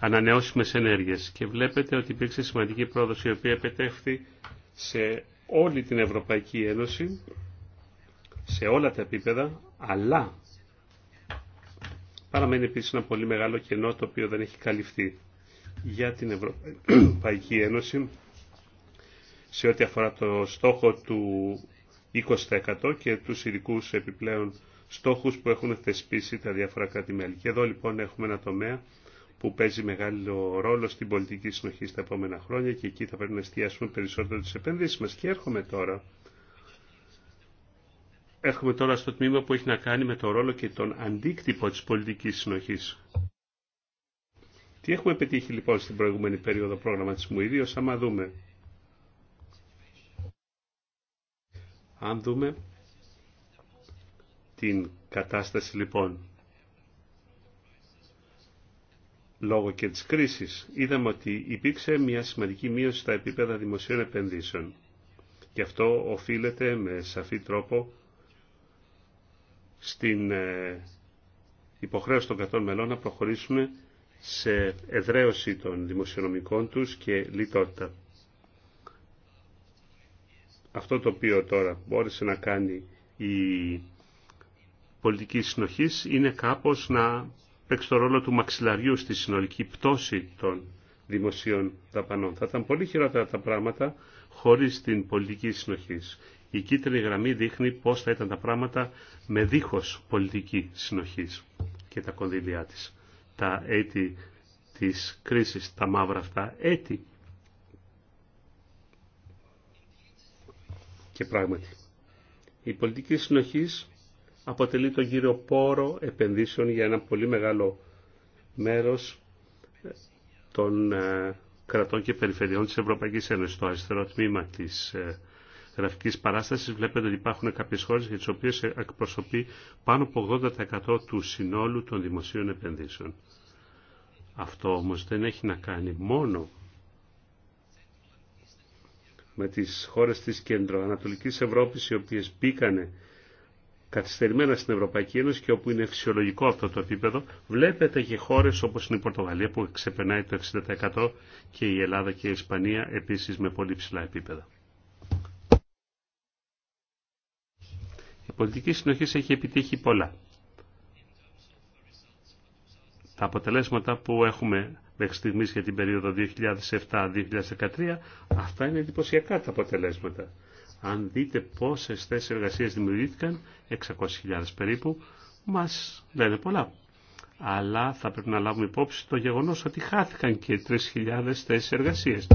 ανανεώσιμες ενέργειες. Και βλέπετε ότι υπήρξε σημαντική πρόοδος η οποία επιτεύχθη σε όλη την Ευρωπαϊκή Ένωση σε όλα τα επίπεδα, αλλά παραμένει επίσης ένα πολύ μεγάλο κενό το οποίο δεν έχει καλυφθεί για την Ευρωπαϊκή Ένωση σε ό,τι αφορά το στόχο του 20% και τους ειδικού επιπλέον στόχους που έχουν θεσπίσει τα διάφορα κράτη-μέλη. Και εδώ λοιπόν έχουμε ένα τομέα που παίζει μεγάλο ρόλο στην πολιτική συνοχή στα επόμενα χρόνια και εκεί θα πρέπει να εστιάσουμε περισσότερο τις επενδύσεις μας. Και έρχομαι τώρα Έρχομαι τώρα στο τμήμα που έχει να κάνει με το ρόλο και τον αντίκτυπο της πολιτικής συνοχής. Τι έχουμε πετύχει λοιπόν στην προηγούμενη περίοδο προγραμματισμού, ιδίως άμα δούμε. Αν δούμε την κατάσταση λοιπόν λόγω και της κρίσης, είδαμε ότι υπήρξε μια σημαντική μείωση στα επίπεδα δημοσίων επενδύσεων. Γι' αυτό οφείλεται με σαφή τρόπο στην ε, υποχρέωση των κρατών μελών να προχωρήσουμε σε εδραίωση των δημοσιονομικών τους και λιτότητα. Αυτό το οποίο τώρα μπόρεσε να κάνει η πολιτική συνοχή είναι κάπως να παίξει το ρόλο του μαξιλαριού στη συνολική πτώση των δημοσίων δαπανών. Θα ήταν πολύ χειρότερα τα πράγματα χωρίς την πολιτική συνοχή η κίτρινη γραμμή δείχνει πώς θα ήταν τα πράγματα με δίχως πολιτική συνοχής και τα κονδύλια της. Τα έτη της κρίσης, τα μαύρα αυτά έτη. Και πράγματι, η πολιτική συνοχής αποτελεί τον κύριο πόρο επενδύσεων για ένα πολύ μεγάλο μέρος των ε, κρατών και περιφερειών της Ευρωπαϊκής Ένωσης. Το αριστερό τμήμα της ε, γραφική παράσταση βλέπετε ότι υπάρχουν κάποιε χώρε για τι οποίε εκπροσωπεί πάνω από 80% του συνόλου των δημοσίων επενδύσεων. Αυτό όμως δεν έχει να κάνει μόνο με τις χώρες της κεντροανατολικής Ευρώπης οι οποίες μπήκανε καθυστερημένα στην Ευρωπαϊκή Ένωση και όπου είναι φυσιολογικό αυτό το επίπεδο, βλέπετε και χώρε όπω είναι η Πορτογαλία που ξεπερνάει το 60% και η Ελλάδα και η Ισπανία επίση με πολύ ψηλά επίπεδα. πολιτική συνοχή έχει επιτύχει πολλά. Τα αποτελέσματα που έχουμε μέχρι στιγμής για την περίοδο 2007-2013, αυτά είναι εντυπωσιακά τα αποτελέσματα. Αν δείτε πόσες θέσεις εργασίας δημιουργήθηκαν, 600.000 περίπου, μας λένε πολλά. Αλλά θα πρέπει να λάβουμε υπόψη το γεγονός ότι χάθηκαν και 3.000 θέσεις εργασίας.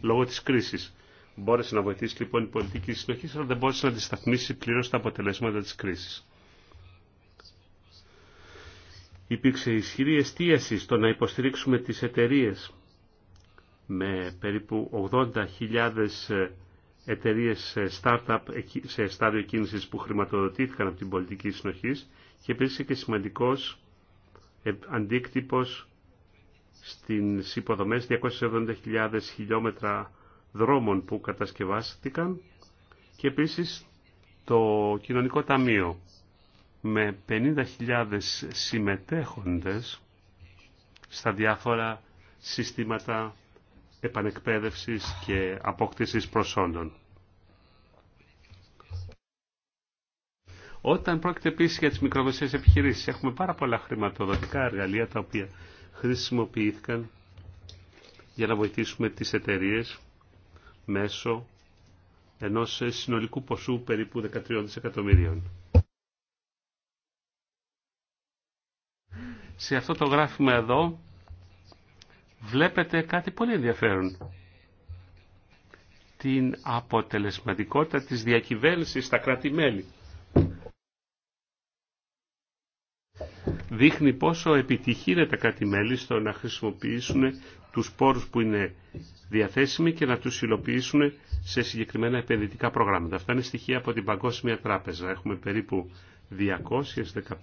Λόγω της κρίσης. Μπόρεσε να βοηθήσει λοιπόν η πολιτική συνοχή, αλλά δεν μπόρεσε να αντισταθμίσει πλήρω τα αποτελέσματα τη κρίση. Υπήρξε ισχυρή εστίαση στο να υποστηρίξουμε τις εταιρείε με περίπου 80.000 εταιρείε startup σε στάδιο κίνηση που χρηματοδοτήθηκαν από την πολιτική συνοχή και υπήρξε και σημαντικό ε, αντίκτυπο στι υποδομέ 270.000 χιλιόμετρα δρόμων που κατασκευάστηκαν και επίσης το Κοινωνικό Ταμείο με 50.000 συμμετέχοντες στα διάφορα συστήματα επανεκπαίδευσης και απόκτησης προσόντων. Όταν πρόκειται επίση για τις μικρομεσαίες επιχειρήσεις, έχουμε πάρα πολλά χρηματοδοτικά εργαλεία τα οποία χρησιμοποιήθηκαν για να βοηθήσουμε τις εταιρείε μέσο ενός συνολικού ποσού περίπου 13 δισεκατομμυρίων. Σε αυτό το γράφημα εδώ βλέπετε κάτι πολύ ενδιαφέρον. Την αποτελεσματικότητα της διακυβέρνησης στα κρατη δείχνει πόσο επιτυχή είναι τα κράτη-μέλη στο να χρησιμοποιήσουν τους πόρους που είναι διαθέσιμοι και να τους υλοποιήσουν σε συγκεκριμένα επενδυτικά προγράμματα. Αυτά είναι στοιχεία από την Παγκόσμια Τράπεζα. Έχουμε περίπου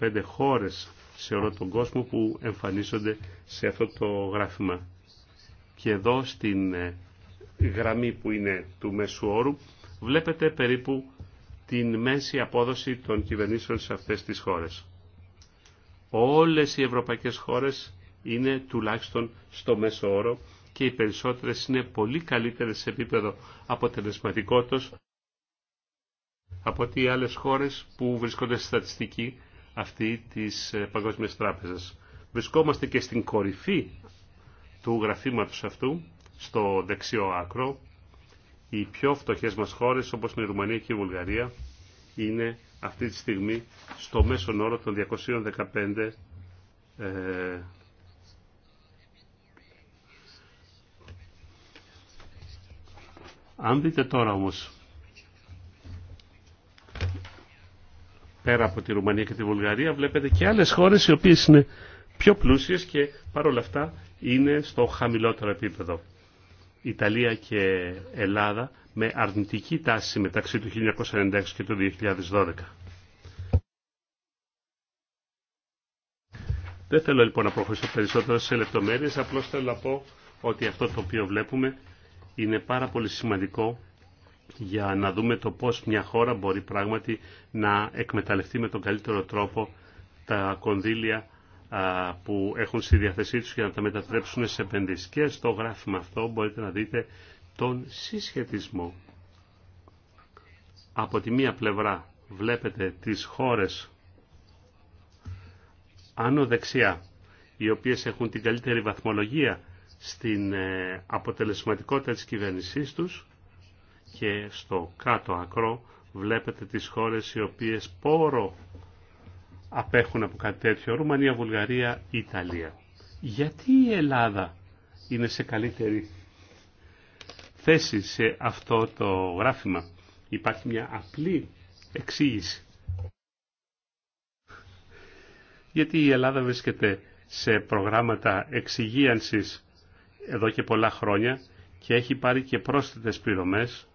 215 χώρες σε όλο τον κόσμο που εμφανίζονται σε αυτό το γράφημα. Και εδώ στην ε, γραμμή που είναι του μέσου όρου βλέπετε περίπου την μέση απόδοση των κυβερνήσεων σε αυτές τις χώρες. Όλες οι ευρωπαϊκές χώρες είναι τουλάχιστον στο μέσο όρο και οι περισσότερες είναι πολύ καλύτερες σε επίπεδο αποτελεσματικότητας από ότι οι άλλες χώρες που βρίσκονται στη στατιστική αυτή της ε, Παγκόσμιας Τράπεζας. Βρισκόμαστε και στην κορυφή του γραφήματος αυτού, στο δεξιό άκρο. Οι πιο φτωχές μας χώρες όπως είναι η Ρουμανία και η Βουλγαρία είναι αυτή τη στιγμή στο μέσο όρο των 215 ε, Αν δείτε τώρα όμως, πέρα από τη Ρουμανία και τη Βουλγαρία, βλέπετε και άλλες χώρες οι οποίες είναι πιο πλούσιες και παρόλα αυτά είναι στο χαμηλότερο επίπεδο. Ιταλία και Ελλάδα με αρνητική τάση μεταξύ του 1996 και του 2012. Δεν θέλω λοιπόν να προχωρήσω περισσότερο σε λεπτομέρειες, απλώς θέλω να πω ότι αυτό το οποίο βλέπουμε είναι πάρα πολύ σημαντικό για να δούμε το πώς μια χώρα μπορεί πράγματι να εκμεταλλευτεί με τον καλύτερο τρόπο τα κονδύλια που έχουν στη διαθεσή τους για να τα μετατρέψουν σε επενδύσεις. Και στο γράφημα αυτό μπορείτε να δείτε τον συσχετισμό. Από τη μία πλευρά βλέπετε τις χώρες άνω δεξιά, οι οποίες έχουν την καλύτερη βαθμολογία στην ε, αποτελεσματικότητα της κυβέρνησής τους και στο κάτω ακρό βλέπετε τις χώρες οι οποίες πόρο απέχουν από κάτι τέτοιο. Ρουμανία, Βουλγαρία, Ιταλία. Γιατί η Ελλάδα είναι σε καλύτερη θέση σε αυτό το γράφημα. Υπάρχει μια απλή εξήγηση. Γιατί η Ελλάδα βρίσκεται σε προγράμματα εξυγίανσης εδώ και πολλά χρόνια και έχει πάρει και πρόσθετες πληρωμές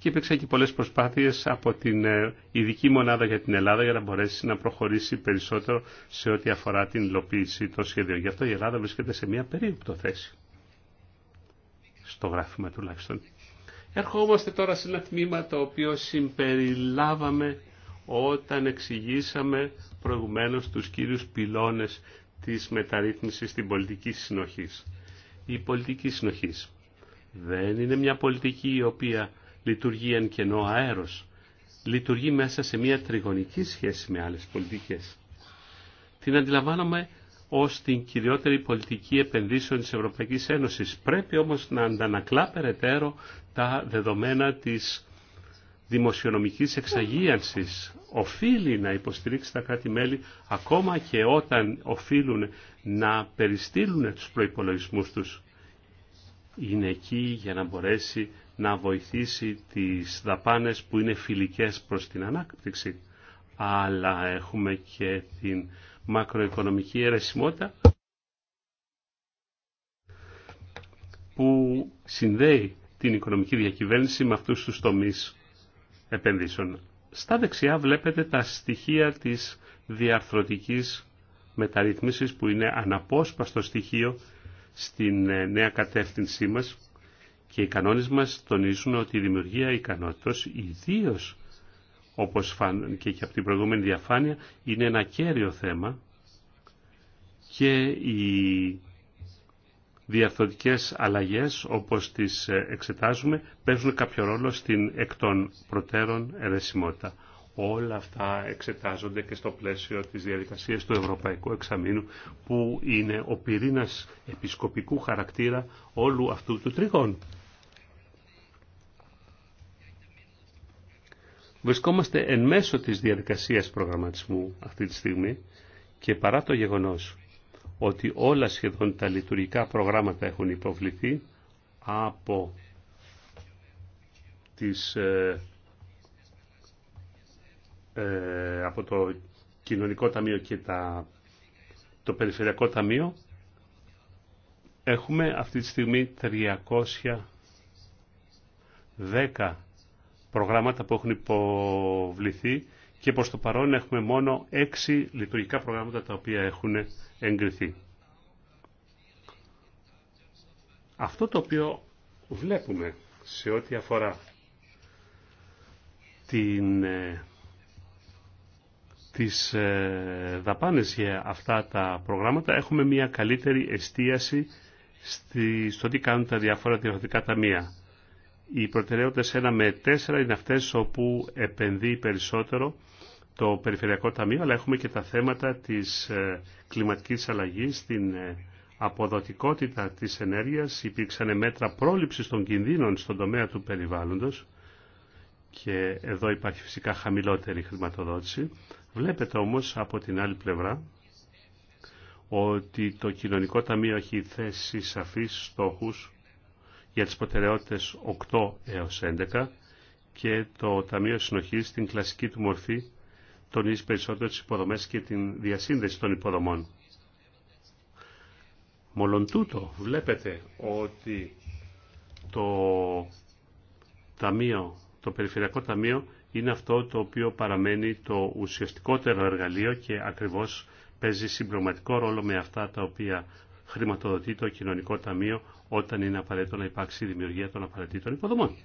και υπήρξαν και πολλές προσπάθειες από την ε, ειδική μονάδα για την Ελλάδα για να μπορέσει να προχωρήσει περισσότερο σε ό,τι αφορά την υλοποίηση των σχεδίων. Γι' αυτό η Ελλάδα βρίσκεται σε μια περίπτωση θέση. Στο γράφημα τουλάχιστον. Ερχόμαστε τώρα σε ένα τμήμα το οποίο συμπεριλάβαμε όταν εξηγήσαμε προηγουμένως τους κύριους πυλώνες της μεταρρύθμισης στην πολιτική συνοχής. Η πολιτική συνοχής δεν είναι μια πολιτική η οποία λειτουργεί εν κενό αέρος. Λειτουργεί μέσα σε μια τριγωνική σχέση με άλλες πολιτικές. Την αντιλαμβάνομαι ως την κυριότερη πολιτική επενδύσεων της Ευρωπαϊκής Ένωσης. Πρέπει όμως να αντανακλά περαιτέρω τα δεδομένα της δημοσιονομικής εξαγίανσης. Οφείλει να υποστηρίξει τα κράτη-μέλη ακόμα και όταν οφείλουν να περιστύλουν τους προϋπολογισμούς τους. Είναι εκεί για να μπορέσει να βοηθήσει τις δαπάνες που είναι φιλικές προς την ανάπτυξη, αλλά έχουμε και την μακροοικονομική αιρεσιμότητα που συνδέει την οικονομική διακυβέρνηση με αυτούς τους τομείς επενδύσεων. Στα δεξιά βλέπετε τα στοιχεία της διαρθρωτικής μεταρρύθμισης που είναι αναπόσπαστο στοιχείο στην ε, νέα κατεύθυνσή μας και οι κανόνες μας τονίζουν ότι η δημιουργία ικανότητος, ιδίω όπως φάνηκε και από την προηγούμενη διαφάνεια, είναι ένα κέριο θέμα και οι διαρθωτικές αλλαγές όπως τις ε, εξετάζουμε παίζουν κάποιο ρόλο στην εκ των προτέρων ερεσιμότητα. Όλα αυτά εξετάζονται και στο πλαίσιο της διαδικασίας του Ευρωπαϊκού Εξαμήνου που είναι ο πυρήνας επισκοπικού χαρακτήρα όλου αυτού του τριγώνου. Βρισκόμαστε εν μέσω της διαδικασίας προγραμματισμού αυτή τη στιγμή και παρά το γεγονός ότι όλα σχεδόν τα λειτουργικά προγράμματα έχουν υποβληθεί από τις ε, ε, από το Κοινωνικό Ταμείο και τα, το Περιφερειακό Ταμείο έχουμε αυτή τη στιγμή 310 προγράμματα που έχουν υποβληθεί και προς το παρόν έχουμε μόνο έξι λειτουργικά προγράμματα τα οποία έχουν εγκριθεί. Αυτό το οποίο βλέπουμε σε ό,τι αφορά την, ε, τις ε, δαπάνες για αυτά τα προγράμματα έχουμε μια καλύτερη εστίαση στη, στο τι κάνουν τα διάφορα διαφορετικά ταμεία. Οι προτεραιότητες 1 με 4 είναι αυτές όπου επενδύει περισσότερο το Περιφερειακό Ταμείο, αλλά έχουμε και τα θέματα της ε, κλιματικής αλλαγής, την ε, αποδοτικότητα της ενέργειας. Υπήρξαν μέτρα πρόληψης των κινδύνων στον τομέα του περιβάλλοντος και εδώ υπάρχει φυσικά χαμηλότερη χρηματοδότηση. Βλέπετε όμως από την άλλη πλευρά ότι το Κοινωνικό Ταμείο έχει θέσει σαφείς στόχους για τις προτεραιότητες 8 έως 11 και το Ταμείο Συνοχής στην κλασική του μορφή τονίζει περισσότερο τις υποδομές και την διασύνδεση των υποδομών. Μόλον τούτο βλέπετε ότι το, ταμείο, το Περιφερειακό Ταμείο είναι αυτό το οποίο παραμένει το ουσιαστικότερο εργαλείο και ακριβώς παίζει συμπληρωματικό ρόλο με αυτά τα οποία χρηματοδοτεί το κοινωνικό ταμείο όταν είναι απαραίτητο να υπάρξει η δημιουργία των απαραίτητων υποδομών.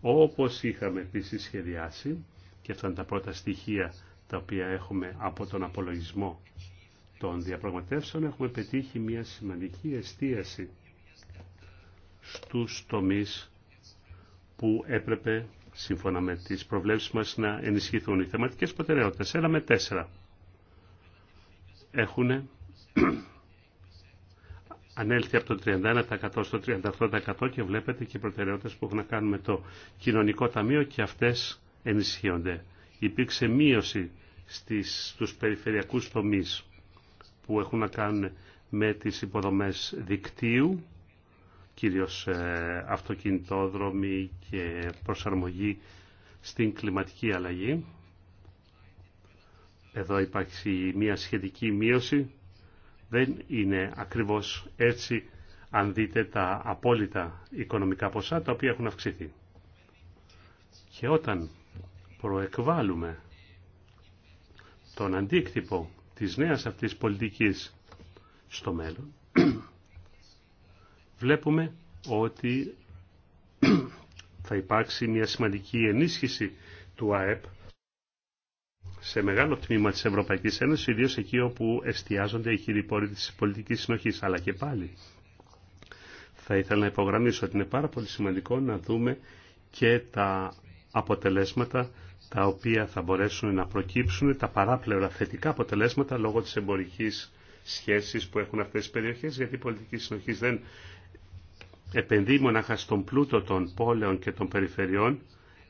Όπως είχαμε επίσης σχεδιάσει, και αυτά είναι τα πρώτα στοιχεία τα οποία έχουμε από τον απολογισμό των διαπραγματεύσεων, έχουμε πετύχει μια σημαντική εστίαση στους τομείς που έπρεπε, σύμφωνα με τις προβλέψεις μας, να ενισχυθούν οι θεματικές προτεραιότητες. Έλαμε με τέσσερα έχουν ανέλθει από το 31% στο 38% και βλέπετε και οι προτεραιότητες που έχουν να κάνουν με το κοινωνικό ταμείο και αυτές ενισχύονται. Υπήρξε μείωση στις, στους περιφερειακούς τομείς που έχουν να κάνουν με τις υποδομές δικτύου, κυρίως ε, αυτοκινητόδρομοι και προσαρμογή στην κλιματική αλλαγή. Εδώ υπάρχει μια σχετική μείωση δεν είναι ακριβώς έτσι αν δείτε τα απόλυτα οικονομικά ποσά τα οποία έχουν αυξηθεί. Και όταν προεκβάλλουμε τον αντίκτυπο της νέας αυτής πολιτικής στο μέλλον, βλέπουμε ότι θα υπάρξει μια σημαντική ενίσχυση του ΑΕΠ σε μεγάλο τμήμα της Ευρωπαϊκής Ένωσης, ιδίως εκεί όπου εστιάζονται οι κύριοι πόροι της πολιτικής συνοχής. Αλλά και πάλι θα ήθελα να υπογραμμίσω ότι είναι πάρα πολύ σημαντικό να δούμε και τα αποτελέσματα τα οποία θα μπορέσουν να προκύψουν, τα παράπλευρα θετικά αποτελέσματα λόγω της εμπορικής σχέσης που έχουν αυτές τις περιοχές, γιατί η πολιτική συνοχή δεν επενδύει μονάχα στον πλούτο των πόλεων και των περιφερειών,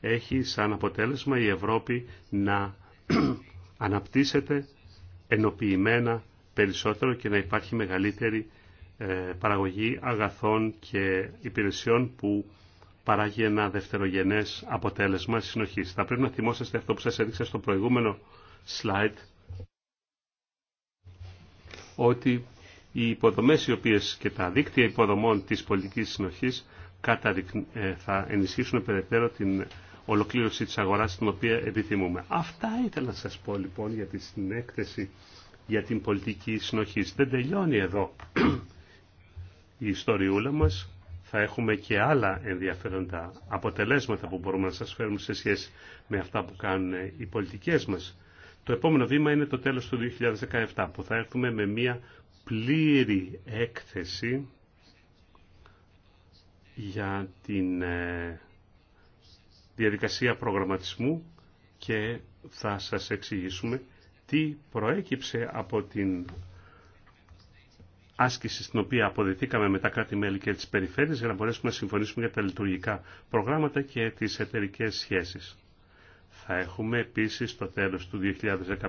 έχει σαν αποτέλεσμα η Ευρώπη να αναπτύσσεται ενοποιημένα περισσότερο και να υπάρχει μεγαλύτερη ε, παραγωγή αγαθών και υπηρεσιών που παράγει ένα δευτερογενές αποτέλεσμα συνοχής. Θα πρέπει να θυμόσαστε αυτό που σας έδειξα στο προηγούμενο slide, ότι οι υποδομές οι οποίες και τα δίκτυα υποδομών της πολιτικής συνοχής ε, θα ενισχύσουν περαιτέρω την ολοκλήρωση της αγοράς την οποία επιθυμούμε. Αυτά ήθελα να σας πω λοιπόν για τη συνέκθεση για την πολιτική συνοχή. Δεν τελειώνει εδώ η ιστοριούλα μας. Θα έχουμε και άλλα ενδιαφέροντα αποτελέσματα που μπορούμε να σας φέρουμε σε σχέση με αυτά που κάνουν οι πολιτικές μας. Το επόμενο βήμα είναι το τέλος του 2017 που θα έρθουμε με μια πλήρη έκθεση για την ε, διαδικασία προγραμματισμού και θα σας εξηγήσουμε τι προέκυψε από την άσκηση στην οποία αποδεθήκαμε με τα κράτη-μέλη και τις περιφέρειες για να μπορέσουμε να συμφωνήσουμε για τα λειτουργικά προγράμματα και τις εταιρικέ σχέσεις. Θα έχουμε επίσης στο τέλος του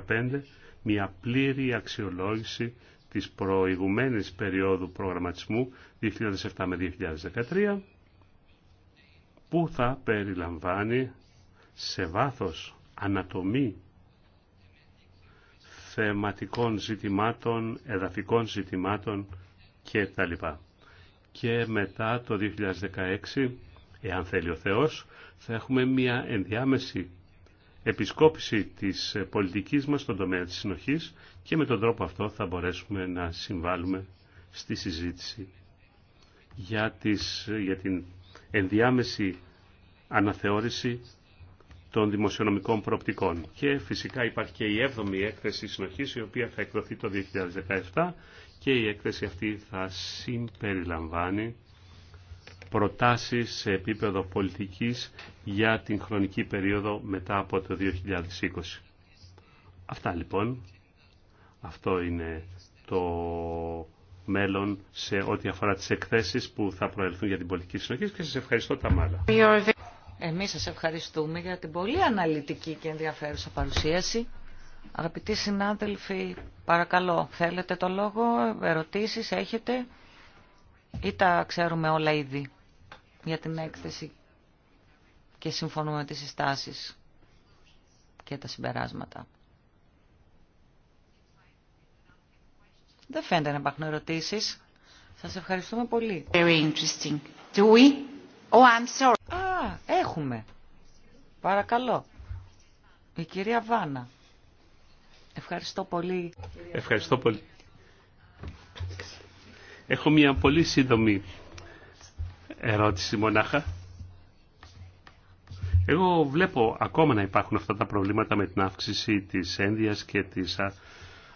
2015 μια πλήρη αξιολόγηση της προηγουμένης περίοδου προγραμματισμού 2007 με 2013 που θα περιλαμβάνει σε βάθος ανατομή θεματικών ζητημάτων, εδαφικών ζητημάτων και Και μετά το 2016, εάν θέλει ο Θεός, θα έχουμε μια ενδιάμεση επισκόπηση της πολιτικής μας στον τομέα της συνοχής και με τον τρόπο αυτό θα μπορέσουμε να συμβάλλουμε στη συζήτηση για, τις, για την ενδιάμεση αναθεώρηση των δημοσιονομικών προοπτικών. Και φυσικά υπάρχει και η 7η έκθεση συνοχής η οποία θα εκδοθεί το 2017 και η έκθεση αυτή θα συμπεριλαμβάνει προτάσεις σε επίπεδο πολιτικής για την χρονική περίοδο μετά από το 2020. Αυτά λοιπόν. Αυτό είναι το μέλλον σε ό,τι αφορά τις εκθέσεις που θα προελθούν για την πολιτική συνοχή και σας ευχαριστώ τα μάλα. Εμείς σας ευχαριστούμε για την πολύ αναλυτική και ενδιαφέρουσα παρουσίαση. Αγαπητοί συνάδελφοι, παρακαλώ, θέλετε το λόγο, ερωτήσεις έχετε ή τα ξέρουμε όλα ήδη για την έκθεση και συμφωνούμε με τις συστάσεις και τα συμπεράσματα. Δεν φαίνεται να υπάρχουν ερωτήσει. Σα ευχαριστούμε πολύ. Very interesting. Do we? Oh, I'm sorry. Α, έχουμε. Παρακαλώ. Η κυρία Βάνα. Ευχαριστώ πολύ. Ευχαριστώ πολύ. Έχω μια πολύ σύντομη ερώτηση μονάχα. Εγώ βλέπω ακόμα να υπάρχουν αυτά τα προβλήματα με την αύξηση της ένδυας και της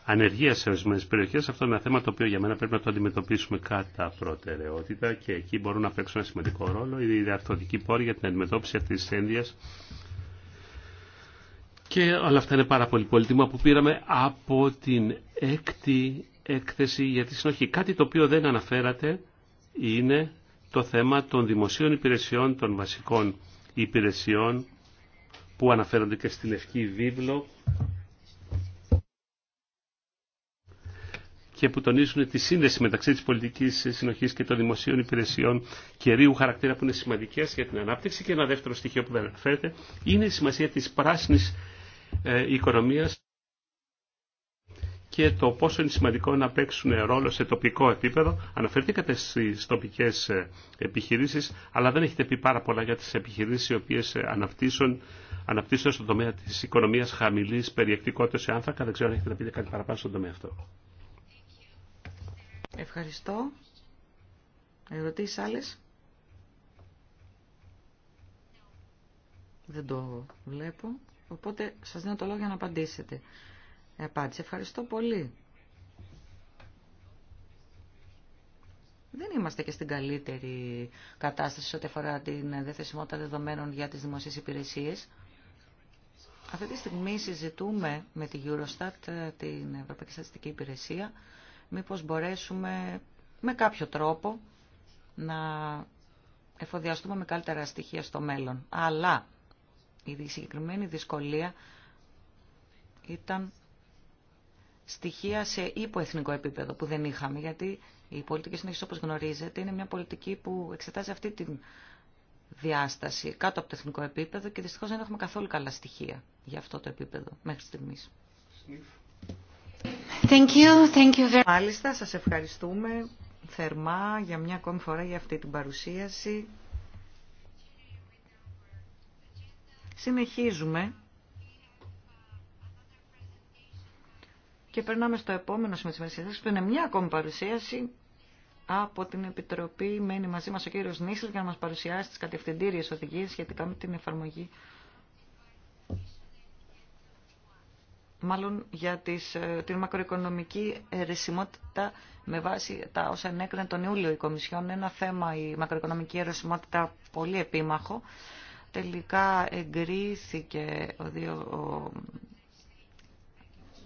ανεργία σε ορισμένε περιοχέ. Αυτό είναι ένα θέμα το οποίο για μένα πρέπει να το αντιμετωπίσουμε κατά προτεραιότητα και εκεί μπορούν να παίξουν ένα σημαντικό ρόλο οι διαρθρωτικοί πόροι για την αντιμετώπιση αυτή τη ένδυα. Και όλα αυτά είναι πάρα πολύ πολύτιμα που πήραμε από την έκτη έκθεση για τη συνοχή. Κάτι το οποίο δεν αναφέρατε είναι το θέμα των δημοσίων υπηρεσιών, των βασικών υπηρεσιών που αναφέρονται και στην Ευκή Βίβλο και που τονίζουν τη σύνδεση μεταξύ της πολιτικής συνοχής και των δημοσίων υπηρεσιών ρίου χαρακτήρα που είναι σημαντικές για την ανάπτυξη και ένα δεύτερο στοιχείο που δεν αναφέρεται είναι η σημασία της πράσινης ε, οικονομίας και το πόσο είναι σημαντικό να παίξουν ρόλο σε τοπικό επίπεδο. Αναφερθήκατε στι τοπικέ ε, επιχειρήσει, αλλά δεν έχετε πει πάρα πολλά για τι επιχειρήσει, οι οποίε ε, αναπτύσσουν, στον τομέα τη οικονομία χαμηλή περιεκτικότητας σε άνθρακα. Δεν ξέρω αν έχετε να πείτε κάτι παραπάνω στον τομέα Ευχαριστώ. Ερωτήσεις άλλες. Δεν το βλέπω. Οπότε σας δίνω το λόγο για να απαντήσετε. Ε, Ευχαριστώ πολύ. Δεν είμαστε και στην καλύτερη κατάσταση ό,τι αφορά την δεθεσιμότητα δεδομένων για τις δημοσίες υπηρεσίες. Αυτή τη στιγμή συζητούμε με τη Eurostat, ε, την Ευρωπαϊκή Στατιστική Υπηρεσία, μήπως μπορέσουμε με κάποιο τρόπο να εφοδιαστούμε με καλύτερα στοιχεία στο μέλλον. Αλλά η συγκεκριμένη δυσκολία ήταν στοιχεία σε υποεθνικό επίπεδο που δεν είχαμε, γιατί η πολιτική συνέχιση όπως γνωρίζετε είναι μια πολιτική που εξετάζει αυτή τη διάσταση κάτω από το εθνικό επίπεδο και δυστυχώς δεν έχουμε καθόλου καλά στοιχεία για αυτό το επίπεδο μέχρι στιγμής. Thank you, thank you very... Μάλιστα, σας ευχαριστούμε θερμά για μια ακόμη φορά για αυτή την παρουσίαση. Συνεχίζουμε και περνάμε στο επόμενο σημείο της που είναι μια ακόμη παρουσίαση από την Επιτροπή. Μένει μαζί μας ο κύριος Νίσλ για να μας παρουσιάσει τις κατευθυντήριες οδηγίες σχετικά με την εφαρμογή μάλλον για τις, ε, την μακροοικονομική αιρεσιμότητα με βάση τα όσα ενέκρινε τον Ιούλιο η Κομισιόν. Ένα θέμα η μακροοικονομική αιρεσιμότητα πολύ επίμαχο. Τελικά εγκρίθηκε ο, ο,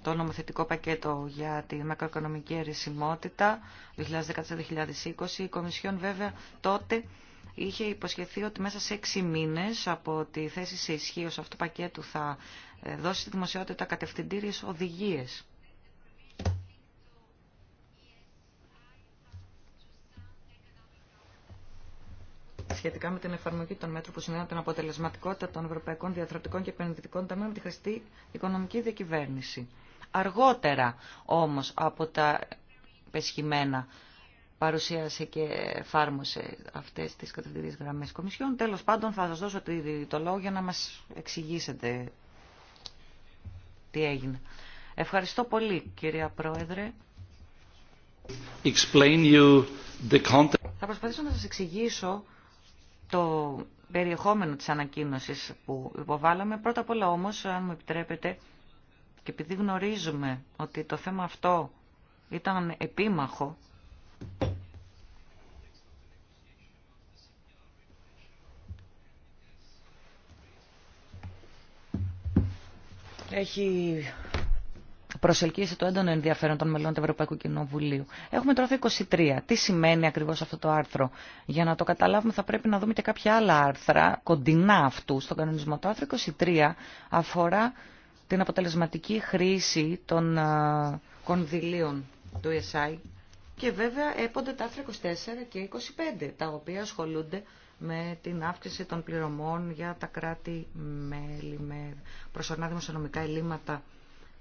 το νομοθετικό πακέτο για τη μακροοικονομική αιρεσιμότητα 2014-2020. Η Κομισιόν βέβαια τότε είχε υποσχεθεί ότι μέσα σε έξι μήνες από τη θέση σε ισχύ ως αυτού πακέτου θα δώσει στη δημοσιότητα κατευθυντήριες οδηγίες. σχετικά με την εφαρμογή των μέτρων που συνδέουν την αποτελεσματικότητα των Ευρωπαϊκών Διαθροτικών και Επενδυτικών Ταμείων με τη χρηστή οικονομική διακυβέρνηση. Αργότερα όμως από τα πεσχημένα παρουσίασε και εφάρμοσε αυτές τις κατευθυντήριες γραμμές κομισιών. Τέλος πάντων θα σας δώσω το λόγο για να μας εξηγήσετε τι Ευχαριστώ πολύ, κυρία Πρόεδρε. you the Θα προσπαθήσω να σας εξηγήσω το περιεχόμενο της ανακοίνωσης που υποβάλαμε. Πρώτα απ' όλα όμως, αν μου επιτρέπετε, και επειδή γνωρίζουμε ότι το θέμα αυτό ήταν επίμαχο, έχει προσελκύσει το έντονο ενδιαφέρον των μελών του Ευρωπαϊκού Κοινοβουλίου. Έχουμε τώρα 23. Τι σημαίνει ακριβώς αυτό το άρθρο. Για να το καταλάβουμε θα πρέπει να δούμε και κάποια άλλα άρθρα, κοντινά αυτού στον κανονισμό. Το άρθρο 23 αφορά την αποτελεσματική χρήση των κονδυλίων του ESI και βέβαια έπονται τα άρθρα 24 και 25, τα οποία ασχολούνται με την αύξηση των πληρωμών για τα κράτη-μέλη, με προσωρινά δημοσιονομικά ελλείμματα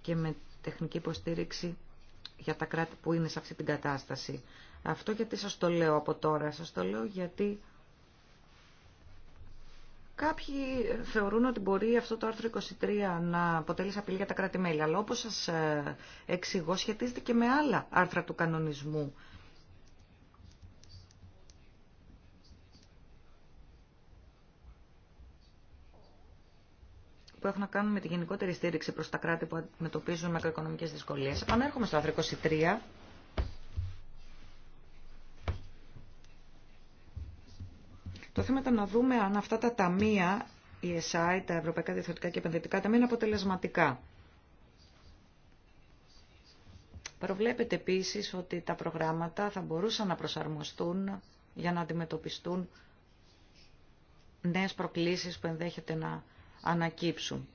και με τεχνική υποστήριξη για τα κράτη που είναι σε αυτή την κατάσταση. Αυτό γιατί σας το λέω από τώρα. Σας το λέω γιατί κάποιοι θεωρούν ότι μπορεί αυτό το άρθρο 23 να αποτελεί απειλή για τα κράτη-μέλη. Αλλά όπως σας ε, εξηγώ σχετίζεται και με άλλα άρθρα του κανονισμού που έχουν να κάνουν με τη γενικότερη στήριξη προ τα κράτη που αντιμετωπίζουν μακροοικονομικές δυσκολίε. Αν έρχομαι στο άρθρο 23, το θέμα ήταν να δούμε αν αυτά τα ταμεία, η ΕΣΑΙ, τα Ευρωπαϊκά Διευθυντικά και Επενδυτικά Ταμεία, είναι αποτελεσματικά. Προβλέπεται επίση ότι τα προγράμματα θα μπορούσαν να προσαρμοστούν για να αντιμετωπιστούν νέες προκλήσεις που ενδέχεται να ανακύψουν.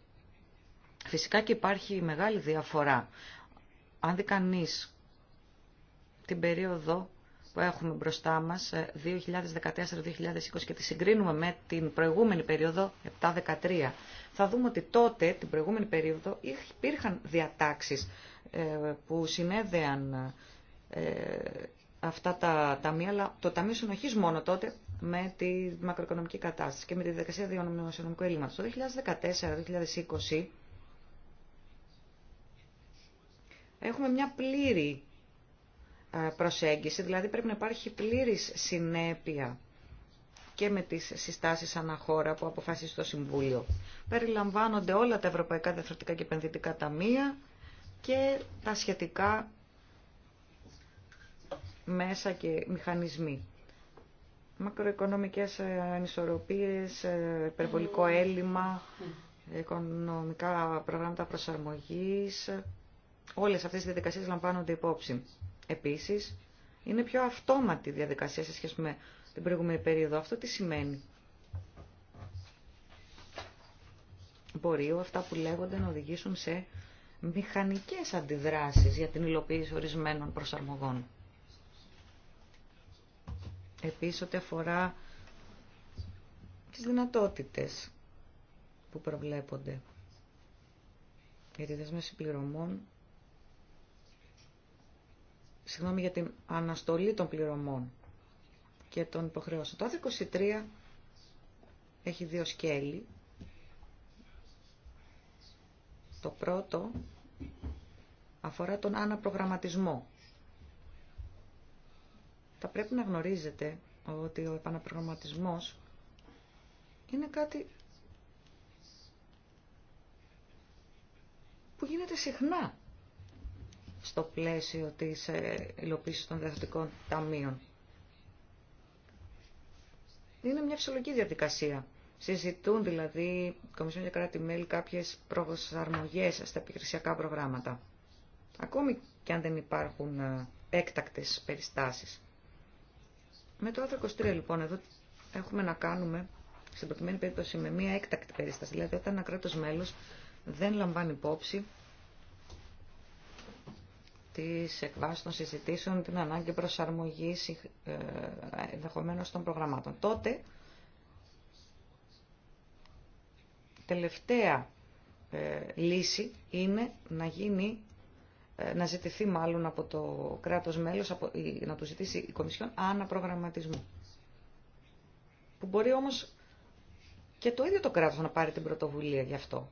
Φυσικά και υπάρχει μεγάλη διαφορά. Αν δει κανεί την περίοδο που έχουμε μπροστά μας, 2014-2020 ε, και τη συγκρίνουμε με την προηγούμενη περίοδο, 7-13, θα δούμε ότι τότε, την προηγούμενη περίοδο, υπήρχαν διατάξεις ε, που συνέδεαν ε, αυτά τα ταμεία, αλλά το Ταμείο Συνοχής μόνο τότε με τη μακροοικονομική κατάσταση και με τη διαδικασία δημοσιονομικού ελλείμματος. Το 2014-2020 έχουμε μια πλήρη ε, προσέγγιση, δηλαδή πρέπει να υπάρχει πλήρης συνέπεια και με τις συστάσεις αναχώρα που αποφάσισε το Συμβούλιο. Περιλαμβάνονται όλα τα Ευρωπαϊκά Διαφορετικά και Επενδυτικά Ταμεία και τα σχετικά μέσα και μηχανισμοί μακροοικονομικές ε, ανισορροπίες, ε, υπερβολικό έλλειμμα, οικονομικά προγράμματα προσαρμογής. Όλες αυτές οι διαδικασίες λαμβάνονται υπόψη. Επίσης, είναι πιο αυτόματη η διαδικασία σε σχέση με την προηγούμενη περίοδο. Αυτό τι σημαίνει. Μπορεί αυτά που λέγονται να οδηγήσουν σε μηχανικές αντιδράσεις για την υλοποίηση ορισμένων προσαρμογών. Επίσης ό,τι αφορά τις δυνατότητες που προβλέπονται για με συμπληρωμών πληρωμών, συγγνώμη για την αναστολή των πληρωμών και των υποχρεώσεων. Το 23 έχει δύο σκέλη. Το πρώτο αφορά τον αναπρογραμματισμό θα πρέπει να γνωρίζετε ότι ο επαναπρογραμματισμός είναι κάτι που γίνεται συχνά στο πλαίσιο της ε, υλοποίησης των διαθετικών ταμείων. Είναι μια φυσιολογική διαδικασία. Συζητούν δηλαδή η Κομισιόν για κράτη-μέλη κάποιες προσαρμογές στα επιχειρησιακά προγράμματα. Ακόμη και αν δεν υπάρχουν ε, έκτακτες περιστάσεις. Με το άρθρο 23 λοιπόν εδώ έχουμε να κάνουμε στην προκειμένη περίπτωση με μια έκτακτη περίσταση. Δηλαδή όταν ένα κράτος μέλος δεν λαμβάνει υπόψη τη εκβάσεις των συζητήσεων την ανάγκη προσαρμογής ε, ενδεχομένω των προγραμμάτων. Τότε, τελευταία ε, λύση είναι να γίνει να ζητηθεί μάλλον από το κράτος μέλος, από, να του ζητήσει η Κομισιόν αναπρογραμματισμό. Που μπορεί όμως και το ίδιο το κράτος να πάρει την πρωτοβουλία γι' αυτό.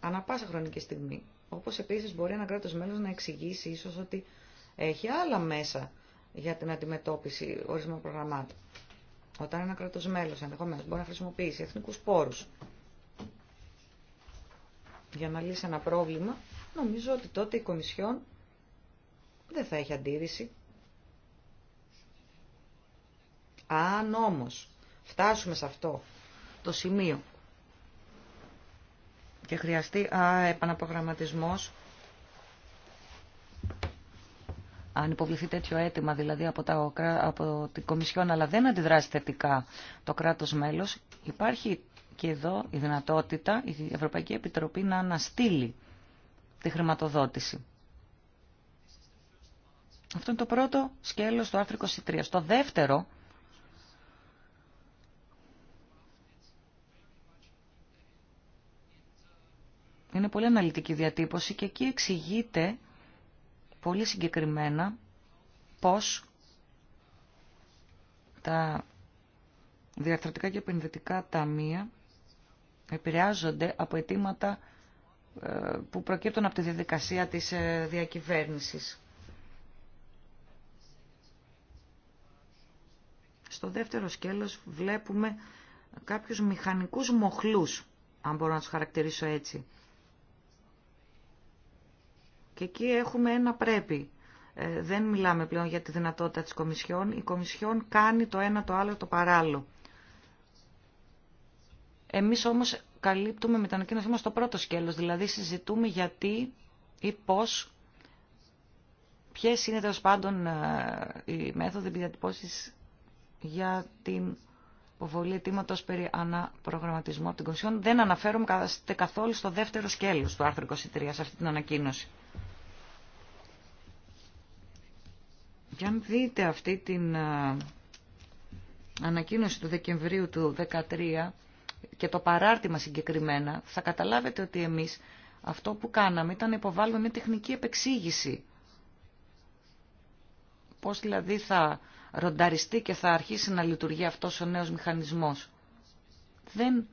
Ανά πάσα χρονική στιγμή. Όπως επίσης μπορεί ένα κράτος μέλος να εξηγήσει ίσως ότι έχει άλλα μέσα για την αντιμετώπιση ορισμένων προγραμμάτων. Όταν ένα κράτος μέλος ενδεχομένως μπορεί να χρησιμοποιήσει εθνικούς πόρους για να λύσει ένα πρόβλημα, νομίζω ότι τότε η Κομισιόν δεν θα έχει αντίρρηση. Αν όμως φτάσουμε σε αυτό το σημείο και χρειαστεί α, επαναπρογραμματισμός, αν υποβληθεί τέτοιο αίτημα δηλαδή από, τα, από την Κομισιόν αλλά δεν αντιδράσει θετικά το κράτος μέλος, υπάρχει και εδώ η δυνατότητα η Ευρωπαϊκή Επιτροπή να αναστείλει τη χρηματοδότηση. Αυτό είναι το πρώτο σκέλος του άρθρου 23. Στο δεύτερο, είναι πολύ αναλυτική διατύπωση και εκεί εξηγείται πολύ συγκεκριμένα πώς τα διαρθρωτικά και επενδυτικά ταμεία επηρεάζονται από αιτήματα ε, που προκύπτουν από τη διαδικασία της ε, διακυβέρνησης. Στο δεύτερο σκέλος βλέπουμε κάποιους μηχανικούς μοχλούς, αν μπορώ να τους χαρακτηρίσω έτσι. Και εκεί έχουμε ένα πρέπει. Ε, δεν μιλάμε πλέον για τη δυνατότητα της Κομισιόν. Η Κομισιόν κάνει το ένα το άλλο το παράλληλο. Εμείς όμως καλύπτουμε με την ανακοίνωσή μας το πρώτο σκέλος, δηλαδή συζητούμε γιατί ή πώς, ποιες είναι τέλο πάντων ε, οι μέθοδοι διατυπώσεις για την υποβολή αιτήματο περί αναπρογραμματισμού από την Κομισιόν. Δεν αναφέρομαι καθόλου στο δεύτερο σκέλος του άρθρου 23 σε αυτή την ανακοίνωση. Και αν δείτε αυτή την ε, ανακοίνωση του Δεκεμβρίου του 2013, και το παράρτημα συγκεκριμένα, θα καταλάβετε ότι εμείς αυτό που κάναμε ήταν να υποβάλουμε μια τεχνική επεξήγηση. Πώς δηλαδή θα ρονταριστεί και θα αρχίσει να λειτουργεί αυτός ο νέος μηχανισμός. Δεν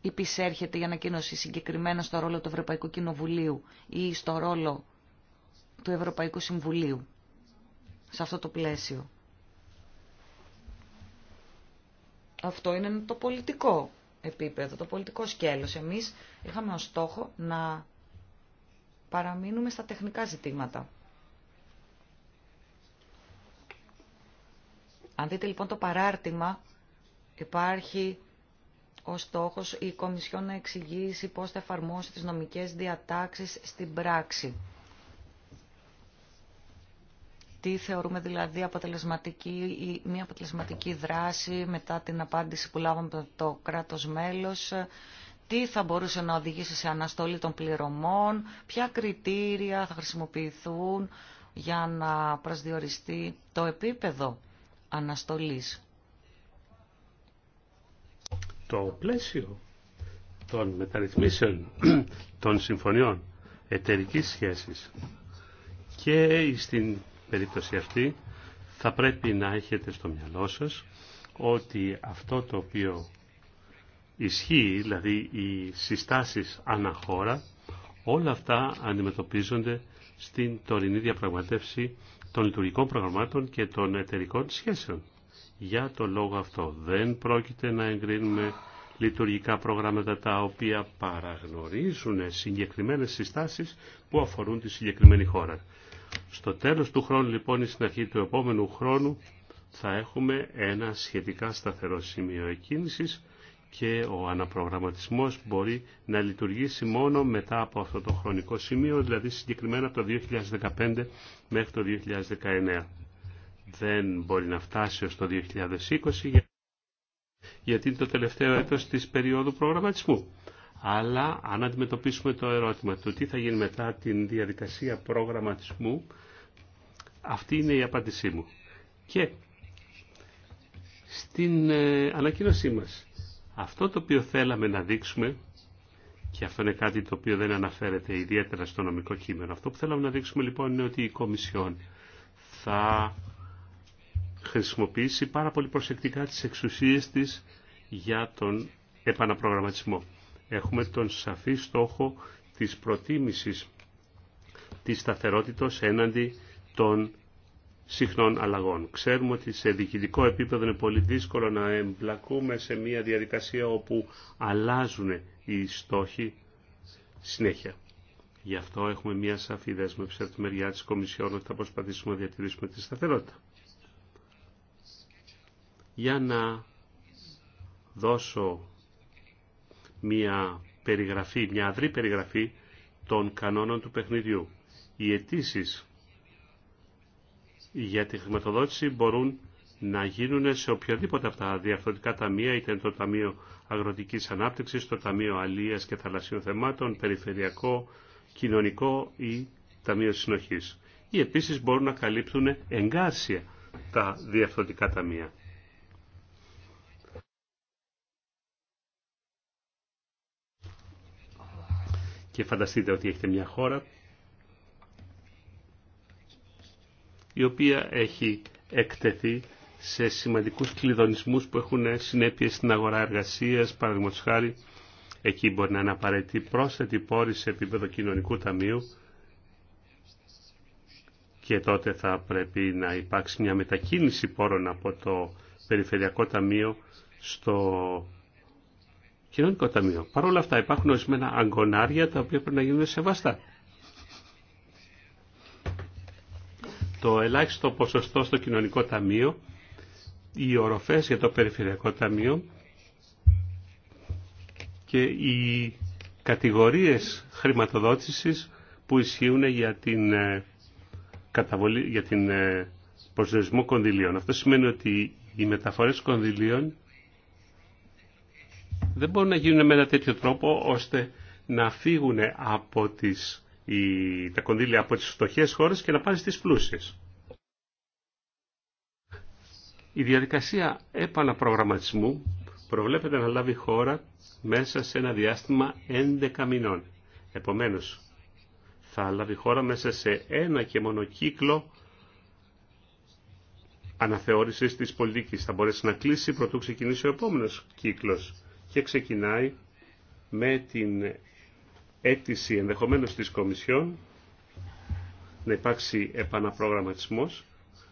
υπησέρχεται η ανακοίνωση συγκεκριμένα στο ρόλο του Ευρωπαϊκού Κοινοβουλίου ή στο ρόλο του Ευρωπαϊκού Συμβουλίου σε αυτό το πλαίσιο. Αυτό είναι το πολιτικό επίπεδο, το πολιτικό σκέλος. Εμείς είχαμε ως στόχο να παραμείνουμε στα τεχνικά ζητήματα. Αν δείτε λοιπόν το παράρτημα, υπάρχει ο στόχος η Κομισιόν να εξηγήσει πώς θα εφαρμόσει τις νομικές διατάξεις στην πράξη. Τι θεωρούμε δηλαδή αποτελεσματική ή μη αποτελεσματική δράση μετά την απάντηση που λάβαμε από το κράτος μέλος. Τι θα μπορούσε να οδηγήσει σε αναστολή των πληρωμών. Ποια κριτήρια θα χρησιμοποιηθούν για να προσδιοριστεί το επίπεδο αναστολής. Το πλαίσιο των μεταρρυθμίσεων των συμφωνιών εταιρικής σχέσης και στην περίπτωση αυτή θα πρέπει να έχετε στο μυαλό σας ότι αυτό το οποίο ισχύει, δηλαδή οι συστάσεις αναχώρα, όλα αυτά αντιμετωπίζονται στην τωρινή διαπραγματεύση των λειτουργικών προγραμμάτων και των εταιρικών σχέσεων. Για το λόγο αυτό δεν πρόκειται να εγκρίνουμε λειτουργικά προγράμματα τα οποία παραγνωρίζουν συγκεκριμένες συστάσεις που αφορούν τη συγκεκριμένη χώρα. Στο τέλος του χρόνου λοιπόν ή στην αρχή του επόμενου χρόνου θα έχουμε ένα σχετικά σταθερό σημείο εκκίνησης και ο αναπρογραμματισμός μπορεί να λειτουργήσει μόνο μετά από αυτό το χρονικό σημείο, δηλαδή συγκεκριμένα από το 2015 μέχρι το 2019. Δεν μπορεί να φτάσει ως το 2020 γιατί είναι το τελευταίο έτος της περίοδου προγραμματισμού αλλά αν αντιμετωπίσουμε το ερώτημα του τι θα γίνει μετά την διαδικασία προγραμματισμού, αυτή είναι η απάντησή μου. Και στην ε, ανακοίνωσή μας, αυτό το οποίο θέλαμε να δείξουμε, και αυτό είναι κάτι το οποίο δεν αναφέρεται ιδιαίτερα στο νομικό κείμενο, αυτό που θέλαμε να δείξουμε λοιπόν είναι ότι η Κομισιόν θα χρησιμοποιήσει πάρα πολύ προσεκτικά τις εξουσίες της για τον επαναπρογραμματισμό έχουμε τον σαφή στόχο της προτίμησης της σταθερότητος έναντι των συχνών αλλαγών. Ξέρουμε ότι σε διοικητικό επίπεδο είναι πολύ δύσκολο να εμπλακούμε σε μια διαδικασία όπου αλλάζουν οι στόχοι συνέχεια. Γι' αυτό έχουμε μια σαφή δέσμευση από τη μεριά της Κομισιόν ότι θα προσπαθήσουμε να διατηρήσουμε τη σταθερότητα. Για να δώσω μια περιγραφή, μια αδρή περιγραφή των κανόνων του παιχνιδιού. Οι αιτήσει για τη χρηματοδότηση μπορούν να γίνουν σε οποιαδήποτε από τα διαφορετικά ταμεία, είτε το Ταμείο Αγροτικής Ανάπτυξης, το Ταμείο Αλίας και Θαλασσίων Θεμάτων, Περιφερειακό, Κοινωνικό ή Ταμείο Συνοχής. Ή επίσης μπορούν να καλύπτουν εγκάσια τα διαφορετικά ταμεία. Και φανταστείτε ότι έχετε μια χώρα η οποία έχει εκτεθεί σε σημαντικούς κλειδονισμούς που έχουν συνέπειες στην αγορά εργασίας, παραδείγματος χάρη, εκεί μπορεί να είναι απαραίτητη πρόσθετη πόρη σε επίπεδο κοινωνικού ταμείου και τότε θα πρέπει να υπάρξει μια μετακίνηση πόρων από το Περιφερειακό Ταμείο στο κοινωνικό ταμείο. Παρ' όλα αυτά υπάρχουν ορισμένα αγκονάρια τα οποία πρέπει να γίνουν σεβαστά. Το ελάχιστο ποσοστό στο κοινωνικό ταμείο, οι οροφές για το περιφερειακό ταμείο και οι κατηγορίες χρηματοδότησης που ισχύουν για την ε, καταβολή, για την ε, προσδιορισμό κονδυλίων. Αυτό σημαίνει ότι οι μεταφορές κονδυλίων δεν μπορούν να γίνουν με ένα τέτοιο τρόπο ώστε να φύγουν από τις, τα κονδύλια από τις φτωχές χώρες και να πάνε στις πλούσιες. Η διαδικασία επαναπρογραμματισμού προβλέπεται να λάβει χώρα μέσα σε ένα διάστημα 11 μηνών. Επομένως, θα λάβει χώρα μέσα σε ένα και μόνο κύκλο αναθεώρησης της πολιτικής. Θα μπορέσει να κλείσει πρωτού ξεκινήσει ο επόμενος κύκλος και ξεκινάει με την αίτηση ενδεχομένως της Κομισιόν να υπάρξει επαναπρογραμματισμός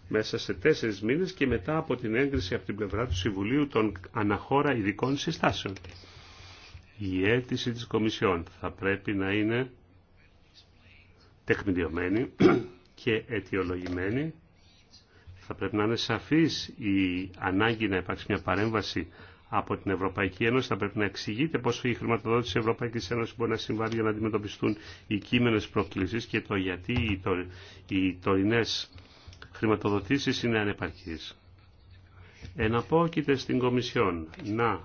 μέσα σε τέσσερις μήνες και μετά από την έγκριση από την πλευρά του Συμβουλίου των αναχώρα ειδικών συστάσεων. Η αίτηση της Κομισιόν θα πρέπει να είναι τεκμηριωμένη και αιτιολογημένη. Θα πρέπει να είναι σαφής η ανάγκη να υπάρξει μια παρέμβαση από την Ευρωπαϊκή Ένωση. Θα πρέπει να εξηγείται πώ η χρηματοδότηση τη Ευρωπαϊκή Ένωση μπορεί να συμβάλλει για να αντιμετωπιστούν οι κείμενε προκλήσει και το γιατί οι, οι τωρινέ χρηματοδοτήσει είναι ανεπαρκεί. Εναπόκειται στην Κομισιόν να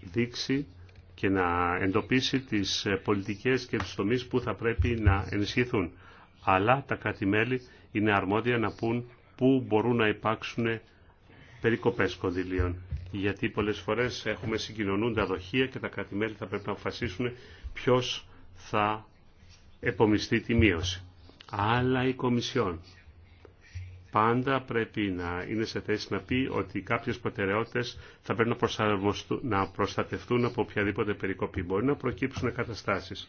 δείξει και να εντοπίσει τις πολιτικές και τις τομείς που θα πρέπει να ενισχυθούν. Αλλά τα κάτι μελη είναι αρμόδια να πούν πού μπορούν να υπάρξουν περικοπές κονδυλίων. Γιατί πολλές φορές έχουμε τα δοχεία και τα κρατημέλη θα πρέπει να αποφασίσουν ποιος θα επομιστεί τη μείωση. Αλλά η Κομισιόν πάντα πρέπει να είναι σε θέση να πει ότι κάποιες προτεραιότητες θα πρέπει να, να προστατευτούν από οποιαδήποτε περικοπή. Μπορεί να προκύψουν καταστάσεις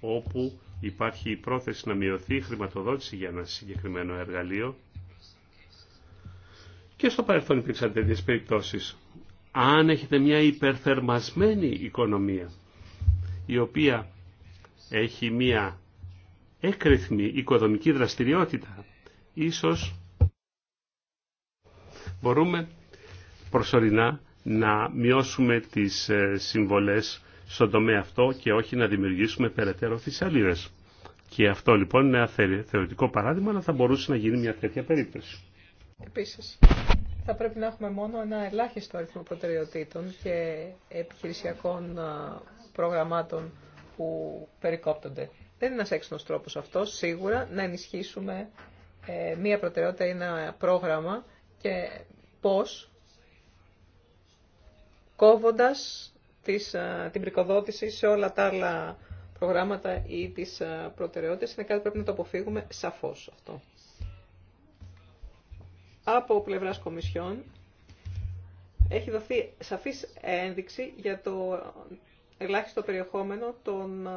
όπου υπάρχει η πρόθεση να μειωθεί η χρηματοδότηση για ένα συγκεκριμένο εργαλείο και στο παρελθόν υπήρξαν τέτοιες περιπτώσεις. Αν έχετε μια υπερθερμασμένη οικονομία, η οποία έχει μια έκρηθμη οικοδομική δραστηριότητα, ίσως μπορούμε προσωρινά να μειώσουμε τις ε, συμβολές στον τομέα αυτό και όχι να δημιουργήσουμε περαιτέρω θησαλίδες. Και αυτό λοιπόν είναι ένα θεωρητικό παράδειγμα, αλλά θα μπορούσε να γίνει μια τέτοια περίπτωση. Επίσης, θα πρέπει να έχουμε μόνο ένα ελάχιστο αριθμό προτεραιοτήτων και επιχειρησιακών ε, προγραμμάτων που περικόπτονται. Δεν είναι ένας έξυπνος τρόπος αυτό, σίγουρα, να ενισχύσουμε ε, μία προτεραιότητα ή ένα πρόγραμμα και πώς κόβοντας ε, την πρικοδότηση σε όλα τα άλλα προγράμματα ή τις προτεραιότητες. Είναι κάτι που πρέπει να το αποφύγουμε σαφώς αυτό από πλευρά Κομισιόν έχει δοθεί σαφής ένδειξη για το ελάχιστο περιεχόμενο των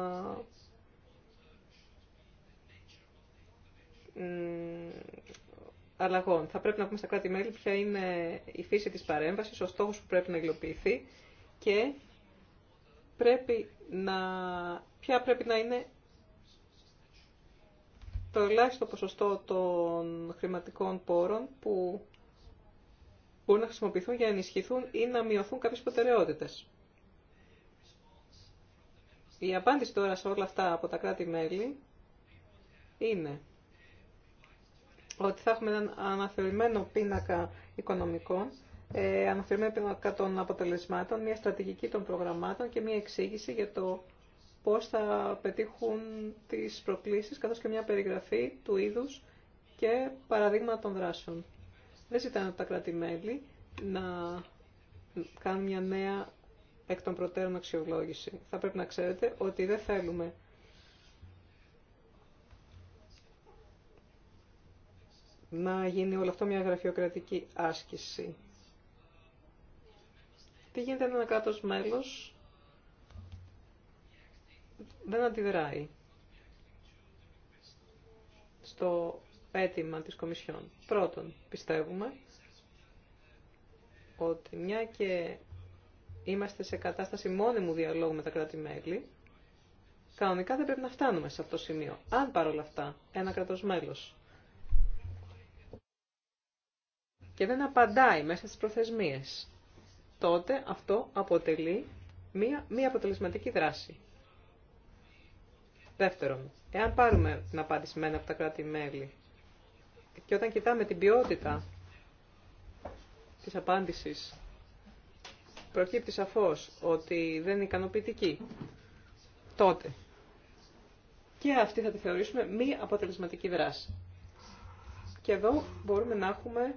αλλαγών. Θα πρέπει να πούμε στα κράτη-μέλη ποια είναι η φύση της παρέμβασης, ο στόχος που πρέπει να υλοποιηθεί και πρέπει να, ποια πρέπει να είναι το ελάχιστο ποσοστό των χρηματικών πόρων που μπορούν να χρησιμοποιηθούν για να ενισχυθούν ή να μειωθούν κάποιες προτεραιότητες. Η απάντηση τώρα σε όλα αυτά από τα κράτη-μέλη είναι ότι θα έχουμε έναν αναθεωρημένο πίνακα οικονομικών, ε, αναθεωρημένο πίνακα των αποτελεσμάτων, μια στρατηγική των προγραμμάτων και μια εξήγηση για το πώς θα πετύχουν τις προκλήσεις, καθώς και μια περιγραφή του είδους και παραδείγματα των δράσεων. Δεν ζητάνε από τα κράτη-μέλη να κάνουν μια νέα εκ των προτέρων αξιολόγηση. Θα πρέπει να ξέρετε ότι δεν θέλουμε να γίνει όλο αυτό μια γραφειοκρατική άσκηση. Τι γίνεται αν ένα κράτος μέλος δεν αντιδράει στο αίτημα της Κομισιόν. Πρώτον, πιστεύουμε ότι μια και είμαστε σε κατάσταση μόνιμου διαλόγου με τα κράτη-μέλη, κανονικά δεν πρέπει να φτάνουμε σε αυτό το σημείο. Αν παρόλα αυτά ένα κρατος και δεν απαντάει μέσα στις προθεσμίες, τότε αυτό αποτελεί μία, μία αποτελεσματική δράση. Δεύτερον, εάν πάρουμε την απάντηση με ένα από τα κράτη-μέλη και όταν κοιτάμε την ποιότητα της απάντησης, προκύπτει σαφώς ότι δεν είναι ικανοποιητική, τότε και αυτή θα τη θεωρήσουμε μη αποτελεσματική δράση. Και εδώ μπορούμε να έχουμε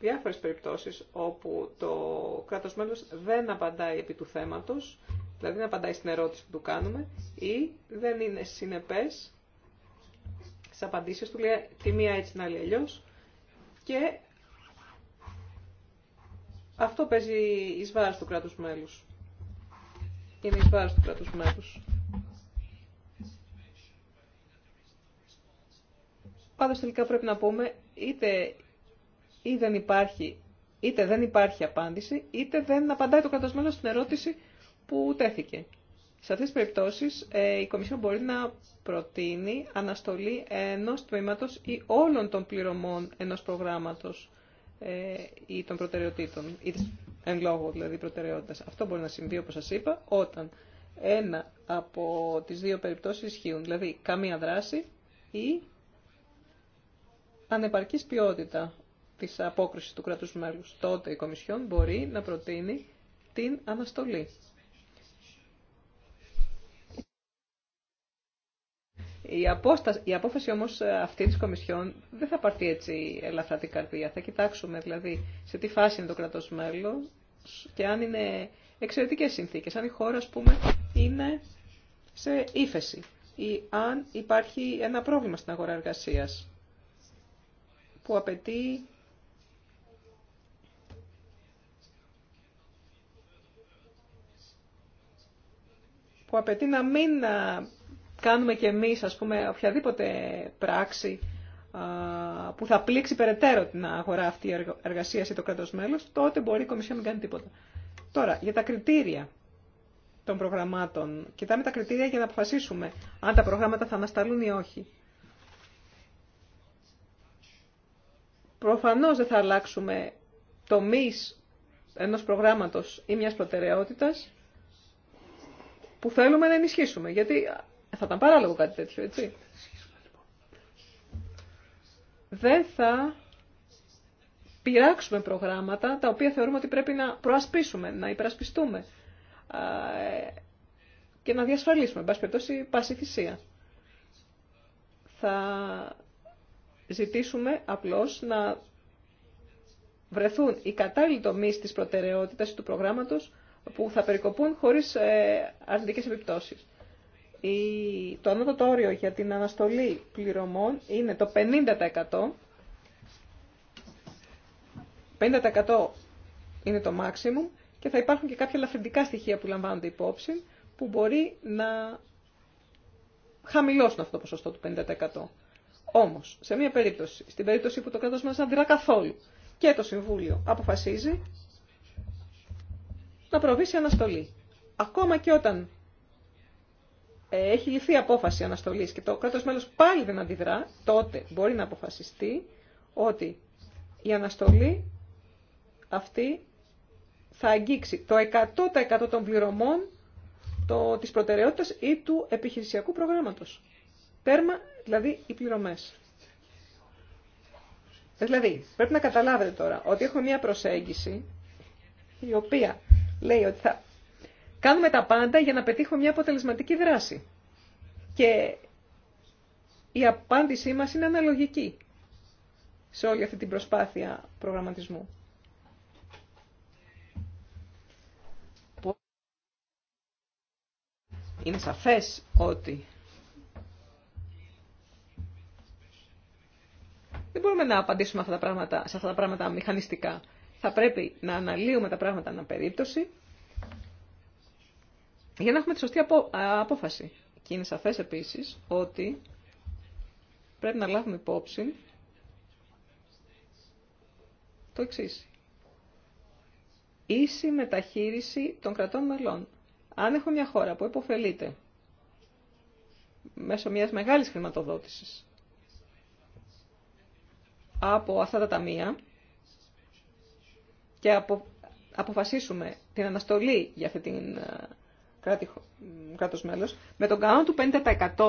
διάφορες περιπτώσεις όπου το κράτος μέλος δεν απαντάει επί του θέματος δηλαδή δεν απαντάει στην ερώτηση που του κάνουμε ή δεν είναι συνεπές στις απαντήσεις του, λέει τη μία έτσι την άλλη αλλιώ. και αυτό παίζει εις βάρος του κράτους μέλους. Είναι εις βάρος του κράτους μέλους. Πάντως τελικά πρέπει να πούμε είτε, ή δεν υπάρχει, είτε δεν υπάρχει απάντηση, είτε δεν απαντάει το κράτος στην ερώτηση που τέθηκε. Σε αυτές τις περιπτώσεις ε, η Κομισιόν μπορεί να προτείνει αναστολή ενός τμήματος ή όλων των πληρωμών ενός προγράμματος ε, ή των προτεραιοτήτων, ή εν λόγω δηλαδή προτεραιότητας. Αυτό μπορεί να συμβεί, όπως σας είπα, όταν ένα από τις δύο περιπτώσεις ισχύουν, δηλαδή καμία δράση ή ανεπαρκής ποιότητα της απόκρισης του κρατούς μέλους. Τότε η Κομισιόν μπορεί να προτείνει την αναστολή Η, η απόφαση όμω ε, αυτή της Κομισιόν δεν θα πάρθει έτσι ελαφρά την καρδία. Θα κοιτάξουμε δηλαδή σε τι φάση είναι το κρατό μέλο και αν είναι εξαιρετικέ συνθήκες, αν η χώρα ας πούμε είναι σε ύφεση ή αν υπάρχει ένα πρόβλημα στην αγορά εργασία. που απαιτεί που απαιτεί να μην ε, κάνουμε κι εμείς, ας πούμε, οποιαδήποτε πράξη που θα πλήξει περαιτέρω την αγορά αυτή εργασία ή το κράτος η μέλος, τότε μπορεί η Κομισιόν να κάνει τίποτα. Τώρα, για τα κριτήρια των προγραμμάτων. Κοιτάμε τα κριτήρια για να αποφασίσουμε αν τα προγράμματα θα ανασταλούν ή όχι. Προφανώς δεν θα αλλάξουμε μης ενός προγράμματος ή μιας προτεραιότητας που θέλουμε να ενισχύσουμε. Γιατί θα ήταν παράλογο κάτι τέτοιο, έτσι. Δεν θα πειράξουμε προγράμματα τα οποία θεωρούμε ότι πρέπει να προασπίσουμε, να υπερασπιστούμε και να διασφαλίσουμε, εν πάση περιπτώσει, πάση θυσία. Θα ζητήσουμε απλώς να βρεθούν οι κατάλληλοι τομείς της προτεραιότητας του προγράμματος που θα περικοπούν χωρίς ε, αρνητικές επιπτώσεις το ανώτατο όριο για την αναστολή πληρωμών είναι το 50%. 50% είναι το maximum και θα υπάρχουν και κάποια ελαφρυντικά στοιχεία που λαμβάνονται υπόψη που μπορεί να χαμηλώσουν αυτό το ποσοστό του 50%. Όμως, σε μια περίπτωση, στην περίπτωση που το κράτος μας αντιδρά καθόλου και το Συμβούλιο αποφασίζει να προβεί σε αναστολή. Ακόμα και όταν έχει ληφθεί απόφαση αναστολής και το κράτο μέλο πάλι δεν αντιδρά, τότε μπορεί να αποφασιστεί ότι η αναστολή αυτή θα αγγίξει το 100% των πληρωμών το, της προτεραιότητας ή του επιχειρησιακού προγράμματος. Τέρμα, δηλαδή, οι πληρωμές. Δηλαδή, πρέπει να καταλάβετε τώρα ότι έχω μια προσέγγιση η οποία λέει ότι θα Κάνουμε τα πάντα για να πετύχουμε μια αποτελεσματική δράση. Και η απάντησή μας είναι αναλογική σε όλη αυτή την προσπάθεια προγραμματισμού. Είναι σαφές ότι δεν μπορούμε να απαντήσουμε αυτά τα πράγματα, σε αυτά τα πράγματα μηχανιστικά. Θα πρέπει να αναλύουμε τα πράγματα ανά περίπτωση για να έχουμε τη σωστή απο... απόφαση. Και είναι σαφές επίσης ότι πρέπει να λάβουμε υπόψη το εξή. Ίση μεταχείριση των κρατών μελών. Αν έχω μια χώρα που υποφελείται μέσω μιας μεγάλης χρηματοδότησης από αυτά τα ταμεία και απο... αποφασίσουμε την αναστολή για αυτή την με τον κανόνα του 50%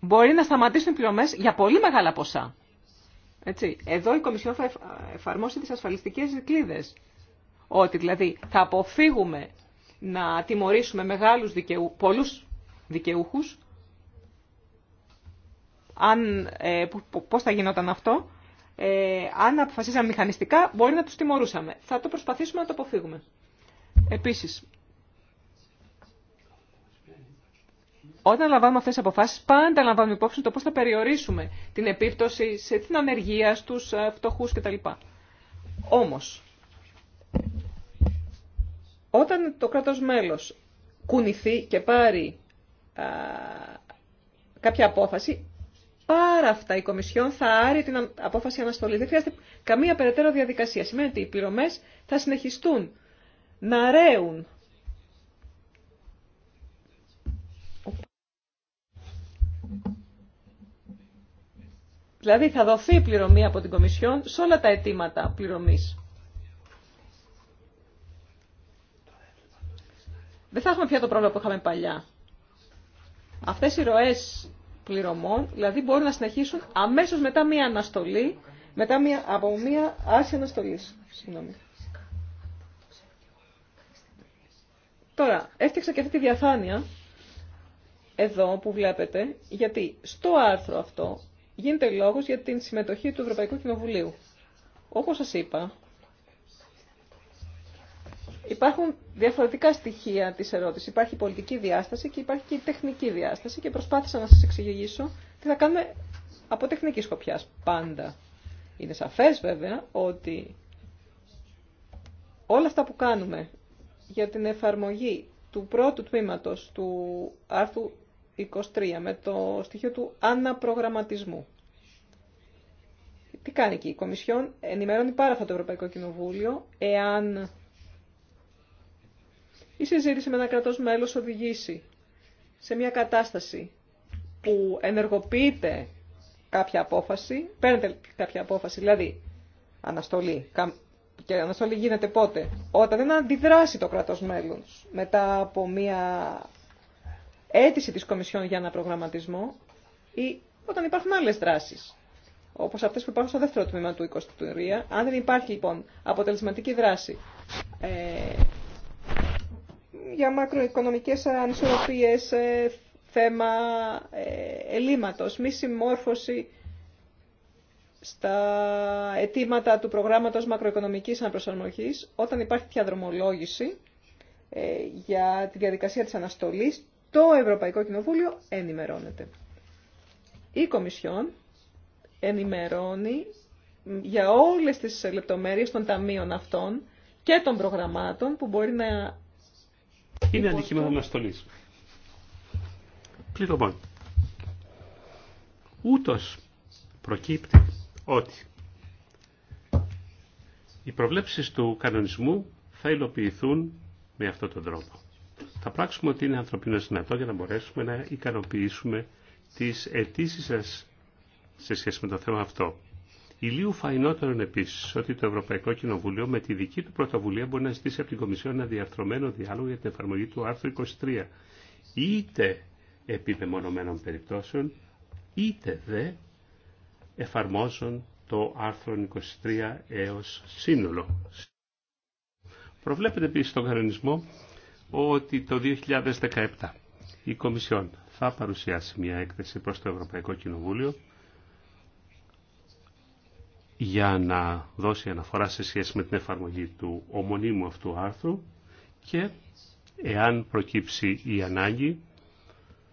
μπορεί να σταματήσουν οι πληρωμές για πολύ μεγάλα ποσά. Έτσι. Εδώ η Κομισιόν θα εφαρμόσει τις ασφαλιστικές κλίδες. Ότι δηλαδή θα αποφύγουμε να τιμωρήσουμε μεγάλους δικαιού, πολλούς δικαιούχους, αν, ε, πώς θα γινόταν αυτό, ε, αν αποφασίσαμε μηχανιστικά, μπορεί να τους τιμωρούσαμε. Θα το προσπαθήσουμε να το αποφύγουμε. Επίσης, όταν λαμβάνουμε αυτές τις αποφάσεις, πάντα λαμβάνουμε υπόψη το πώς θα περιορίσουμε την επίπτωση σε την ανεργία, στους ε, φτωχούς κτλ. Όμως, όταν το κράτος μέλος κουνηθεί και πάρει ε, κάποια απόφαση, Πάρα αυτά η Κομισιόν θα άρει την απόφαση αναστολή. Δεν χρειάζεται καμία περαιτέρω διαδικασία. Σημαίνει ότι οι πληρωμέ θα συνεχιστούν να ρέουν. Δηλαδή θα δοθεί πληρωμή από την Κομισιόν σε όλα τα αιτήματα πληρωμής. Δεν θα έχουμε πια το πρόβλημα που είχαμε παλιά. Αυτές οι ροές πληρωμών, δηλαδή μπορούν να συνεχίσουν αμέσως μετά μία αναστολή, μετά μία, από μία άρση αναστολής. Τώρα, έφτιαξα και αυτή τη διαφάνεια, εδώ που βλέπετε, γιατί στο άρθρο αυτό γίνεται λόγος για την συμμετοχή του Ευρωπαϊκού Κοινοβουλίου. Όπως σας είπα, Υπάρχουν διαφορετικά στοιχεία της ερώτησης. Υπάρχει η πολιτική διάσταση και υπάρχει και η τεχνική διάσταση και προσπάθησα να σας εξηγήσω τι θα κάνουμε από τεχνική σκοπιά πάντα. Είναι σαφές βέβαια ότι όλα αυτά που κάνουμε για την εφαρμογή του πρώτου τμήματος του άρθρου 23 με το στοιχείο του αναπρογραμματισμού. Τι κάνει εκεί η Κομισιόν, ενημερώνει πάρα αυτό το Ευρωπαϊκό Κοινοβούλιο, εάν η συζήτηση με ένα κρατό μέλος οδηγήσει σε μια κατάσταση που ενεργοποιείται κάποια απόφαση, παίρνετε κάποια απόφαση, δηλαδή αναστολή, και αναστολή γίνεται πότε, όταν δεν αντιδράσει το κρατός μέλος μετά από μια αίτηση της Κομισιόν για ένα προγραμματισμό ή όταν υπάρχουν άλλες δράσεις, όπως αυτέ που υπάρχουν στο δεύτερο τμήμα του 20 αν δεν υπάρχει λοιπόν αποτελεσματική δράση ε, για μακροοικονομικές ανισορροπίες, ε, θέμα ε, ελλείμματος, μη συμμόρφωση στα αιτήματα του προγράμματος μακροοικονομικής αναπροσαρμογής, όταν υπάρχει διαδρομολόγηση ε, για τη διαδικασία της αναστολής, το Ευρωπαϊκό Κοινοβούλιο ενημερώνεται. Η Κομισιόν ενημερώνει για όλες τις λεπτομέρειες των ταμείων αυτών και των προγραμμάτων που μπορεί να είναι αντικείμενο αναστολή. Πληρωμών. Ούτω προκύπτει ότι οι προβλέψεις του κανονισμού θα υλοποιηθούν με αυτόν τον τρόπο. Θα πράξουμε ότι είναι ανθρωπίνο δυνατό για να μπορέσουμε να ικανοποιήσουμε τις αιτήσει σας σε σχέση με το θέμα αυτό. Ηλίου φαϊνότερον επίση ότι το Ευρωπαϊκό Κοινοβούλιο με τη δική του πρωτοβουλία μπορεί να ζητήσει από την Κομισιόν ένα διαρθρωμένο διάλογο για την εφαρμογή του άρθρου 23, είτε επί μεμονωμένων περιπτώσεων, είτε δε εφαρμόζουν το άρθρο 23 έως σύνολο. Προβλέπεται επίσης στον κανονισμό ότι το 2017 η Κομισιόν θα παρουσιάσει μια έκθεση προς το Ευρωπαϊκό Κοινοβούλιο για να δώσει αναφορά σε σχέση με την εφαρμογή του ομονίμου αυτού άρθρου και εάν προκύψει η ανάγκη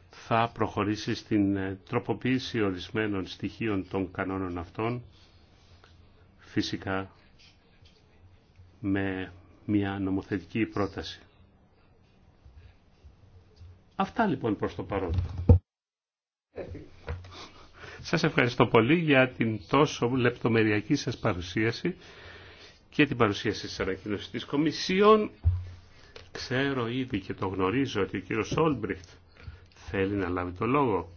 θα προχωρήσει στην ε, τροποποίηση ορισμένων στοιχείων των κανόνων αυτών φυσικά με μια νομοθετική πρόταση. Αυτά λοιπόν προς το παρόν. Σας ευχαριστώ πολύ για την τόσο λεπτομεριακή σας παρουσίαση και την παρουσίαση της ανακοινώση της Κομισιόν. Ξέρω ήδη και το γνωρίζω ότι ο κύριος Όλμπριχτ θέλει να λάβει το λόγο.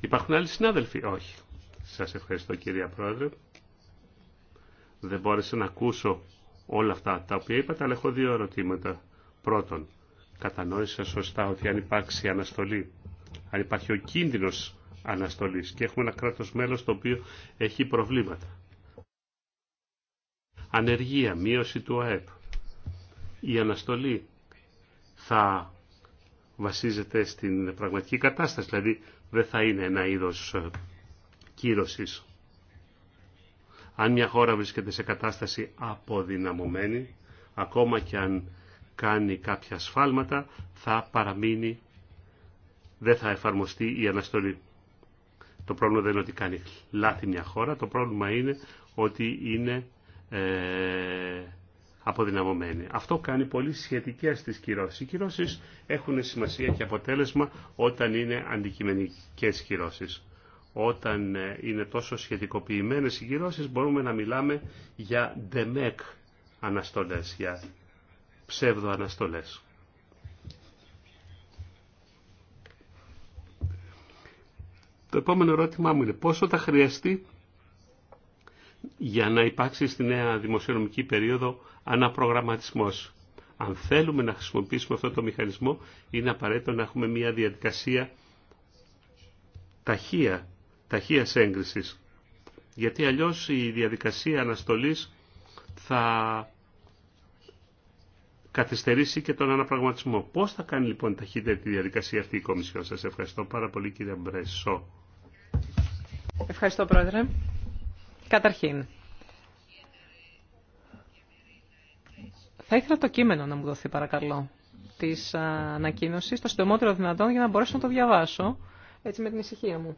Υπάρχουν άλλοι συνάδελφοι. Όχι. Σας ευχαριστώ κυρία Πρόεδρε. Δεν μπόρεσα να ακούσω όλα αυτά τα οποία είπατε, αλλά έχω δύο ερωτήματα. Πρώτον, κατανόησα σωστά ότι αν υπάρξει αναστολή αν υπάρχει ο κίνδυνος αναστολής και έχουμε ένα κράτος μέλος το οποίο έχει προβλήματα. Ανεργία, μείωση του ΑΕΠ. Η αναστολή θα βασίζεται στην πραγματική κατάσταση, δηλαδή δεν θα είναι ένα είδος ε, κύρωσης. Αν μια χώρα βρίσκεται σε κατάσταση αποδυναμωμένη, ακόμα και αν κάνει κάποια σφάλματα, θα παραμείνει δεν θα εφαρμοστεί η αναστολή. Το πρόβλημα δεν είναι ότι κάνει λάθη μια χώρα, το πρόβλημα είναι ότι είναι ε, αποδυναμωμένη. Αυτό κάνει πολύ σχετικές τις κυρώσεις. Οι κυρώσεις έχουν σημασία και αποτέλεσμα όταν είναι αντικειμενικές κυρώσεις. Όταν ε, είναι τόσο σχετικοποιημένες οι κυρώσεις μπορούμε να μιλάμε για ντεμεκ αναστολές, για ψεύδο αναστολές. Το επόμενο ερώτημά μου είναι πόσο θα χρειαστεί για να υπάρξει στη νέα δημοσιονομική περίοδο αναπρογραμματισμός. Αν θέλουμε να χρησιμοποιήσουμε αυτό το μηχανισμό, είναι απαραίτητο να έχουμε μια διαδικασία ταχεία, ταχείας έγκρισης. Γιατί αλλιώς η διαδικασία αναστολής θα καθυστερήσει και τον αναπραγματισμό. Πώς θα κάνει λοιπόν ταχύτερη τη διαδικασία αυτή η Κομισιόν. Σας ευχαριστώ πάρα πολύ κύριε Μπρεσό. Ευχαριστώ, Πρόεδρε. Καταρχήν, θα ήθελα το κείμενο να μου δοθεί, παρακαλώ, της ανακοίνωσης, το συντομότερο δυνατόν, για να μπορέσω να το διαβάσω, έτσι με την ησυχία μου.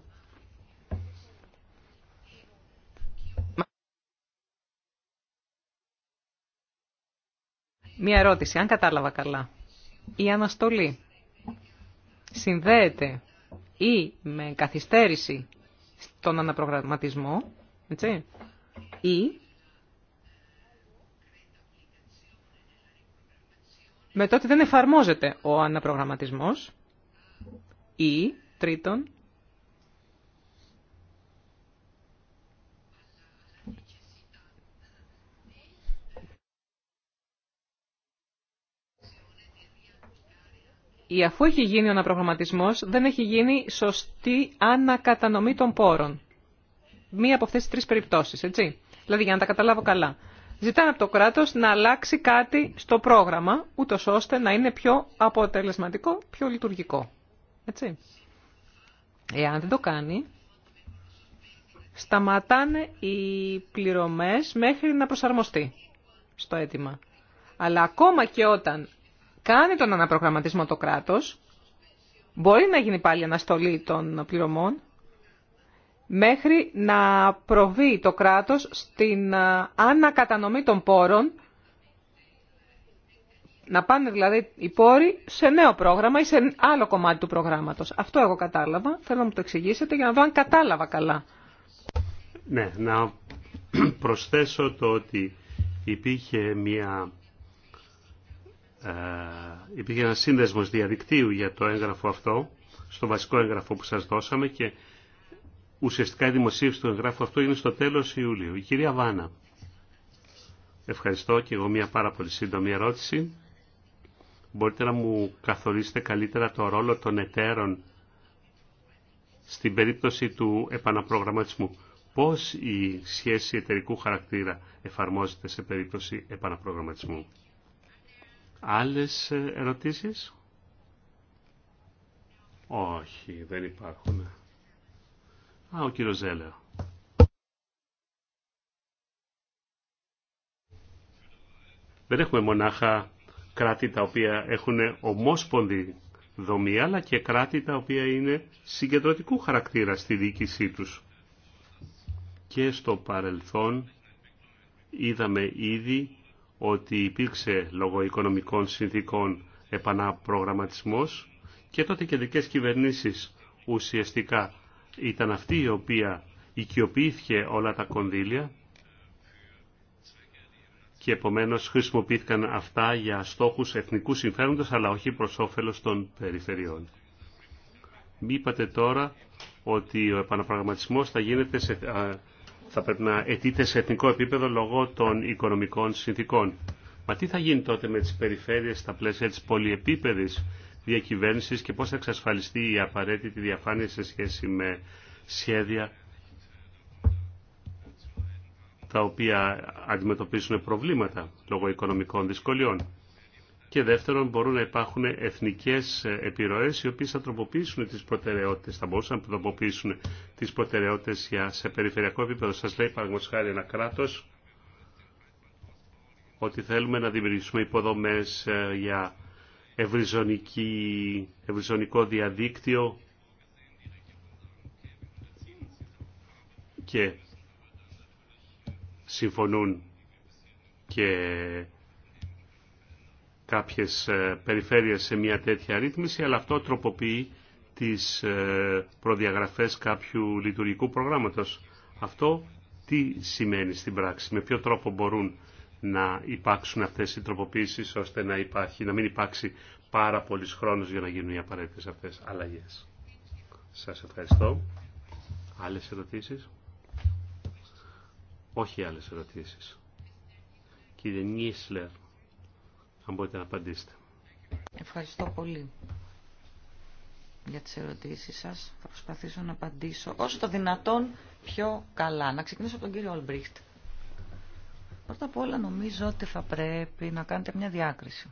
Μία ερώτηση, αν κατάλαβα καλά. Η αναστολή συνδέεται ή με καθυστέρηση στον αναπρογραμματισμό, έτσι, ή με το ότι δεν εφαρμόζεται ο αναπρογραμματισμός ή τρίτον ή αφού έχει γίνει ο αναπρογραμματισμός, δεν έχει γίνει σωστή ανακατανομή των πόρων. Μία από αυτές τις τρεις περιπτώσεις, έτσι. Δηλαδή, για να τα καταλάβω καλά. Ζητάνε από το κράτος να αλλάξει κάτι στο πρόγραμμα, ούτω ώστε να είναι πιο αποτελεσματικό, πιο λειτουργικό. Έτσι. Εάν δεν το κάνει, σταματάνε οι πληρωμές μέχρι να προσαρμοστεί στο αίτημα. Αλλά ακόμα και όταν κάνει τον αναπρογραμματισμό το κράτος, μπορεί να γίνει πάλι αναστολή των πληρωμών, μέχρι να προβεί το κράτος στην ε, ανακατανομή των πόρων, να πάνε δηλαδή οι πόροι σε νέο πρόγραμμα ή σε άλλο κομμάτι του προγράμματος. Αυτό εγώ κατάλαβα, θέλω να μου το εξηγήσετε για να δω αν κατάλαβα καλά. Ναι, να προσθέσω το ότι υπήρχε μια ε, υπήρχε ένα σύνδεσμος διαδικτύου για το έγγραφο αυτό, στο βασικό έγγραφο που σας δώσαμε και ουσιαστικά η δημοσίευση του εγγράφου αυτού είναι στο τέλος Ιουλίου. Η κυρία Βάνα. Ευχαριστώ και εγώ μια πάρα πολύ σύντομη ερώτηση. Μπορείτε να μου καθορίσετε καλύτερα το ρόλο των εταίρων στην περίπτωση του επαναπρογραμματισμού. Πώς η σχέση εταιρικού χαρακτήρα εφαρμόζεται σε περίπτωση επαναπρογραμματισμού. Άλλες ερωτήσεις? Όχι, δεν υπάρχουν. Α, ο κύριος Ζέλεο. Δεν έχουμε μονάχα κράτη τα οποία έχουν ομόσπονδη δομή, αλλά και κράτη τα οποία είναι συγκεντρωτικού χαρακτήρα στη διοίκησή τους. Και στο παρελθόν είδαμε ήδη ότι υπήρξε λόγω οικονομικών συνθήκων επαναπρογραμματισμός και τότε οι κεντρικές κυβερνήσεις ουσιαστικά ήταν αυτή η οποία οικειοποιήθηκε όλα τα κονδύλια και επομένως χρησιμοποιήθηκαν αυτά για στόχους εθνικού συμφέροντος αλλά όχι προς όφελος των περιφερειών. Μη είπατε τώρα ότι ο επαναπραγματισμός θα γίνεται σε θα πρέπει να αιτείται σε εθνικό επίπεδο λόγω των οικονομικών συνθήκων. Μα τι θα γίνει τότε με τις περιφέρειες στα πλαίσια της πολυεπίπεδης διακυβέρνησης και πώς θα εξασφαλιστεί η απαραίτητη διαφάνεια σε σχέση με σχέδια τα οποία αντιμετωπίζουν προβλήματα λόγω οικονομικών δυσκολιών και δεύτερον μπορούν να υπάρχουν εθνικές επιρροές οι οποίες θα τροποποιήσουν τις προτεραιότητες, θα μπορούσαν να τροποποιήσουν τις προτεραιότητες για, σε περιφερειακό επίπεδο. Σας λέει παραγωγικά ένα κράτος ότι θέλουμε να δημιουργήσουμε υποδομές ε, για ευρυζωνικό διαδίκτυο και συμφωνούν και κάποιες ε, περιφέρειες σε μια τέτοια ρύθμιση, αλλά αυτό τροποποιεί τις ε, προδιαγραφές κάποιου λειτουργικού προγράμματος. Αυτό τι σημαίνει στην πράξη, με ποιο τρόπο μπορούν να υπάρξουν αυτές οι τροποποίησεις ώστε να, υπάρχει, να μην υπάρξει πάρα πολλή χρόνος για να γίνουν οι απαραίτητες αυτές αλλαγές. Σας ευχαριστώ. Άλλες ερωτήσεις. Όχι άλλες ερωτήσεις. Κύριε Νίσλερ αν μπορείτε Ευχαριστώ πολύ για τις ερωτήσεις σας. Θα προσπαθήσω να απαντήσω όσο το δυνατόν πιο καλά. Να ξεκινήσω από τον κύριο Ολμπρίχτ. Πρώτα απ' όλα νομίζω ότι θα πρέπει να κάνετε μια διάκριση.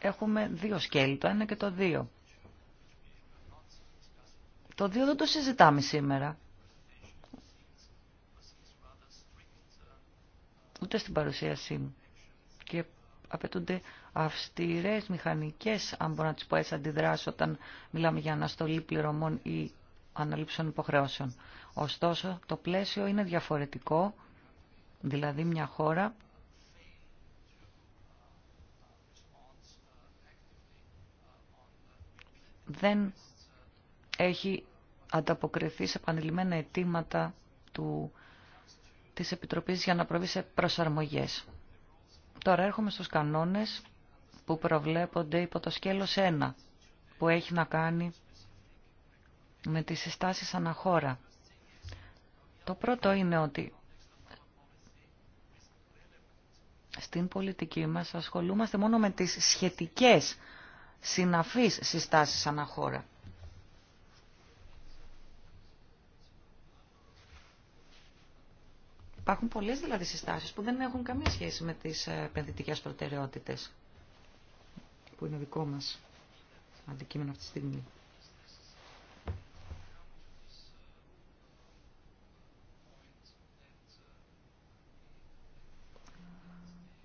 Έχουμε δύο σκέλη, το ένα και το δύο. Το δύο δεν το συζητάμε σήμερα. ούτε στην παρουσίασή μου. Και απαιτούνται αυστηρές μηχανικές, αν μπορώ να τις πω έτσι, όταν μιλάμε για αναστολή πληρωμών ή αναλήψεων υποχρεώσεων. Ωστόσο, το πλαίσιο είναι διαφορετικό, δηλαδή μια χώρα δεν έχει ανταποκριθεί σε επανειλημμένα αιτήματα του της Επιτροπής για να προβεί σε προσαρμογές. Τώρα έρχομαι στους κανόνες που προβλέπονται υπό το σκέλος 1, που έχει να κάνει με τις συστάσεις αναχώρα. Το πρώτο είναι ότι στην πολιτική μας ασχολούμαστε μόνο με τις σχετικές συναφείς συστάσεις αναχώρα. Υπάρχουν πολλές δηλαδή συστάσεις που δεν έχουν καμία σχέση με τις ε, επενδυτικές προτεραιότητες που είναι δικό μας αντικείμενο αυτή τη στιγμή.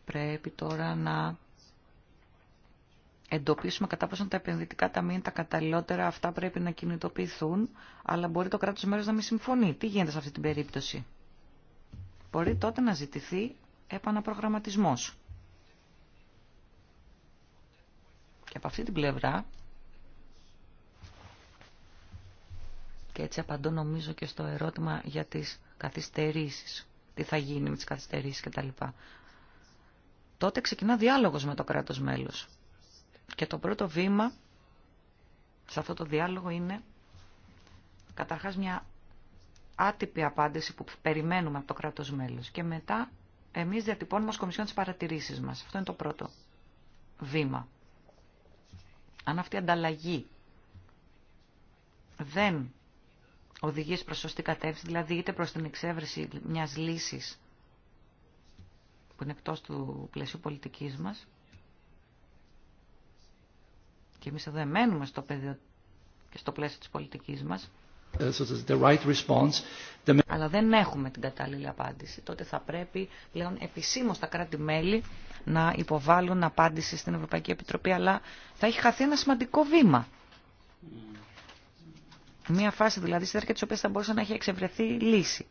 Πρέπει τώρα να εντοπίσουμε κατά πόσο τα επενδυτικά ταμεία είναι τα καταλληλότερα, αυτά πρέπει να κινητοποιηθούν, αλλά μπορεί το κράτος μέρος να μην συμφωνεί. Τι γίνεται σε αυτή την περίπτωση μπορεί τότε να ζητηθεί επαναπρογραμματισμός. Και από αυτή την πλευρά, και έτσι απαντώ νομίζω και στο ερώτημα για τις καθυστερήσεις, τι θα γίνει με τις καθυστερήσεις κτλ. Τότε ξεκινά διάλογος με το κράτος μέλος. Και το πρώτο βήμα σε αυτό το διάλογο είναι καταρχάς μια άτυπη απάντηση που περιμένουμε από το κράτος μέλος. Και μετά εμείς διατυπώνουμε ως Κομισιόν τις παρατηρήσεις μας. Αυτό είναι το πρώτο βήμα. Αν αυτή η ανταλλαγή δεν οδηγεί προ σωστή κατεύθυνση, δηλαδή είτε προ την εξέβρεση μια λύση που είναι εκτό του πλαισίου πολιτική μα. και εμεί εδώ εμένουμε στο πεδίο και στο πλαίσιο τη πολιτική μα. Ε, αλλά δεν έχουμε την κατάλληλη απάντηση. Τότε θα πρέπει πλέον επισήμω τα κράτη-μέλη να υποβάλουν απάντηση στην Ευρωπαϊκή Επιτροπή, αλλά θα έχει χαθεί ένα σημαντικό βήμα. Μία φάση δηλαδή στη διάρκεια τη οποία θα μπορούσε να έχει εξευρεθεί λύση.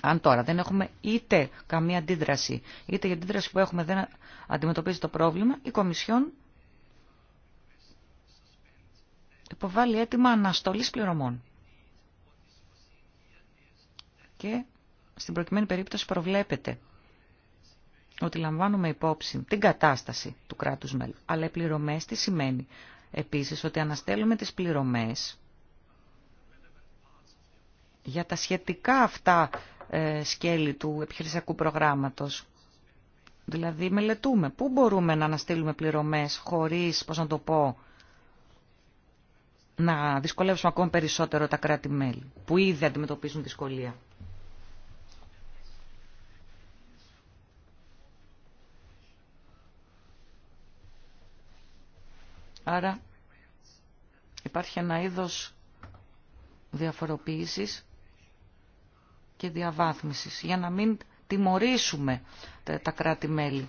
Αν τώρα δεν έχουμε είτε καμία αντίδραση, είτε η αντίδραση που έχουμε δεν αντιμετωπίζει το πρόβλημα, η Κομισιόν υποβάλλει αίτημα αναστολής πληρωμών. Και στην προκειμένη περίπτωση προβλέπεται ότι λαμβάνουμε υπόψη την κατάσταση του κράτους μελ. Αλλά οι πληρωμές τι σημαίνει. Επίσης ότι αναστέλουμε τις πληρωμές για τα σχετικά αυτά ε, σκέλη του επιχειρησιακού προγράμματος. Δηλαδή μελετούμε πού μπορούμε να αναστείλουμε πληρωμές χωρίς, πώς να το πω, να δυσκολεύσουμε ακόμη περισσότερο τα κράτη-μέλη που ήδη αντιμετωπίζουν δυσκολία. Άρα υπάρχει ένα είδος διαφοροποίησης και διαβάθμισης για να μην τιμωρήσουμε τα κράτη-μέλη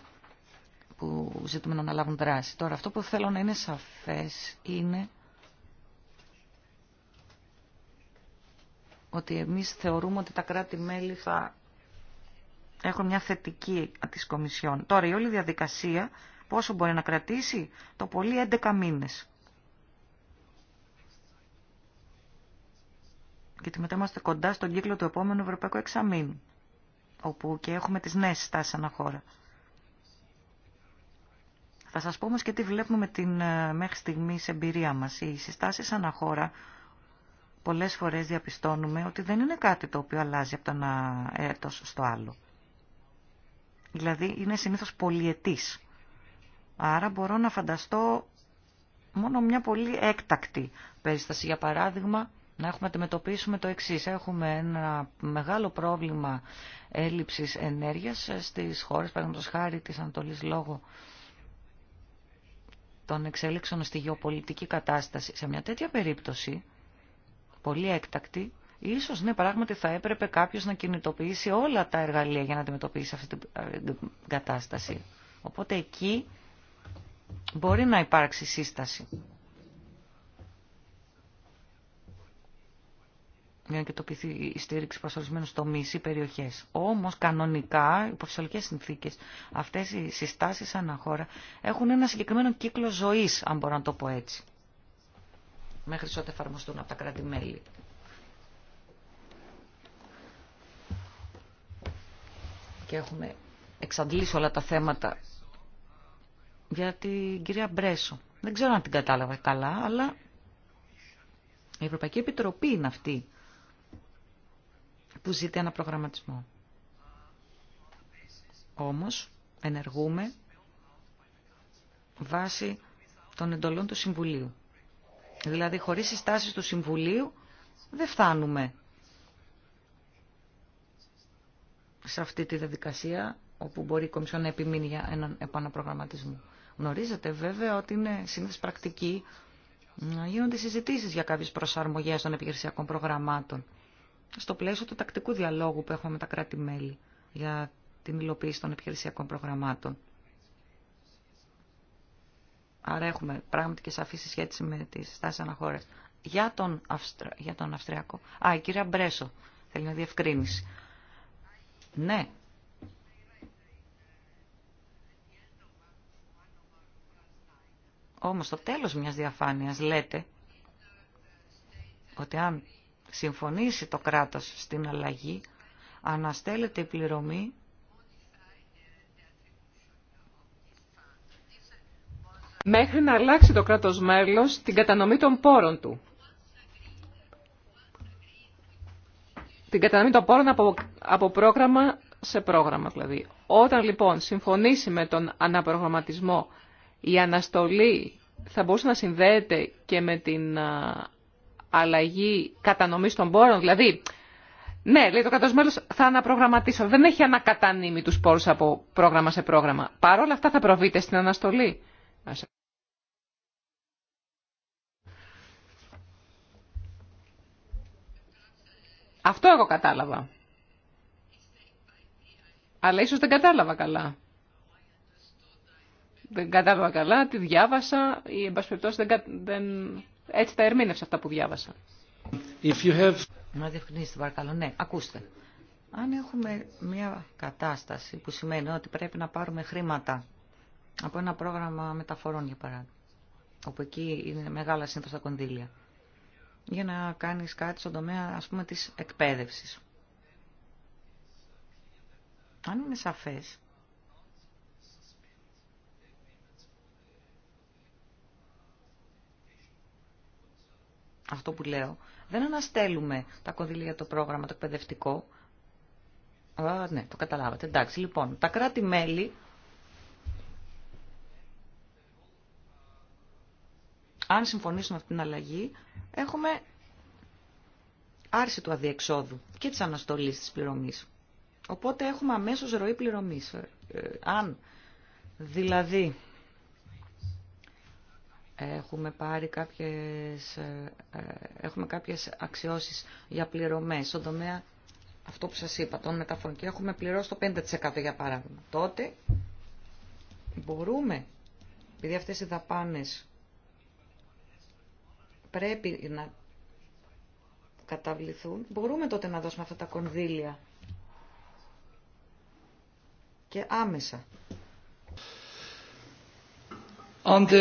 που ζητούμε να αναλάβουν δράση. Τώρα αυτό που θέλω να είναι σαφές είναι ότι εμείς θεωρούμε ότι τα κράτη-μέλη θα έχουν μια θετική της Κομισιόν. Τώρα η όλη διαδικασία πόσο μπορεί να κρατήσει, το πολύ 11 μήνες. Γιατί μετά είμαστε κοντά στον κύκλο του επόμενου Ευρωπαϊκού Εξαμήνου, όπου και έχουμε τις νέες στάσεις αναχώρα. χώρα. Θα σας πω όμως και τι βλέπουμε την ε, μέχρι στιγμής εμπειρία μας. Οι συστάσεις αναχώρα πολλές φορές διαπιστώνουμε ότι δεν είναι κάτι το οποίο αλλάζει από το ένα έτος στο άλλο. Δηλαδή είναι συνήθως πολυετής. Άρα μπορώ να φανταστώ μόνο μια πολύ έκτακτη περίσταση. Για παράδειγμα, να έχουμε αντιμετωπίσουμε το εξή. Έχουμε ένα μεγάλο πρόβλημα έλλειψης ενέργειας στις χώρες, παραδείγματος χάρη της Ανατολής λόγω των εξέλιξεων στη γεωπολιτική κατάσταση. Σε μια τέτοια περίπτωση, πολύ έκτακτη, ίσως ναι πράγματι θα έπρεπε κάποιος να κινητοποιήσει όλα τα εργαλεία για να αντιμετωπίσει αυτή την ε, κατάσταση. Οπότε εκεί μπορεί να υπάρξει σύσταση. για να κοιτοποιηθεί η στήριξη προ ορισμένου τομεί ή περιοχέ. Όμω, κανονικά, υπό φυσιολογικέ συνθήκε, αυτέ οι συστάσει χώρα έχουν ένα συγκεκριμένο κύκλο ζωή, αν μπορώ να το πω έτσι μέχρι ό,τι εφαρμοστούν από τα κράτη-μέλη. Και έχουμε εξαντλήσει όλα τα θέματα για την κυρία Μπρέσο. Δεν ξέρω αν την κατάλαβα καλά, αλλά η Ευρωπαϊκή Επιτροπή είναι αυτή που ζητεί ένα προγραμματισμό. Όμως, ενεργούμε βάσει των εντολών του Συμβουλίου. Δηλαδή χωρίς συστάσεις του Συμβουλίου δεν φτάνουμε σε αυτή τη διαδικασία όπου μπορεί η Κομισιόν να επιμείνει για έναν επαναπρογραμματισμό. Γνωρίζετε βέβαια ότι είναι σύνδεση πρακτική να γίνονται συζητήσεις για κάποιες προσαρμογές των επιχειρησιακών προγραμμάτων στο πλαίσιο του τακτικού διαλόγου που έχουμε με τα κράτη-μέλη για την υλοποίηση των επιχειρησιακών προγραμμάτων. Άρα έχουμε πράγματι και σαφή συσχέτιση με τις στάσεις αναχώρες Για τον, για τον Αυστριακό. Α, η κυρία Μπρέσο θέλει να διευκρίνηση. Ναι. Όμως στο τέλος μιας διαφάνειας λέτε ότι αν συμφωνήσει το κράτος στην αλλαγή αναστέλλεται η πληρωμή μέχρι να αλλάξει το κράτος μέλος την κατανομή των πόρων του. Την κατανομή των πόρων από, πρόγραμμα σε πρόγραμμα δηλαδή. Όταν λοιπόν συμφωνήσει με τον αναπρογραμματισμό η αναστολή θα μπορούσε να συνδέεται και με την αλλαγή κατανομής των πόρων. Δηλαδή, ναι, λέει το κρατός μέλος, θα αναπρογραμματίσω. Δεν έχει ανακατανείμει τους πόρους από πρόγραμμα σε πρόγραμμα. Παρ' αυτά θα προβείτε στην αναστολή. Αυτό εγώ κατάλαβα. Αλλά ίσως δεν κατάλαβα καλά. Δεν κατάλαβα καλά, τη διάβασα ή εν δεν, κα... δεν... έτσι τα ερμήνευσα αυτά που διάβασα. Να διευκρινίσετε Ναι, ακούστε. Αν έχουμε μια κατάσταση που σημαίνει ότι πρέπει να πάρουμε χρήματα από ένα πρόγραμμα μεταφορών, για παράδειγμα, όπου εκεί είναι μεγάλα συνήθως τα κονδύλια, για να κάνεις κάτι στον τομέα, ας πούμε, της εκπαίδευσης. Αν είναι σαφές, αυτό που λέω, δεν αναστέλουμε τα κονδύλια για το πρόγραμμα, το εκπαιδευτικό. Α, ναι, το καταλάβατε. Εντάξει, λοιπόν, τα κράτη-μέλη αν συμφωνήσουμε αυτή την αλλαγή, έχουμε άρση του αδιεξόδου και της αναστολής της πληρωμής. Οπότε έχουμε αμέσως ροή πληρωμής. Ε, αν δηλαδή έχουμε πάρει κάποιες, ε, ε, έχουμε κάποιες αξιώσεις για πληρωμές στον τομέα αυτό που σας είπα, τον μεταφορών και έχουμε πληρώσει το 5% για παράδειγμα. Τότε μπορούμε, επειδή αυτές οι δαπάνες πρέπει να καταβληθούν, μπορούμε τότε να δώσουμε αυτά τα κονδύλια και άμεσα. On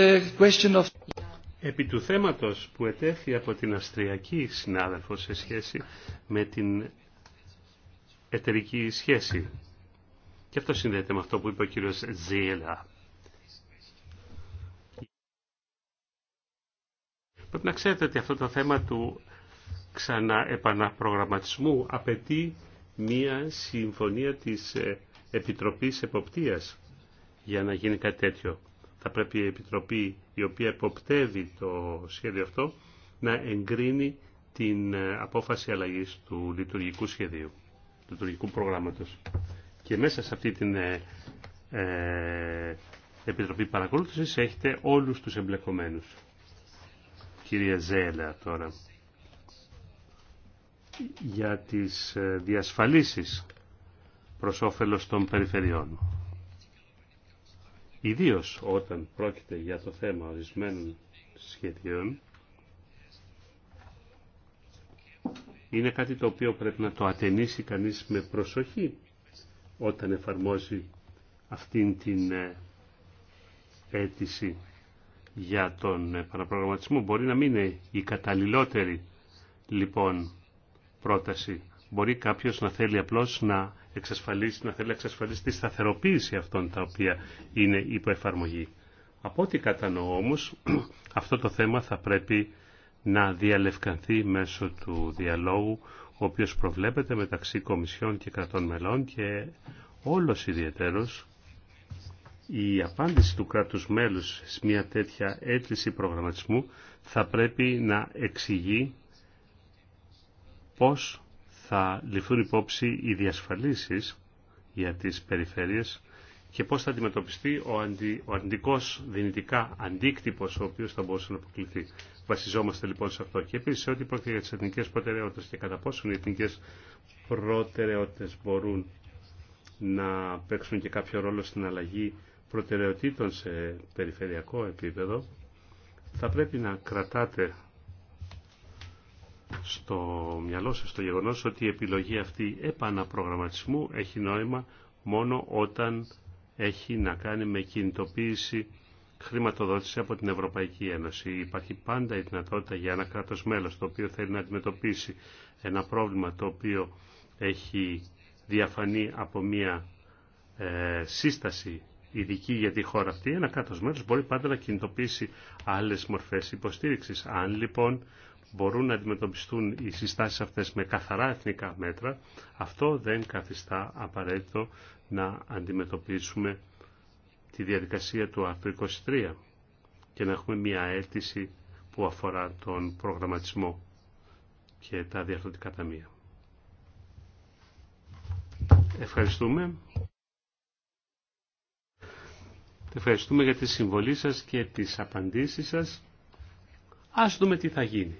Επί του θέματος που ετέθη από την Αυστριακή συνάδελφο σε σχέση με την εταιρική σχέση. Και αυτό συνδέεται με αυτό που είπε ο κύριος Ζήλα. Πρέπει να ξέρετε ότι αυτό το θέμα του ξαναεπαναπρογραμματισμού απαιτεί μία συμφωνία της ε, Επιτροπής Εποπτείας για να γίνει κάτι τέτοιο. Θα πρέπει η Επιτροπή η οποία εποπτεύει το σχέδιο αυτό να εγκρίνει την ε, απόφαση αλλαγής του λειτουργικού σχεδίου, του λειτουργικού προγράμματος. Και μέσα σε αυτή την ε, ε Επιτροπή Παρακολούθησης έχετε όλους τους εμπλεκομένους κυρία Ζέλα τώρα για τις ε, διασφαλίσεις προς όφελος των περιφερειών. Ιδίως όταν πρόκειται για το θέμα ορισμένων σχεδιών, είναι κάτι το οποίο πρέπει να το ατενίσει κανείς με προσοχή όταν εφαρμόζει αυτήν την ε, αίτηση για τον ε, παραπρογραμματισμό μπορεί να μην είναι η καταλληλότερη λοιπόν πρόταση. Μπορεί κάποιος να θέλει απλώς να εξασφαλίσει, να θέλει εξασφαλίσει τη σταθεροποίηση αυτών τα οποία είναι υπό εφαρμογή. Από ό,τι κατανοώ όμως, αυτό το θέμα θα πρέπει να διαλευκανθεί μέσω του διαλόγου, ο οποίος προβλέπεται μεταξύ Κομισιών και Κρατών Μελών και όλος ιδιαίτερος η απάντηση του κράτους μέλους σε μια τέτοια έκκληση προγραμματισμού θα πρέπει να εξηγεί πώς θα ληφθούν υπόψη οι διασφαλίσεις για τις περιφέρειες και πώς θα αντιμετωπιστεί ο, αντι, ο αντικός δυνητικά αντίκτυπος ο οποίος θα μπορούσε να αποκλειθεί. Βασιζόμαστε λοιπόν σε αυτό. Και επίσης ό,τι πρόκειται για τις εθνικές προτεραιότητες και κατά πόσον οι εθνικές προτεραιότητες μπορούν να παίξουν και κάποιο ρόλο στην αλλαγή προτεραιοτήτων σε περιφερειακό επίπεδο θα πρέπει να κρατάτε στο μυαλό σας το γεγονός ότι η επιλογή αυτή επαναπρογραμματισμού έχει νόημα μόνο όταν έχει να κάνει με κινητοποίηση χρηματοδότηση από την Ευρωπαϊκή Ένωση. Υπάρχει πάντα η δυνατότητα για ένα κράτος μέλος το οποίο θέλει να αντιμετωπίσει ένα πρόβλημα το οποίο έχει διαφανεί από μια ε, σύσταση ειδική για τη χώρα αυτή, ένα κάτω μέλο μπορεί πάντα να κινητοποιήσει άλλε μορφές υποστήριξης. Αν λοιπόν μπορούν να αντιμετωπιστούν οι συστάσεις αυτές με καθαρά εθνικά μέτρα, αυτό δεν καθιστά απαραίτητο να αντιμετωπίσουμε τη διαδικασία του άρθρου 23 και να έχουμε μια αίτηση που αφορά τον προγραμματισμό και τα διαρθρωτικά ταμεία. Ευχαριστούμε. Ευχαριστούμε για τη συμβολή σας και τις απαντήσεις σας. Ας δούμε τι θα γίνει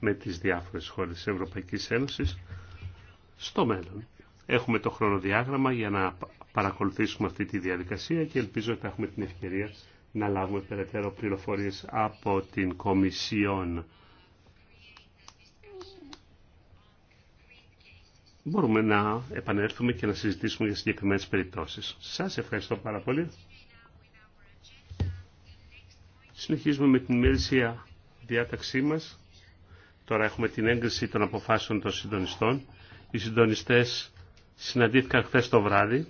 με τις διάφορες χώρες της Ευρωπαϊκής Ένωσης στο μέλλον. Έχουμε το χρονοδιάγραμμα για να παρακολουθήσουμε αυτή τη διαδικασία και ελπίζω ότι θα έχουμε την ευκαιρία να λάβουμε περαιτέρω πληροφορίες από την Κομισιόν. Μπορούμε να επανέλθουμε και να συζητήσουμε για συγκεκριμένες περιπτώσεις. Σας ευχαριστώ πάρα πολύ. Συνεχίζουμε με την μέλησια διάταξή μας. Τώρα έχουμε την έγκριση των αποφάσεων των συντονιστών. Οι συντονιστές συναντήθηκαν χθες το βράδυ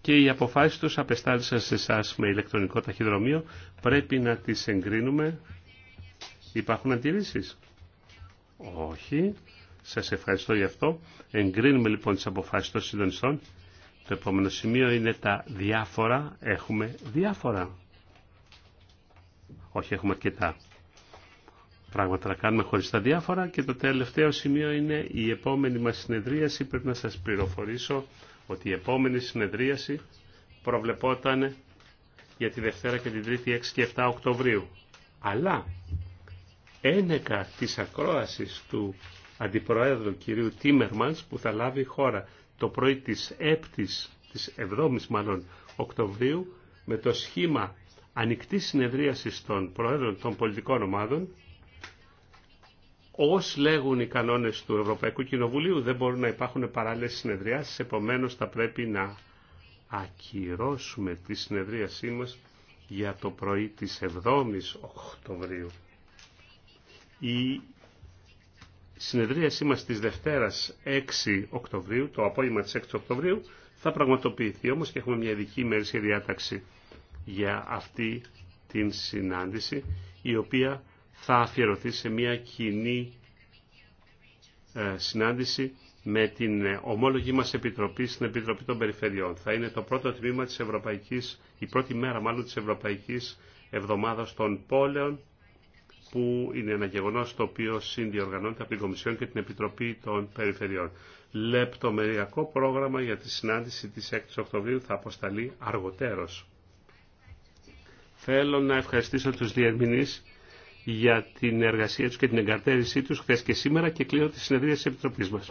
και οι αποφάσεις τους απεστάλησαν σε εσά με ηλεκτρονικό ταχυδρομείο. Πρέπει να τις εγκρίνουμε. Υπάρχουν αντιρρήσεις. Όχι. Σας ευχαριστώ για αυτό. Εγκρίνουμε λοιπόν τις αποφάσεις των συντονιστών. Το επόμενο σημείο είναι τα διάφορα. Έχουμε διάφορα. Όχι, έχουμε αρκετά πράγματα να κάνουμε χωρίς τα διάφορα. Και το τελευταίο σημείο είναι η επόμενη μας συνεδρίαση. Πρέπει να σας πληροφορήσω ότι η επόμενη συνεδρίαση προβλεπόταν για τη Δευτέρα και την Τρίτη 6 και 7 Οκτωβρίου. Αλλά ένεκα της ακρόασης του Αντιπροέδρου κυρίου Τίμερμανς που θα λάβει η χώρα το πρωί της 7ης, της 7ης μάλλον Οκτωβρίου με το σχήμα ανοιχτή συνεδρίασης των Προέδρων των πολιτικών ομάδων ως λέγουν οι κανόνες του Ευρωπαϊκού Κοινοβουλίου δεν μπορούν να υπάρχουν παράλληλες συνεδριάσεις επομένως θα πρέπει να ακυρώσουμε τη συνεδρίασή μας για το πρωί της 7ης Οκτωβρίου. Η συνεδρίασή μας της Δευτέρας 6 Οκτωβρίου, το απόγευμα της 6 Οκτωβρίου, θα πραγματοποιηθεί όμως και έχουμε μια ειδική ημερήσια διάταξη για αυτή την συνάντηση, η οποία θα αφιερωθεί σε μια κοινή ε, συνάντηση με την ομόλογη μας επιτροπή στην Επιτροπή των Περιφερειών. Θα είναι το πρώτο τμήμα της Ευρωπαϊκής, η πρώτη μέρα μάλλον της Ευρωπαϊκής Εβδομάδας των Πόλεων που είναι ένα γεγονός το οποίο συνδιοργανώνεται από την Κομισιόν και την Επιτροπή των Περιφερειών. Λεπτομεριακό πρόγραμμα για τη συνάντηση της 6 Οκτωβρίου θα αποσταλεί αργοτέρως. Θέλω να ευχαριστήσω τους διερμηνείς για την εργασία τους και την εγκαρτέρησή τους χθες και σήμερα και κλείνω τη συνεδρία της Επιτροπής μας.